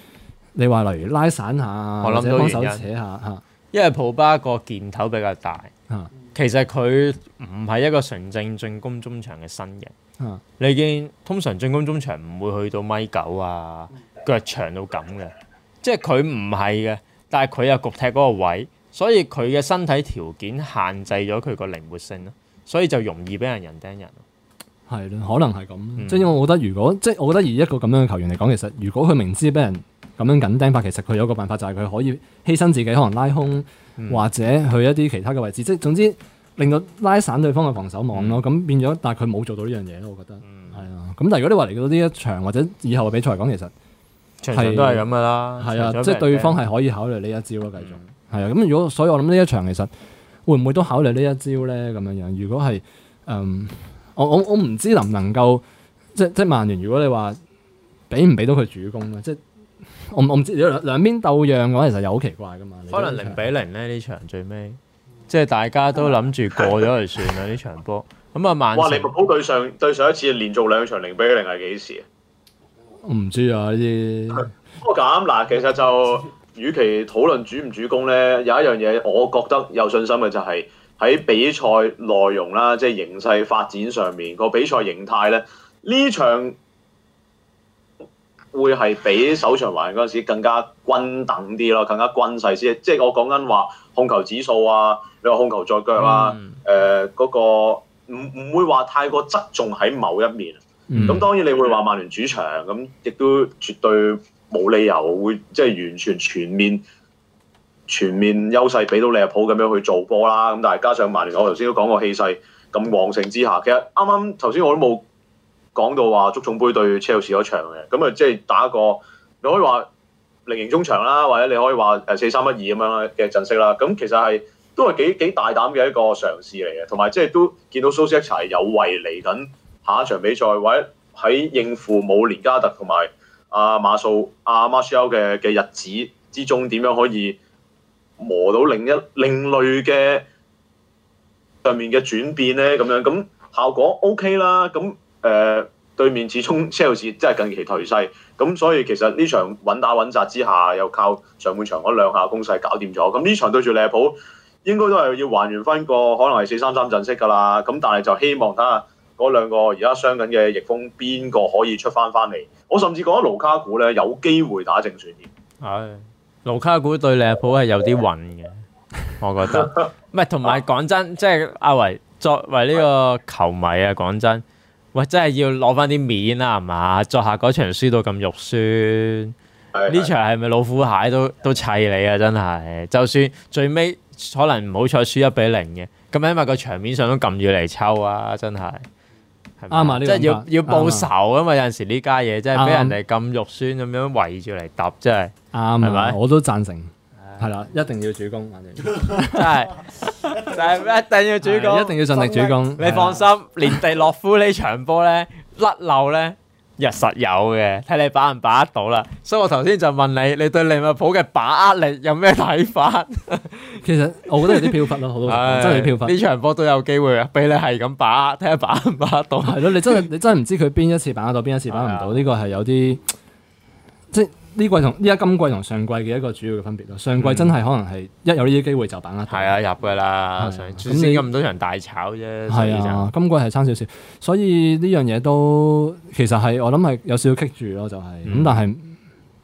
你話例如拉散下，我或者幫手扯下吓。因為普巴個件頭比較大，其實佢唔係一個純正進攻中場嘅身形。啊、你見通常進攻中場唔會去到米九啊，腳長到咁嘅，即係佢唔係嘅。但係佢又焗踢嗰個位，所以佢嘅身體條件限制咗佢個靈活性咯，所以就容易俾人人盯人。係咯，可能係咁。嗯、即係我覺得，如果即係我覺得，以一個咁樣嘅球員嚟講，其實如果佢明知俾人咁樣緊盯法，其實佢有個辦法，就係佢可以犧牲自己，可能拉空或者去一啲其他嘅位置，即係總之令到拉散對方嘅防守網咯。咁變咗，但係佢冇做到呢樣嘢咯，我覺得。嗯，係啊。咁但係如果你話嚟到呢一場或者以後嘅比賽嚟講，其實場都係咁嘅啦。係啊，即係對方係可以考慮呢一招咯，繼續。係啊，咁如果所以我諗呢一場其實會唔會都考慮呢一招咧？咁樣樣，如果係嗯，我我我唔知能唔能夠即即曼聯，如果你話俾唔俾到佢主攻咧，即係。我唔知，兩兩邊鬥讓嘅話，其實又好奇怪噶嘛。可能零比零咧呢場最尾，嗯、即係大家都諗住過咗嚟算啦呢 <laughs> 場波。咁啊，曼。哇！利物浦對上對上一次連續兩場零比零係幾時啊？我唔知啊呢啲。是不過咁嗱，其實就與其討論主唔主攻咧，有一樣嘢我覺得有信心嘅就係、是、喺比賽內容啦，即係形勢發展上面、個比賽形態咧呢場。會係比首場玩嗰陣時更加均等啲咯，更加均勢先。即係我講緊話控球指數啊，你話控球作腳啊，誒嗰、mm hmm. 呃那個唔唔會話太過側重喺某一面。咁、mm hmm. 當然你會話曼聯主場，咁亦都絕對冇理由會即係完全全面全面優勢俾到利物浦咁樣去做波啦。咁但係加上曼聯我頭先都講過氣勢咁旺盛之下，其實啱啱頭先我都冇。講到話足總盃對車路士嗰場嘅，咁啊即係打一個你可以話菱形中場啦，或者你可以話誒四三一二咁樣嘅陣式啦。咁其實係都係幾幾大膽嘅一個嘗試嚟嘅，同埋即係都見到 s u s i 有為嚟緊下一場比賽，或者喺應付冇連加特同埋阿馬素阿馬修歐嘅嘅日子之中，點樣可以磨到另一另類嘅上面嘅轉變咧？咁樣咁效果 OK 啦，咁。誒、呃，對面始終車路士真係近期頹勢，咁、嗯、所以其實呢場穩打穩紮之下，又靠上半場嗰兩下攻勢搞掂咗。咁、嗯、呢場對住利物浦，應該都係要還原翻個可能係四三三陣式噶啦。咁、嗯、但係就希望睇下嗰兩個而家傷緊嘅逆風邊個可以出翻翻嚟。我甚至覺得盧卡古咧有機會打正選添。唉、啊，盧卡古對利物浦係有啲穩嘅， <laughs> 我覺得。唔係，同埋講真，即、就、係、是、阿維作為呢個球迷啊，講真。喂，真係要攞翻啲面啦，係嘛？作客嗰場輸到咁肉酸，呢 <music> 場係咪老虎蟹都都砌你啊？真係，就算最尾可能唔好彩輸一比零嘅，咁因為個場面上都撳住嚟抽啊，真係啱啊嗎！即係要要報仇啊！嘛、啊？有陣時呢家嘢真係俾人哋咁肉酸咁樣圍住嚟揼，真係啱啊！我都贊成。係啦，一定要主攻，反正係，就係一定要主攻，一定要盡力主攻。力你放心， <laughs> 連地洛夫場呢場波咧甩漏咧，亦實有嘅，睇你把唔把握到啦。所以我頭先就問你，你對利物浦嘅把握力有咩睇法？ <laughs> 其實我覺得有啲飄忽咯，好 <laughs> 的真係飄忽。呢場波都有機會啊，俾你係咁把握，睇下把握唔把握到。係 <laughs> 咯，你真係你真係唔知佢邊一次把握到，邊一次把握唔到。呢、 <laughs> 這個係有啲即呢季同依家今季同上季嘅一個主要嘅分別咯，上季真係可能係一有呢啲機會就把握，係、嗯、啊入嘅啦。咁你咁多場大炒啫，係啊，所以，係啊，今季係差少少，所以呢樣嘢都其實係我諗係有少少棘住咯、就係，就係咁。但係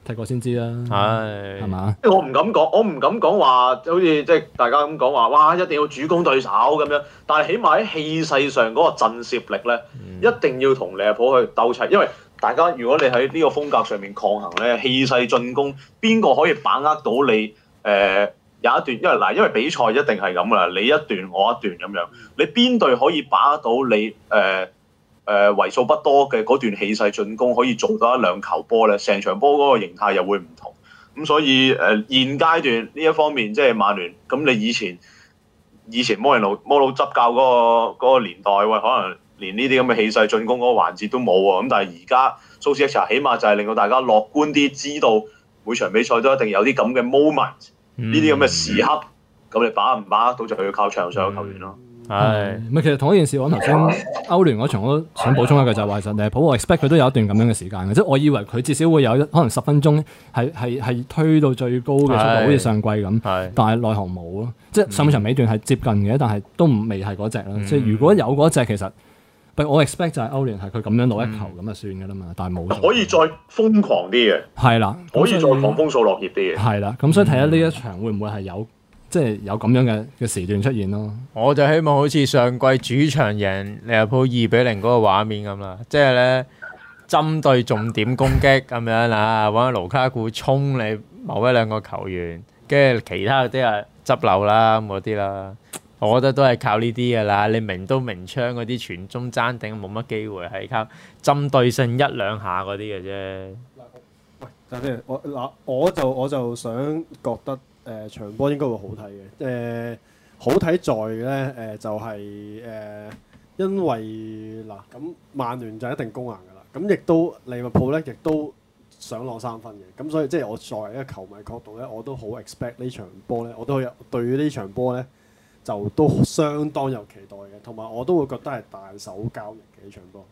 睇過先知啦，係係嘛？我唔敢講，我唔敢講話，好似即係大家咁講話，哇！一定要主攻對手咁樣，但係起碼喺氣勢上嗰個震懾力咧，嗯、一定要同李阿婆去鬥出，因為。大家如果你喺呢個風格上面抗衡咧，氣勢進攻，邊個可以把握到你？誒、呃、有一段，因為嗱，因為比賽一定係咁噶啦，你一段我一段咁樣，你邊隊可以把握到你誒誒、呃呃、為數不多嘅嗰段氣勢進攻可以做到一兩球波咧？成場波嗰個形態又會唔同咁，所以誒、呃、現階段呢一方面即係曼聯咁，你以前以前摩佬摩佬執教嗰、那個嗰、那個年代喂，可能，連呢啲咁嘅氣勢進攻嗰個環節都冇喎，咁但係而家蘇斯克查，起碼就係令到大家樂觀啲，知道每場比賽都一定有啲咁嘅 moment，呢啲咁嘅時刻。咁、嗯、你把握唔把握到就去要靠場、嗯、上嘅球員咯。係，唔其實同一件事，我頭先歐聯場我都我想補充一句就係話，其實利物浦 expect 佢都有一段咁樣嘅時間嘅，即係我以為佢至少會有一可能十分鐘係係係推到最高嘅速度，好似是上季咁。但係內行冇咯，即係上場尾段係接近嘅，但係都唔未係嗰隻啦。即係如果有嗰隻，其實。我 expect 就係歐聯係佢咁樣攞一球咁就算嘅啦嘛，嗯、但係冇。可以再瘋狂啲嘅，係啦的，可以再狂風掃落葉啲嘅，係啦。咁所以睇下呢一場會唔會係有即係、即係、有咁樣嘅嘅時段出現咯。嗯、我就希望好似上季主場贏利物浦二比零嗰個畫面咁啦，即係咧針對重點攻擊咁樣啦，揾阿 <laughs> 盧卡古衝你某一兩個球員，跟住其他啲啊執漏啦嗰啲啦。我覺得都係靠呢啲㗎啦，你明刀明槍嗰啲全中爭頂冇乜機會，係靠針對性一兩下嗰啲嘅啫。喂，等等，我嗱我就我就想覺得誒場波應該會好睇嘅。誒、呃、好睇在咧誒、呃、就係、是、誒、呃、因為嗱咁、呃、曼聯就一定攻硬㗎啦，咁亦都利物浦咧亦都想攞三分嘅。咁所以即係我作為一個球迷角度咧，我都好 expect 呢場波咧，我都有對於呢場波，有對於呢場波咧。就都相當有期待嘅，同埋我都會覺得係大手交易嘅呢場波。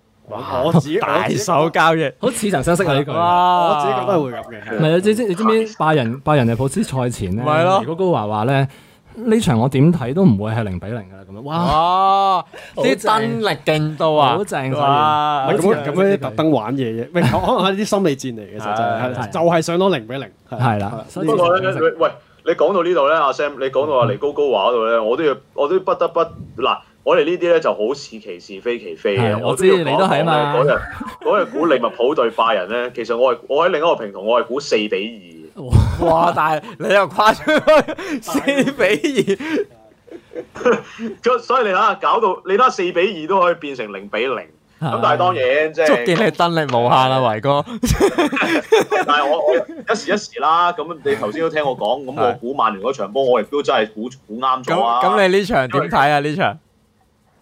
我自己大手交易，好似曾相識啊呢個。我自己覺得係會咁嘅。唔係啊，你知你知唔知拜仁拜仁利物浦賽前咧？咪係咯。如果高華話咧，呢場我點睇都唔會係零比零嘅咁樣。哇！啲燈力勁到啊，好正曬。咁樣咁樣特登玩嘢嘅，唔係可能係啲心理戰嚟嘅就就係想攞零比零。係啦。不過咧，喂。你講到呢度咧，阿、啊、Sam，你講到阿、啊、嚟高高話嗰度咧，我都要，我都要不得不嗱，我哋呢啲咧就好似其是非其非啊！我知道我都你都係啊嘛天。嗰日嗰日估利物浦對拜仁咧，其實我係我喺另一個平台，我係估四比二。哇！但係你又誇張，四比二。所以你睇下，搞到你睇下四比二都可以變成零比零。咁但係當然、就是，即係祝你增力、嗯、無限啊，維哥！ <laughs> 但係我我一時一時啦，咁你頭先都聽我講，咁我估曼聯嗰場波，我亦都真係估估啱咗，咁你呢場點睇啊？呢場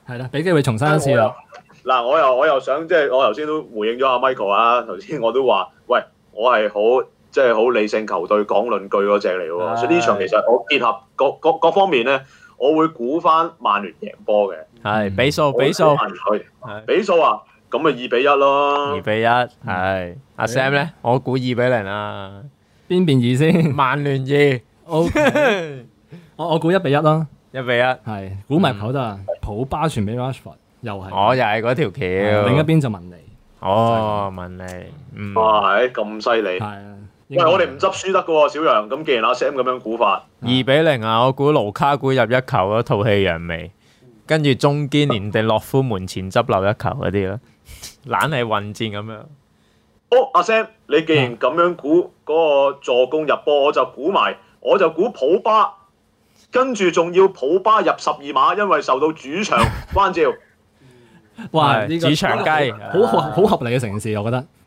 係啦，俾機會重新試一次。嗱，我又我又想即係，就是、我頭先都回應咗阿 Michael 啊，頭先我都話，喂，我係好即係好理性球隊講論據嗰隻嚟嘅，的所以呢場其實我結合各各各方面咧，我會估翻曼聯贏波嘅。係比數比數去比數啊，咁咪二比一咯。二比一係阿 Sam 咧，我估二比零啊。邊邊二先？曼聯二，OK，我我估一比一咯。一比一係，估埋球得啊。普巴傳俾 Rashford，又係我又係嗰條橋，另一邊就文尼。哦，文尼，哇，咁犀利。係，喂，我哋唔執輸得噶，小楊。咁既然阿 Sam 咁樣估法，二比零啊，我估盧卡古入一球咯，吐氣揚眉。跟住中堅連地洛夫門前執漏一球嗰啲咯，懶係混戰咁樣。哦，阿 Sam，你既然咁樣估嗰個助攻入波，我就估埋，我就估普巴，跟住仲要普巴入十二碼，因為受到主場關照 <laughs> 哇！ <laughs> 嗯、主場雞，嗯、好、啊、好，合好合理嘅城市，我覺得。 <laughs> <laughs>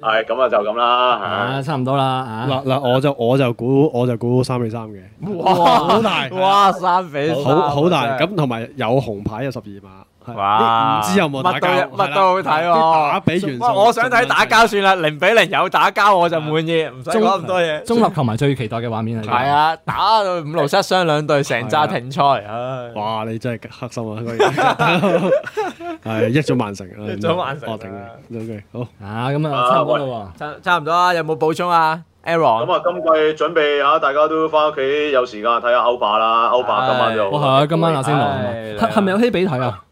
係咁啊，就咁啦，差唔多啦。嗱嗱、啊啊，我就我就估我就估三比三嘅，哇好 <laughs> 大，啊、哇三比三，3比3好好、啊、大。咁同埋有紅牌有十二碼。哇！啲唔知有冇打交，乜都好睇喎。打比元素，我想睇打交算啦，零比零有打交我就滿意，唔使講咁多嘢。中立球迷最期待嘅畫面係。係啊，打到五勞七傷兩隊成紮停賽，唉！哇，你真係黑心啊！一早曼城，一早曼城，哦，定嘅，OK，好。啊，咁啊，差唔多啦，有冇補充啊？Aaron，咁啊，今季準備啊，大家都翻屋企有時間睇下歐霸啦，歐霸今晚又。我係啊，今晚阿仙奴，係咪有戲俾睇啊？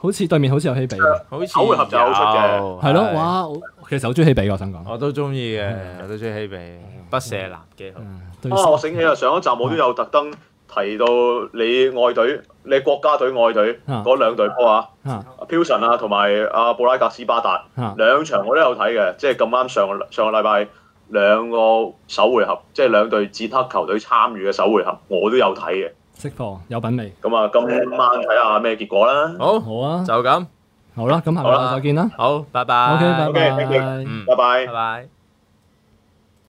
好似對面好似有希比好啊，首回合就好出嘅。係咯，哇！其實好中意希比我想講。我都中意嘅，我都中意希比。不射男嘅，啊！我醒起啦，上一集我都有特登提到你外隊，你國家隊外隊嗰兩隊波啊，啊 Plzen 啊，同埋啊布拉格斯巴達，兩場我都有睇嘅，即係咁啱上上個禮拜兩個首回合，即係兩隊捷克球隊參與嘅首回合，我都有睇嘅。識貨有品味，咁啊今晚睇下咩結果啦。好，好啊，就咁，好啦，咁下次見啦。好，拜拜。O K，拜拜。Okay, thank 嗯，拜拜 bye。拜拜。